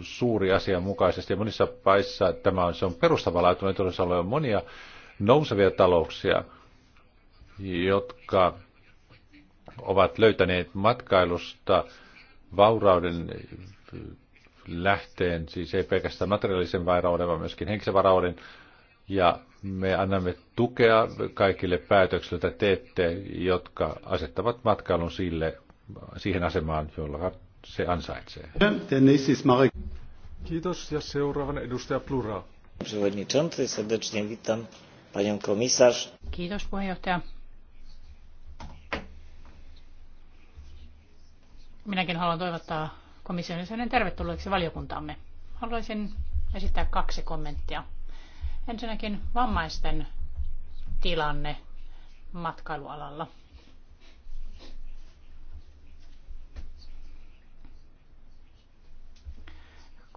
suuri asia mukaisesti. Ja monissa paissa tämä on, se on perustavanlaatuinen todellisuusalue. On monia nousevia talouksia, jotka ovat löytäneet matkailusta vaurauden lähteen, siis ei pelkästään materiaalisen vaurauden, vaan myöskin henkisen vaurauden. Ja me annamme tukea kaikille päätöksille, joita teette, jotka asettavat matkailun sille, siihen asemaan, jolla se ansaitsee. Kiitos ja seuraavan edustaja Plura. Kiitos puheenjohtaja. Minäkin haluan toivottaa komission jäsenen tervetulleeksi valiokuntaamme. Haluaisin esittää kaksi kommenttia. Ensinnäkin vammaisten tilanne matkailualalla.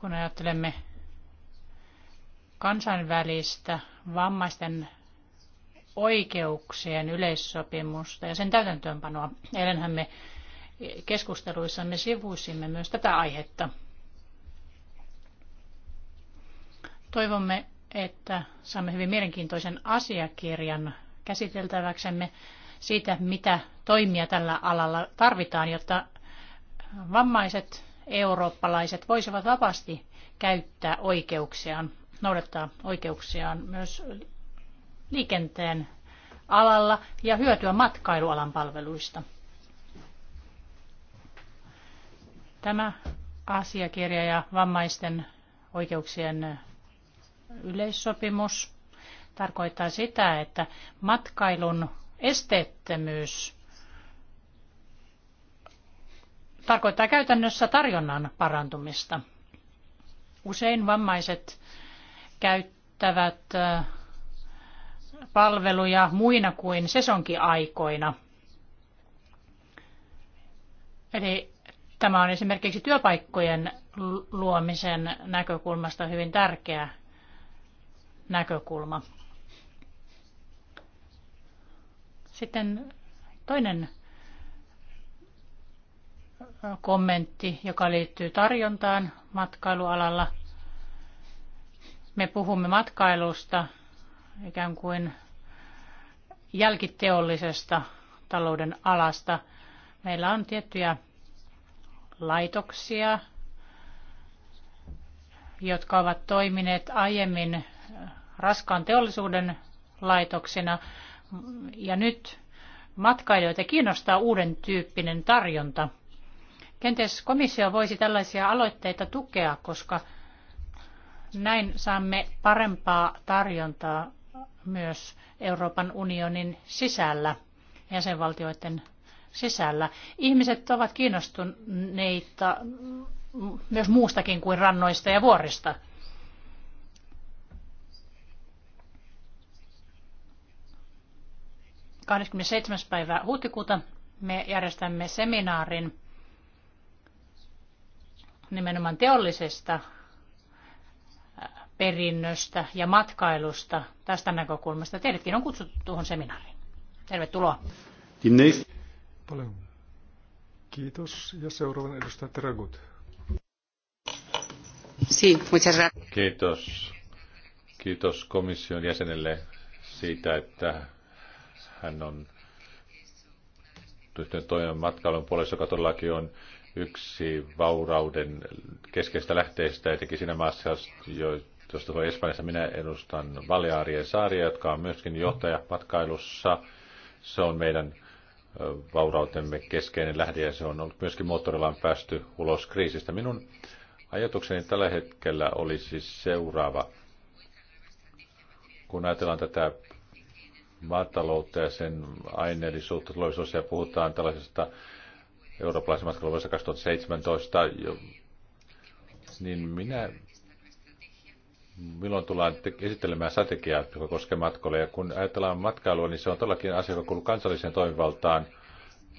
Kun ajattelemme kansainvälistä vammaisten oikeuksien yleissopimusta ja sen täytäntöönpanoa, eilenhän me keskusteluissamme sivuisimme myös tätä aihetta. Toivomme, että saamme hyvin mielenkiintoisen asiakirjan käsiteltäväksemme siitä, mitä toimia tällä alalla tarvitaan, jotta vammaiset eurooppalaiset voisivat vapaasti käyttää oikeuksiaan, noudattaa oikeuksiaan myös liikenteen alalla ja hyötyä matkailualan palveluista. Tämä asiakirja ja vammaisten oikeuksien yleissopimus tarkoittaa sitä, että matkailun esteettömyys tarkoittaa käytännössä tarjonnan parantumista. Usein vammaiset käyttävät äh, palveluja muina kuin sesonkiaikoina. Eli tämä on esimerkiksi työpaikkojen luomisen näkökulmasta hyvin tärkeä näkökulma. Sitten toinen kommentti, joka liittyy tarjontaan matkailualalla. Me puhumme matkailusta ikään kuin jälkiteollisesta talouden alasta. Meillä on tiettyjä laitoksia, jotka ovat toimineet aiemmin raskaan teollisuuden laitoksina. Ja nyt matkailijoita kiinnostaa uuden tyyppinen tarjonta. Kenties komissio voisi tällaisia aloitteita tukea, koska näin saamme parempaa tarjontaa myös Euroopan unionin sisällä, jäsenvaltioiden sisällä. Ihmiset ovat kiinnostuneita myös muustakin kuin rannoista ja vuorista. päivä huhtikuuta me järjestämme seminaarin nimenomaan teollisesta äh, perinnöstä ja matkailusta tästä näkökulmasta. Teidätkin on kutsuttu tuohon seminaariin. Tervetuloa. Paljon. Kiitos. Ja seuraavan edustaja gracias. Kiitos. Kiitos komission jäsenelle siitä, että hän on ryhtynyt toimimaan matkailun puolesta, joka todellakin on yksi vaurauden keskeistä lähteistä, etenkin siinä maassa, josta tulee Espanjassa, minä edustan Balearien saaria, jotka on myöskin johtaja matkailussa. Se on meidän vaurautemme keskeinen lähde ja se on ollut myöskin moottorillaan päästy ulos kriisistä. Minun ajatukseni tällä hetkellä olisi siis seuraava. Kun ajatellaan tätä maataloutta ja sen aineellisuutta tulevaisuudessa ja puhutaan tällaisesta eurooppalaisen matkailun vuodessa 2017, niin minä milloin tullaan esittelemään strategiaa, joka koskee matkailua. Ja kun ajatellaan matkailua, niin se on todellakin asia, joka kuuluu kansalliseen toimivaltaan,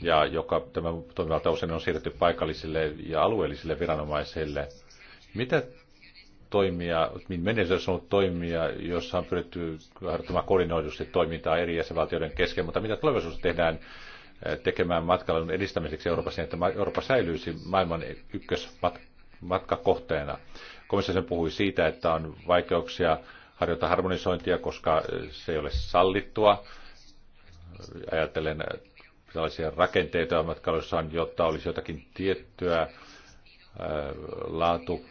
ja joka tämä toimivalta usein on siirretty paikallisille ja alueellisille viranomaisille. Mitä toimia, menestys on ollut toimia, jossa on pyritty harjoittamaan koordinoidusti toimintaa eri jäsenvaltioiden kesken, mutta mitä tulevaisuudessa tehdään tekemään matkailun edistämiseksi Euroopassa, niin että Eurooppa säilyisi maailman ykkösmatkakohteena. Komissio puhui siitä, että on vaikeuksia harjoittaa harmonisointia, koska se ei ole sallittua. Ajattelen tällaisia rakenteita matkailussa jotta olisi jotakin tiettyä laatu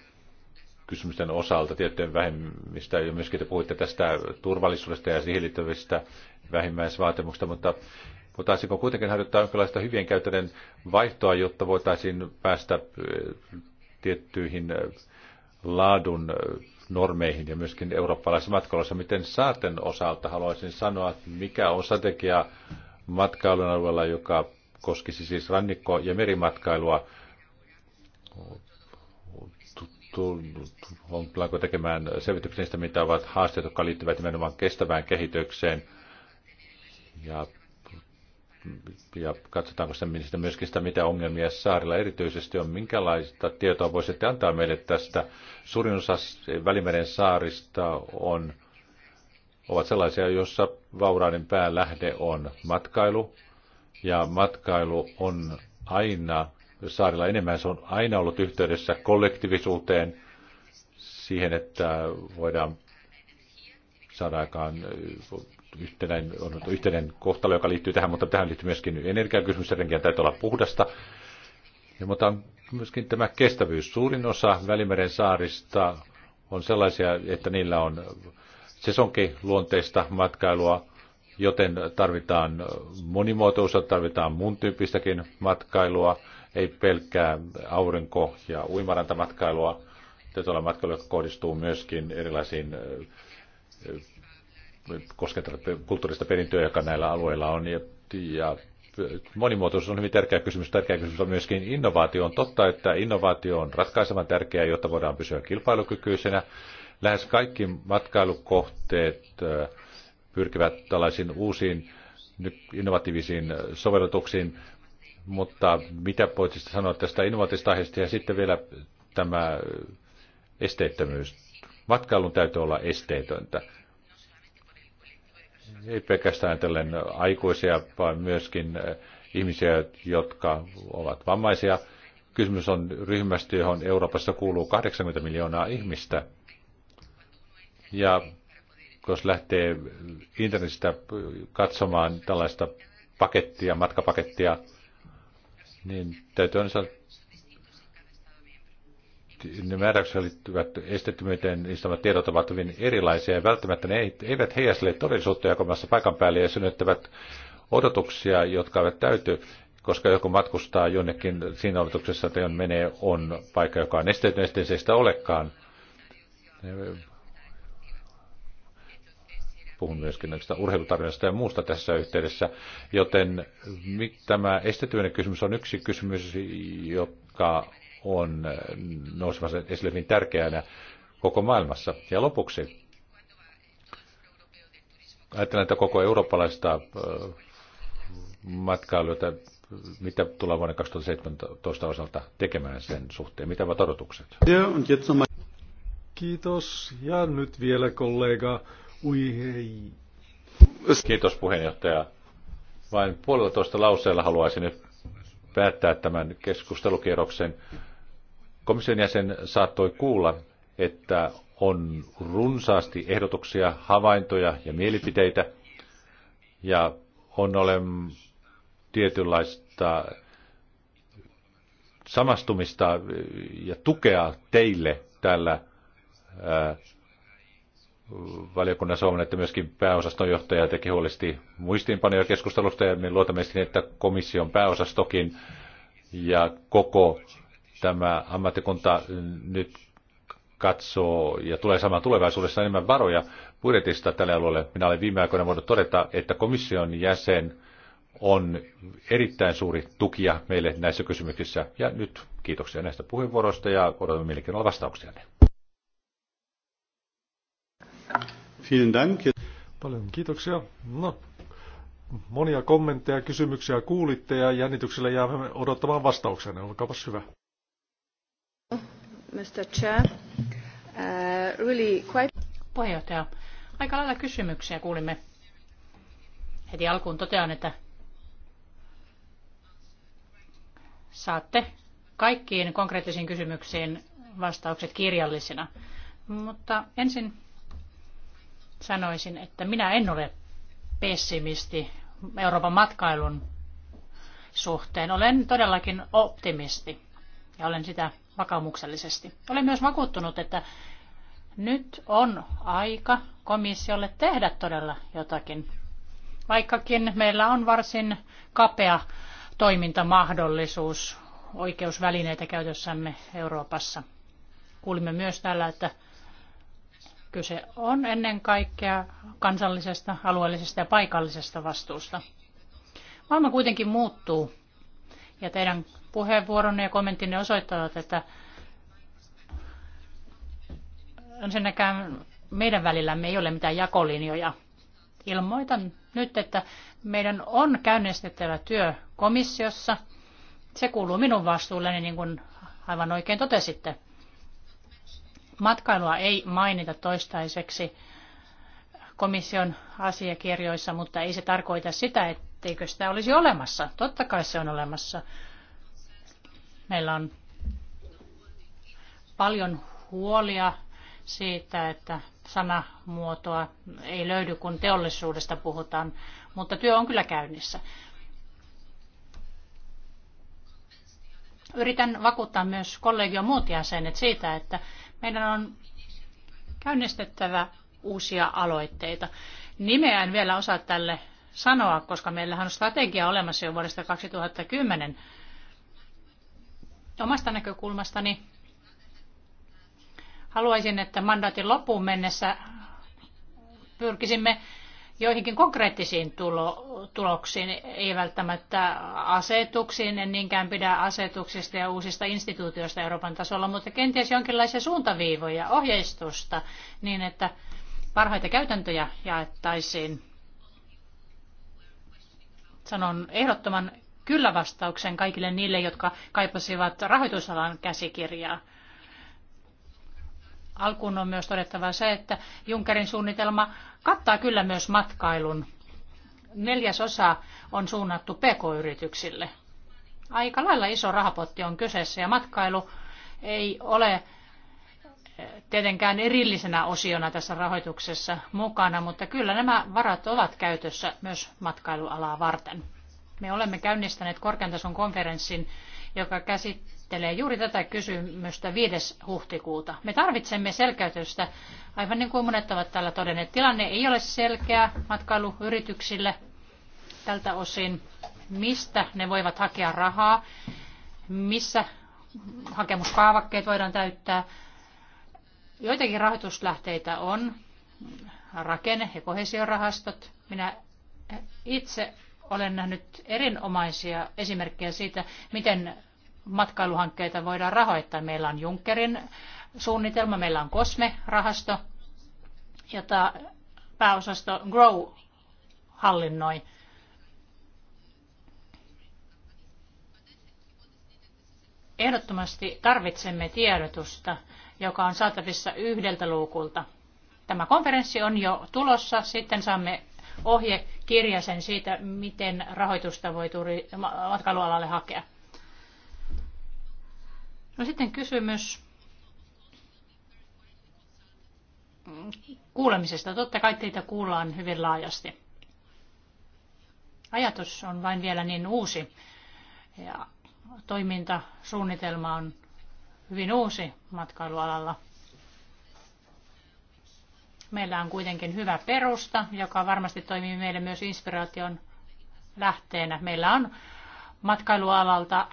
kysymysten osalta tiettyjen vähemmistä, ja myöskin te puhuitte tästä turvallisuudesta ja siihen liittyvistä vähimmäisvaatimuksista, mutta Voitaisiinko kuitenkin harjoittaa jonkinlaista hyvien käytännön vaihtoa, jotta voitaisiin päästä äh, tiettyihin äh, laadun äh, normeihin ja myöskin eurooppalaisessa matkailussa. Miten saarten osalta haluaisin sanoa, että mikä on strategia matkailun alueella, joka koskisi siis rannikko- ja merimatkailua? Ollaanko tekemään selvityksiä niistä, mitä ovat haasteet, jotka liittyvät nimenomaan kestävään kehitykseen? Ja ja katsotaanko sitä myöskin sitä, mitä ongelmia saarilla erityisesti on, minkälaista tietoa voisitte antaa meille tästä. Suurin osa Välimeren saarista on, ovat sellaisia, joissa vauraiden päälähde on matkailu, ja matkailu on aina saarilla enemmän, se on aina ollut yhteydessä kollektiivisuuteen, siihen, että voidaan saada aikaan yhtenäinen, on yhtenäinen kohtalo, joka liittyy tähän, mutta tähän liittyy myöskin energiakysymys, energian täytyy olla puhdasta. Ja, mutta on myöskin tämä kestävyys. Suurin osa Välimeren saarista on sellaisia, että niillä on sesonkiluonteista matkailua, joten tarvitaan monimuotoisuutta, tarvitaan muun tyyppistäkin matkailua, ei pelkkää aurinko- ja uimarantamatkailua. Täytyy olla matkailu, joka kohdistuu myöskin erilaisiin koskien kulttuurista perintöä, joka näillä alueilla on. Ja, ja monimuotoisuus on hyvin tärkeä kysymys. Tärkeä kysymys on myöskin innovaatio. On totta, että innovaatio on ratkaisevan tärkeää, jotta voidaan pysyä kilpailukykyisenä. Lähes kaikki matkailukohteet äh, pyrkivät tällaisiin uusiin innovatiivisiin äh, sovellutuksiin, mutta mitä voisit sanoa tästä innovatiivisesta aiheesta ja sitten vielä tämä äh, esteettömyys. Matkailun täytyy olla esteetöntä ei pelkästään ajatellen aikuisia, vaan myöskin eh, ihmisiä, jotka ovat vammaisia. Kysymys on ryhmästä, johon Euroopassa kuuluu 80 miljoonaa ihmistä. Ja jos lähtee internetistä katsomaan tällaista pakettia, matkapakettia, niin täytyy aina ne määräykset liittyvät esteettömyyteen, niistä tiedot ovat hyvin erilaisia ja välttämättä ne eivät heijastele todellisuutta jakamassa paikan päälle ja synnyttävät odotuksia, jotka eivät täyty, koska joku matkustaa jonnekin siinä odotuksessa, että on menee, on paikka, joka on esteetön, esteellisestä olekaan. Puhun myöskin näistä urheilutarinoista ja muusta tässä yhteydessä, joten tämä estetyinen kysymys on yksi kysymys, joka on äh, nousemassa esille hyvin tärkeänä koko maailmassa. Ja lopuksi, ajattelen, että koko eurooppalaista äh, matkailua, mitä tullaan vuonna 2017 osalta tekemään sen suhteen? Mitä ovat odotukset? Kiitos. Ja nyt vielä kollega Ui hei. Kiitos puheenjohtaja. Vain puolitoista lauseella haluaisin nyt päättää tämän keskustelukierroksen. Komission jäsen saattoi kuulla, että on runsaasti ehdotuksia, havaintoja ja mielipiteitä, ja on olem tietynlaista samastumista ja tukea teille täällä ää, valiokunnassa Suomen, että myöskin pääosaston johtaja teki huolesti muistiinpanoja keskustelusta ja me luotamme siihen, että komission pääosastokin ja koko tämä ammattikunta nyt katsoo ja tulee saamaan tulevaisuudessa enemmän varoja budjetista tälle alueelle. Minä olen viime aikoina voinut todeta, että komission jäsen on erittäin suuri tukia meille näissä kysymyksissä. Ja nyt kiitoksia näistä puheenvuoroista ja odotamme mielenkiinnolla vastauksia. Vielen Paljon kiitoksia. No, monia kommentteja ja kysymyksiä kuulitte ja jännityksellä jäämme odottamaan vastauksia. Olkaapas hyvä. Mr. Uh, Puheenjohtaja, aika lailla kysymyksiä kuulimme. Heti alkuun totean, että saatte kaikkiin konkreettisiin kysymyksiin vastaukset kirjallisina. Mutta ensin sanoisin, että minä en ole pessimisti Euroopan matkailun suhteen. Olen todellakin optimisti ja olen sitä vakaumuksellisesti. Olen myös vakuuttunut, että nyt on aika komissiolle tehdä todella jotakin. Vaikkakin meillä on varsin kapea toimintamahdollisuus oikeusvälineitä käytössämme Euroopassa. Kuulimme myös täällä, että kyse on ennen kaikkea kansallisesta, alueellisesta ja paikallisesta vastuusta. Maailma kuitenkin muuttuu ja teidän Puheenvuoronne ja kommenttinne osoittavat, että ensinnäkään meidän välillämme ei ole mitään jakolinjoja. Ilmoitan nyt, että meidän on käynnistettävä työ komissiossa. Se kuuluu minun vastuulleni, niin kuin aivan oikein totesitte. Matkailua ei mainita toistaiseksi komission asiakirjoissa, mutta ei se tarkoita sitä, etteikö sitä olisi olemassa. Totta kai se on olemassa. Meillä on paljon huolia siitä, että sanamuotoa ei löydy, kun teollisuudesta puhutaan, mutta työ on kyllä käynnissä. Yritän vakuuttaa myös kollegio muut jäsenet siitä, että meidän on käynnistettävä uusia aloitteita. Nimeä en vielä osaa tälle sanoa, koska meillähän on strategia olemassa jo vuodesta 2010 Omasta näkökulmastani haluaisin, että mandaatin loppuun mennessä pyrkisimme joihinkin konkreettisiin tulo, tuloksiin, ei välttämättä asetuksiin, en niinkään pidä asetuksista ja uusista instituutioista Euroopan tasolla, mutta kenties jonkinlaisia suuntaviivoja, ohjeistusta, niin että parhaita käytäntöjä jaettaisiin. Sanon ehdottoman kyllä vastauksen kaikille niille, jotka kaipasivat rahoitusalan käsikirjaa. Alkuun on myös todettava se, että Junkerin suunnitelma kattaa kyllä myös matkailun. neljäsosa on suunnattu pk-yrityksille. Aika lailla iso rahapotti on kyseessä ja matkailu ei ole eh, tietenkään erillisenä osiona tässä rahoituksessa mukana, mutta kyllä nämä varat ovat käytössä myös matkailualaa varten. Me olemme käynnistäneet korkean tason konferenssin, joka käsittelee juuri tätä kysymystä 5. huhtikuuta. Me tarvitsemme selkeytystä, aivan niin kuin monet ovat täällä todenneet. Tilanne ei ole selkeä matkailuyrityksille tältä osin, mistä ne voivat hakea rahaa, missä hakemuskaavakkeet voidaan täyttää. Joitakin rahoituslähteitä on, rakenne- ja kohesiorahastot. Minä itse olen nähnyt erinomaisia esimerkkejä siitä, miten matkailuhankkeita voidaan rahoittaa. Meillä on Junckerin suunnitelma, meillä on COSME-rahasto, jota pääosasto Grow hallinnoi. Ehdottomasti tarvitsemme tiedotusta, joka on saatavissa yhdeltä luukulta. Tämä konferenssi on jo tulossa, sitten saamme ohje kirjasen siitä, miten rahoitusta voi turi, matkailualalle hakea. No sitten kysymys kuulemisesta. Totta kai teitä kuullaan hyvin laajasti. Ajatus on vain vielä niin uusi ja toimintasuunnitelma on hyvin uusi matkailualalla – Meillä on kuitenkin hyvä perusta, joka varmasti toimii meille myös inspiraation lähteenä. Meillä on matkailualalta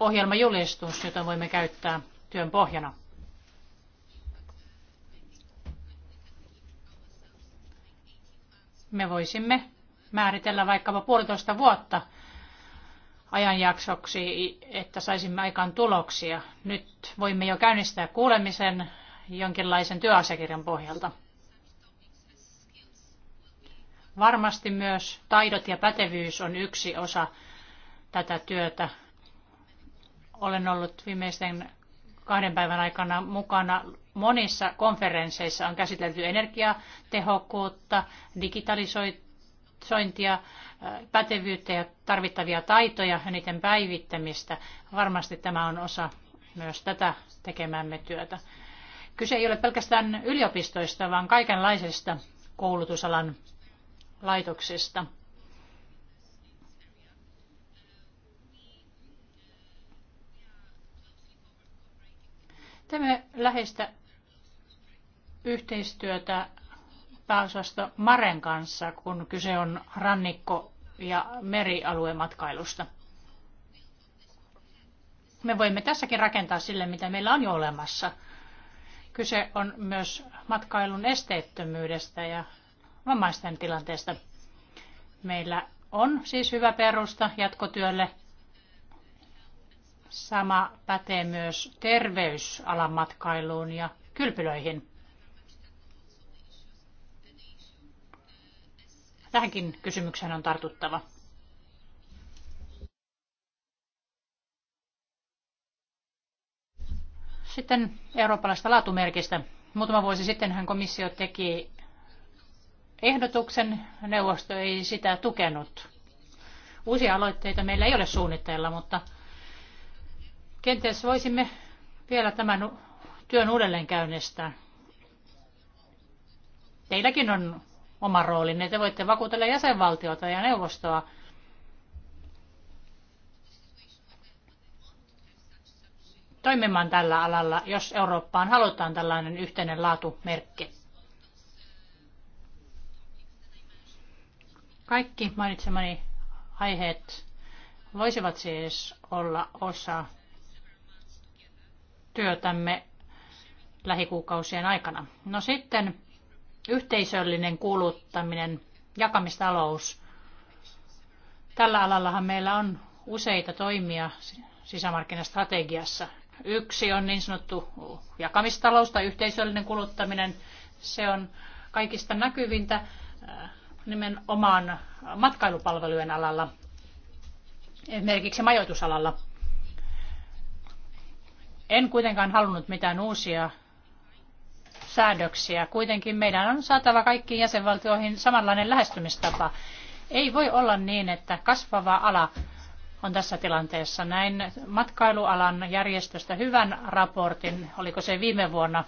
ohjelmajulistus, jota voimme käyttää työn pohjana. Me voisimme määritellä vaikkapa puolitoista vuotta ajanjaksoksi, että saisimme aikaan tuloksia. Nyt voimme jo käynnistää kuulemisen jonkinlaisen työasiakirjan pohjalta. Varmasti myös taidot ja pätevyys on yksi osa tätä työtä. Olen ollut viimeisten kahden päivän aikana mukana monissa konferensseissa. On käsitelty energiatehokkuutta, digitalisointia, pätevyyttä ja tarvittavia taitoja ja niiden päivittämistä. Varmasti tämä on osa myös tätä tekemämme työtä. Kyse ei ole pelkästään yliopistoista, vaan kaikenlaisista koulutusalan laitoksista. Teemme läheistä yhteistyötä pääosasto Maren kanssa, kun kyse on rannikko- ja merialuematkailusta. Me voimme tässäkin rakentaa sille, mitä meillä on jo olemassa – Kyse on myös matkailun esteettömyydestä ja vammaisten tilanteesta. Meillä on siis hyvä perusta jatkotyölle. Sama pätee myös terveysalan matkailuun ja kylpylöihin. Tähänkin kysymykseen on tartuttava. Sitten eurooppalaista laatumerkistä. Muutama vuosi sittenhän komissio teki ehdotuksen, neuvosto ei sitä tukenut. Uusia aloitteita meillä ei ole suunnitteilla, mutta kenties voisimme vielä tämän työn uudelleen käynnistää. Teilläkin on oma roolinne. Te voitte vakuutella jäsenvaltiota ja neuvostoa – toimimaan tällä alalla, jos Eurooppaan halutaan tällainen yhteinen laatumerkki. Kaikki mainitsemani aiheet voisivat siis olla osa työtämme lähikuukausien aikana. No sitten yhteisöllinen kuluttaminen, jakamistalous. Tällä alallahan meillä on useita toimia sisämarkkinastrategiassa. Yksi on niin sanottu jakamistalous tai yhteisöllinen kuluttaminen. Se on kaikista näkyvintä äh, nimenomaan matkailupalvelujen alalla, esimerkiksi majoitusalalla. En kuitenkaan halunnut mitään uusia säädöksiä. Kuitenkin meidän on saatava kaikkiin jäsenvaltioihin samanlainen lähestymistapa. Ei voi olla niin, että kasvava ala on tässä tilanteessa. Näin matkailualan järjestöstä hyvän raportin, oliko se viime vuonna,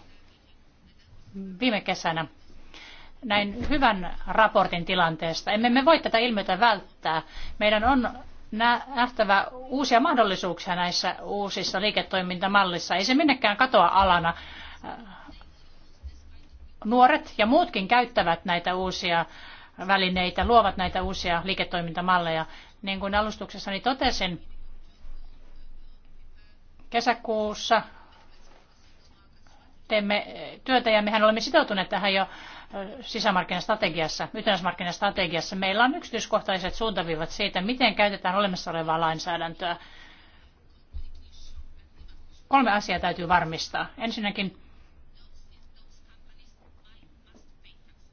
viime kesänä, näin hyvän raportin tilanteesta. Emme me voi tätä ilmiötä välttää. Meidän on nähtävä uusia mahdollisuuksia näissä uusissa liiketoimintamallissa. Ei se minnekään katoa alana. Nuoret ja muutkin käyttävät näitä uusia välineitä, luovat näitä uusia liiketoimintamalleja. Niin kuin alustuksessani totesin, kesäkuussa teemme työtä ja mehän olemme sitoutuneet tähän jo sisämarkkinastrategiassa, yhtenäismarkkinastrategiassa. Meillä on yksityiskohtaiset suuntaviivat siitä, miten käytetään olemassa olevaa lainsäädäntöä. Kolme asiaa täytyy varmistaa. Ensinnäkin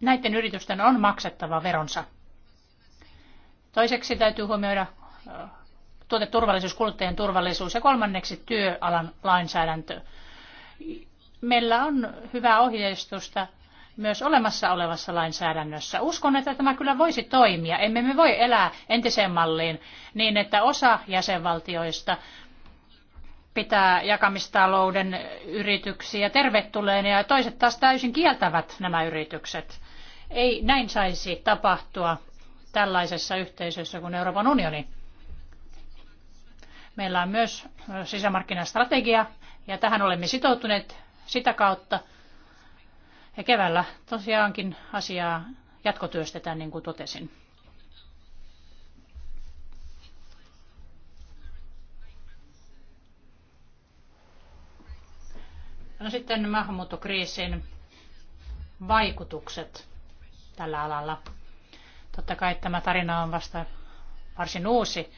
näiden yritysten on maksettava veronsa. Toiseksi täytyy huomioida tuoteturvallisuus, kuluttajien turvallisuus ja kolmanneksi työalan lainsäädäntö. Meillä on hyvää ohjeistusta myös olemassa olevassa lainsäädännössä. Uskon, että tämä kyllä voisi toimia. Emme me voi elää entiseen malliin niin, että osa jäsenvaltioista pitää jakamistalouden yrityksiä tervetulleen ja toiset taas täysin kieltävät nämä yritykset. Ei näin saisi tapahtua tällaisessa yhteisössä kuin Euroopan unioni. Meillä on myös sisämarkkinastrategia ja tähän olemme sitoutuneet sitä kautta. Ja keväällä tosiaankin asiaa jatkotyöstetään, niin kuin totesin. No sitten maahanmuuttokriisin vaikutukset tällä alalla. Totta kai tämä tarina on vasta varsin uusi,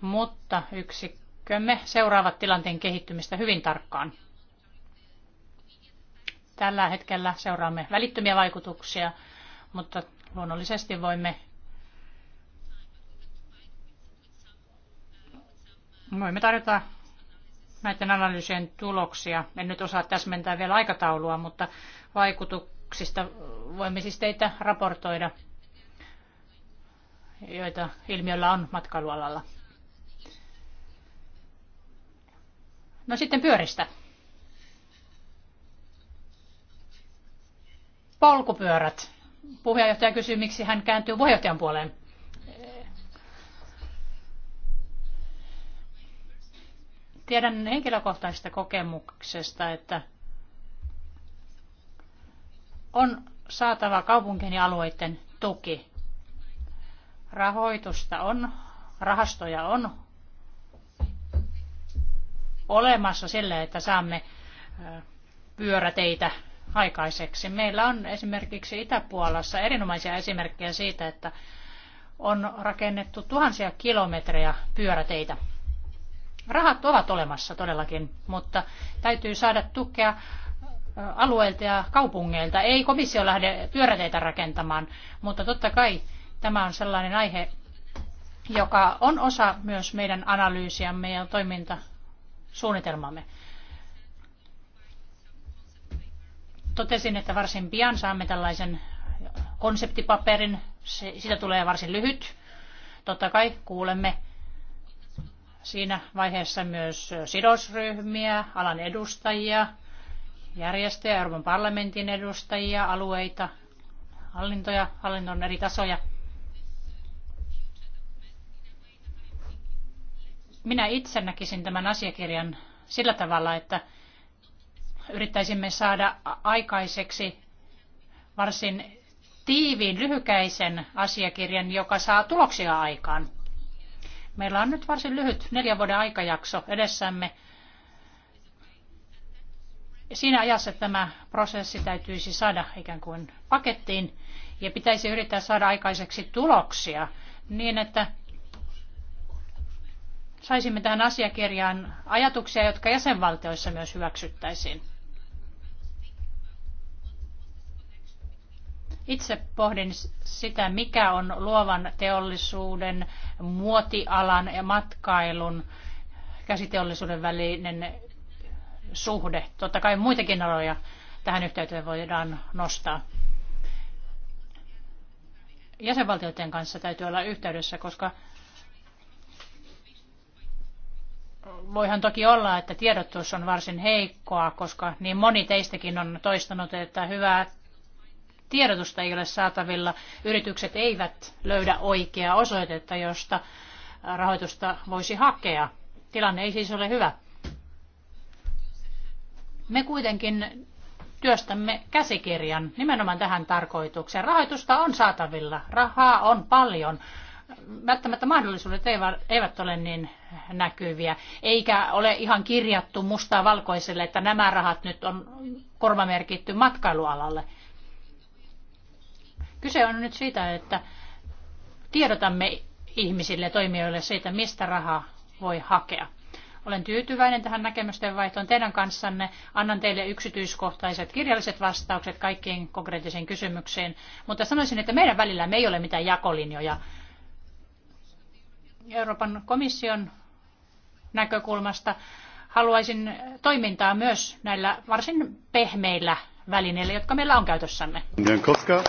mutta yksikkömme seuraavat tilanteen kehittymistä hyvin tarkkaan. Tällä hetkellä seuraamme välittömiä vaikutuksia, mutta luonnollisesti voimme Voimme tarjota näiden analyysien tuloksia. En nyt osaa täsmentää vielä aikataulua, mutta vaikutuk- ilmiökohtauksista voimme siis teitä raportoida, joita ilmiöllä on matkailualalla. No sitten pyöristä. Polkupyörät. Puheenjohtaja kysyy, miksi hän kääntyy puheenjohtajan puoleen. Tiedän henkilökohtaisesta kokemuksesta, että on saatava kaupunkien ja alueiden tuki. Rahoitusta on, rahastoja on olemassa sille, että saamme pyöräteitä aikaiseksi. Meillä on esimerkiksi Itä-Puolassa erinomaisia esimerkkejä siitä, että on rakennettu tuhansia kilometrejä pyöräteitä. Rahat ovat olemassa todellakin, mutta täytyy saada tukea alueilta ja kaupungeilta. Ei komissio lähde pyöräteitä rakentamaan, mutta totta kai tämä on sellainen aihe, joka on osa myös meidän analyysiamme ja toimintasuunnitelmamme. Totesin, että varsin pian saamme tällaisen konseptipaperin. Sitä tulee varsin lyhyt. Totta kai kuulemme siinä vaiheessa myös sidosryhmiä, alan edustajia, järjestöjä, Euroopan parlamentin edustajia, alueita, hallintoja, hallinnon eri tasoja. Minä itse näkisin tämän asiakirjan sillä tavalla, että yrittäisimme saada aikaiseksi varsin tiiviin, lyhykäisen asiakirjan, joka saa tuloksia aikaan. Meillä on nyt varsin lyhyt neljän vuoden aikajakso edessämme siinä ajassa tämä prosessi täytyisi saada ikään kuin pakettiin ja pitäisi yrittää saada aikaiseksi tuloksia niin, että saisimme tähän asiakirjaan ajatuksia, jotka jäsenvaltioissa myös hyväksyttäisiin. Itse pohdin sitä, mikä on luovan teollisuuden, muotialan ja matkailun käsiteollisuuden välinen suhde. Totta kai muitakin aloja tähän yhteyteen voidaan nostaa. Jäsenvaltioiden kanssa täytyy olla yhteydessä, koska voihan toki olla, että tiedotus on varsin heikkoa, koska niin moni teistäkin on toistanut, että hyvää tiedotusta ei ole saatavilla. Yritykset eivät löydä oikeaa osoitetta, josta rahoitusta voisi hakea. Tilanne ei siis ole hyvä. Me kuitenkin työstämme käsikirjan nimenomaan tähän tarkoitukseen. Rahoitusta on saatavilla, rahaa on paljon. Välttämättä mahdollisuudet eivät ole niin näkyviä, eikä ole ihan kirjattu mustaa valkoiselle, että nämä rahat nyt on korvamerkitty matkailualalle. Kyse on nyt siitä, että tiedotamme ihmisille ja toimijoille siitä, mistä rahaa voi hakea. Olen tyytyväinen tähän näkemysten vaihtoon teidän kanssanne. Annan teille yksityiskohtaiset kirjalliset vastaukset kaikkiin konkreettisiin kysymyksiin. Mutta sanoisin, että meidän välillämme ei ole mitään jakolinjoja. Euroopan komission näkökulmasta haluaisin toimintaa myös näillä varsin pehmeillä välineillä, jotka meillä on käytössämme. Jankowska.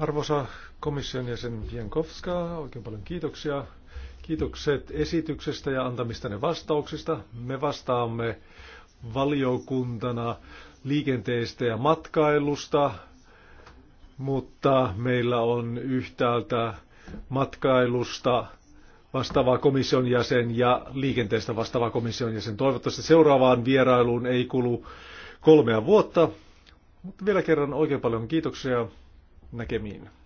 Arvoisa komission jäsen Jankowska, oikein paljon kiitoksia Kiitokset esityksestä ja antamistanne vastauksista. Me vastaamme valiokuntana liikenteestä ja matkailusta, mutta meillä on yhtäältä matkailusta vastaava komission jäsen ja liikenteestä vastaava komission jäsen. Toivottavasti seuraavaan vierailuun ei kulu kolmea vuotta, mutta vielä kerran oikein paljon kiitoksia näkemiin.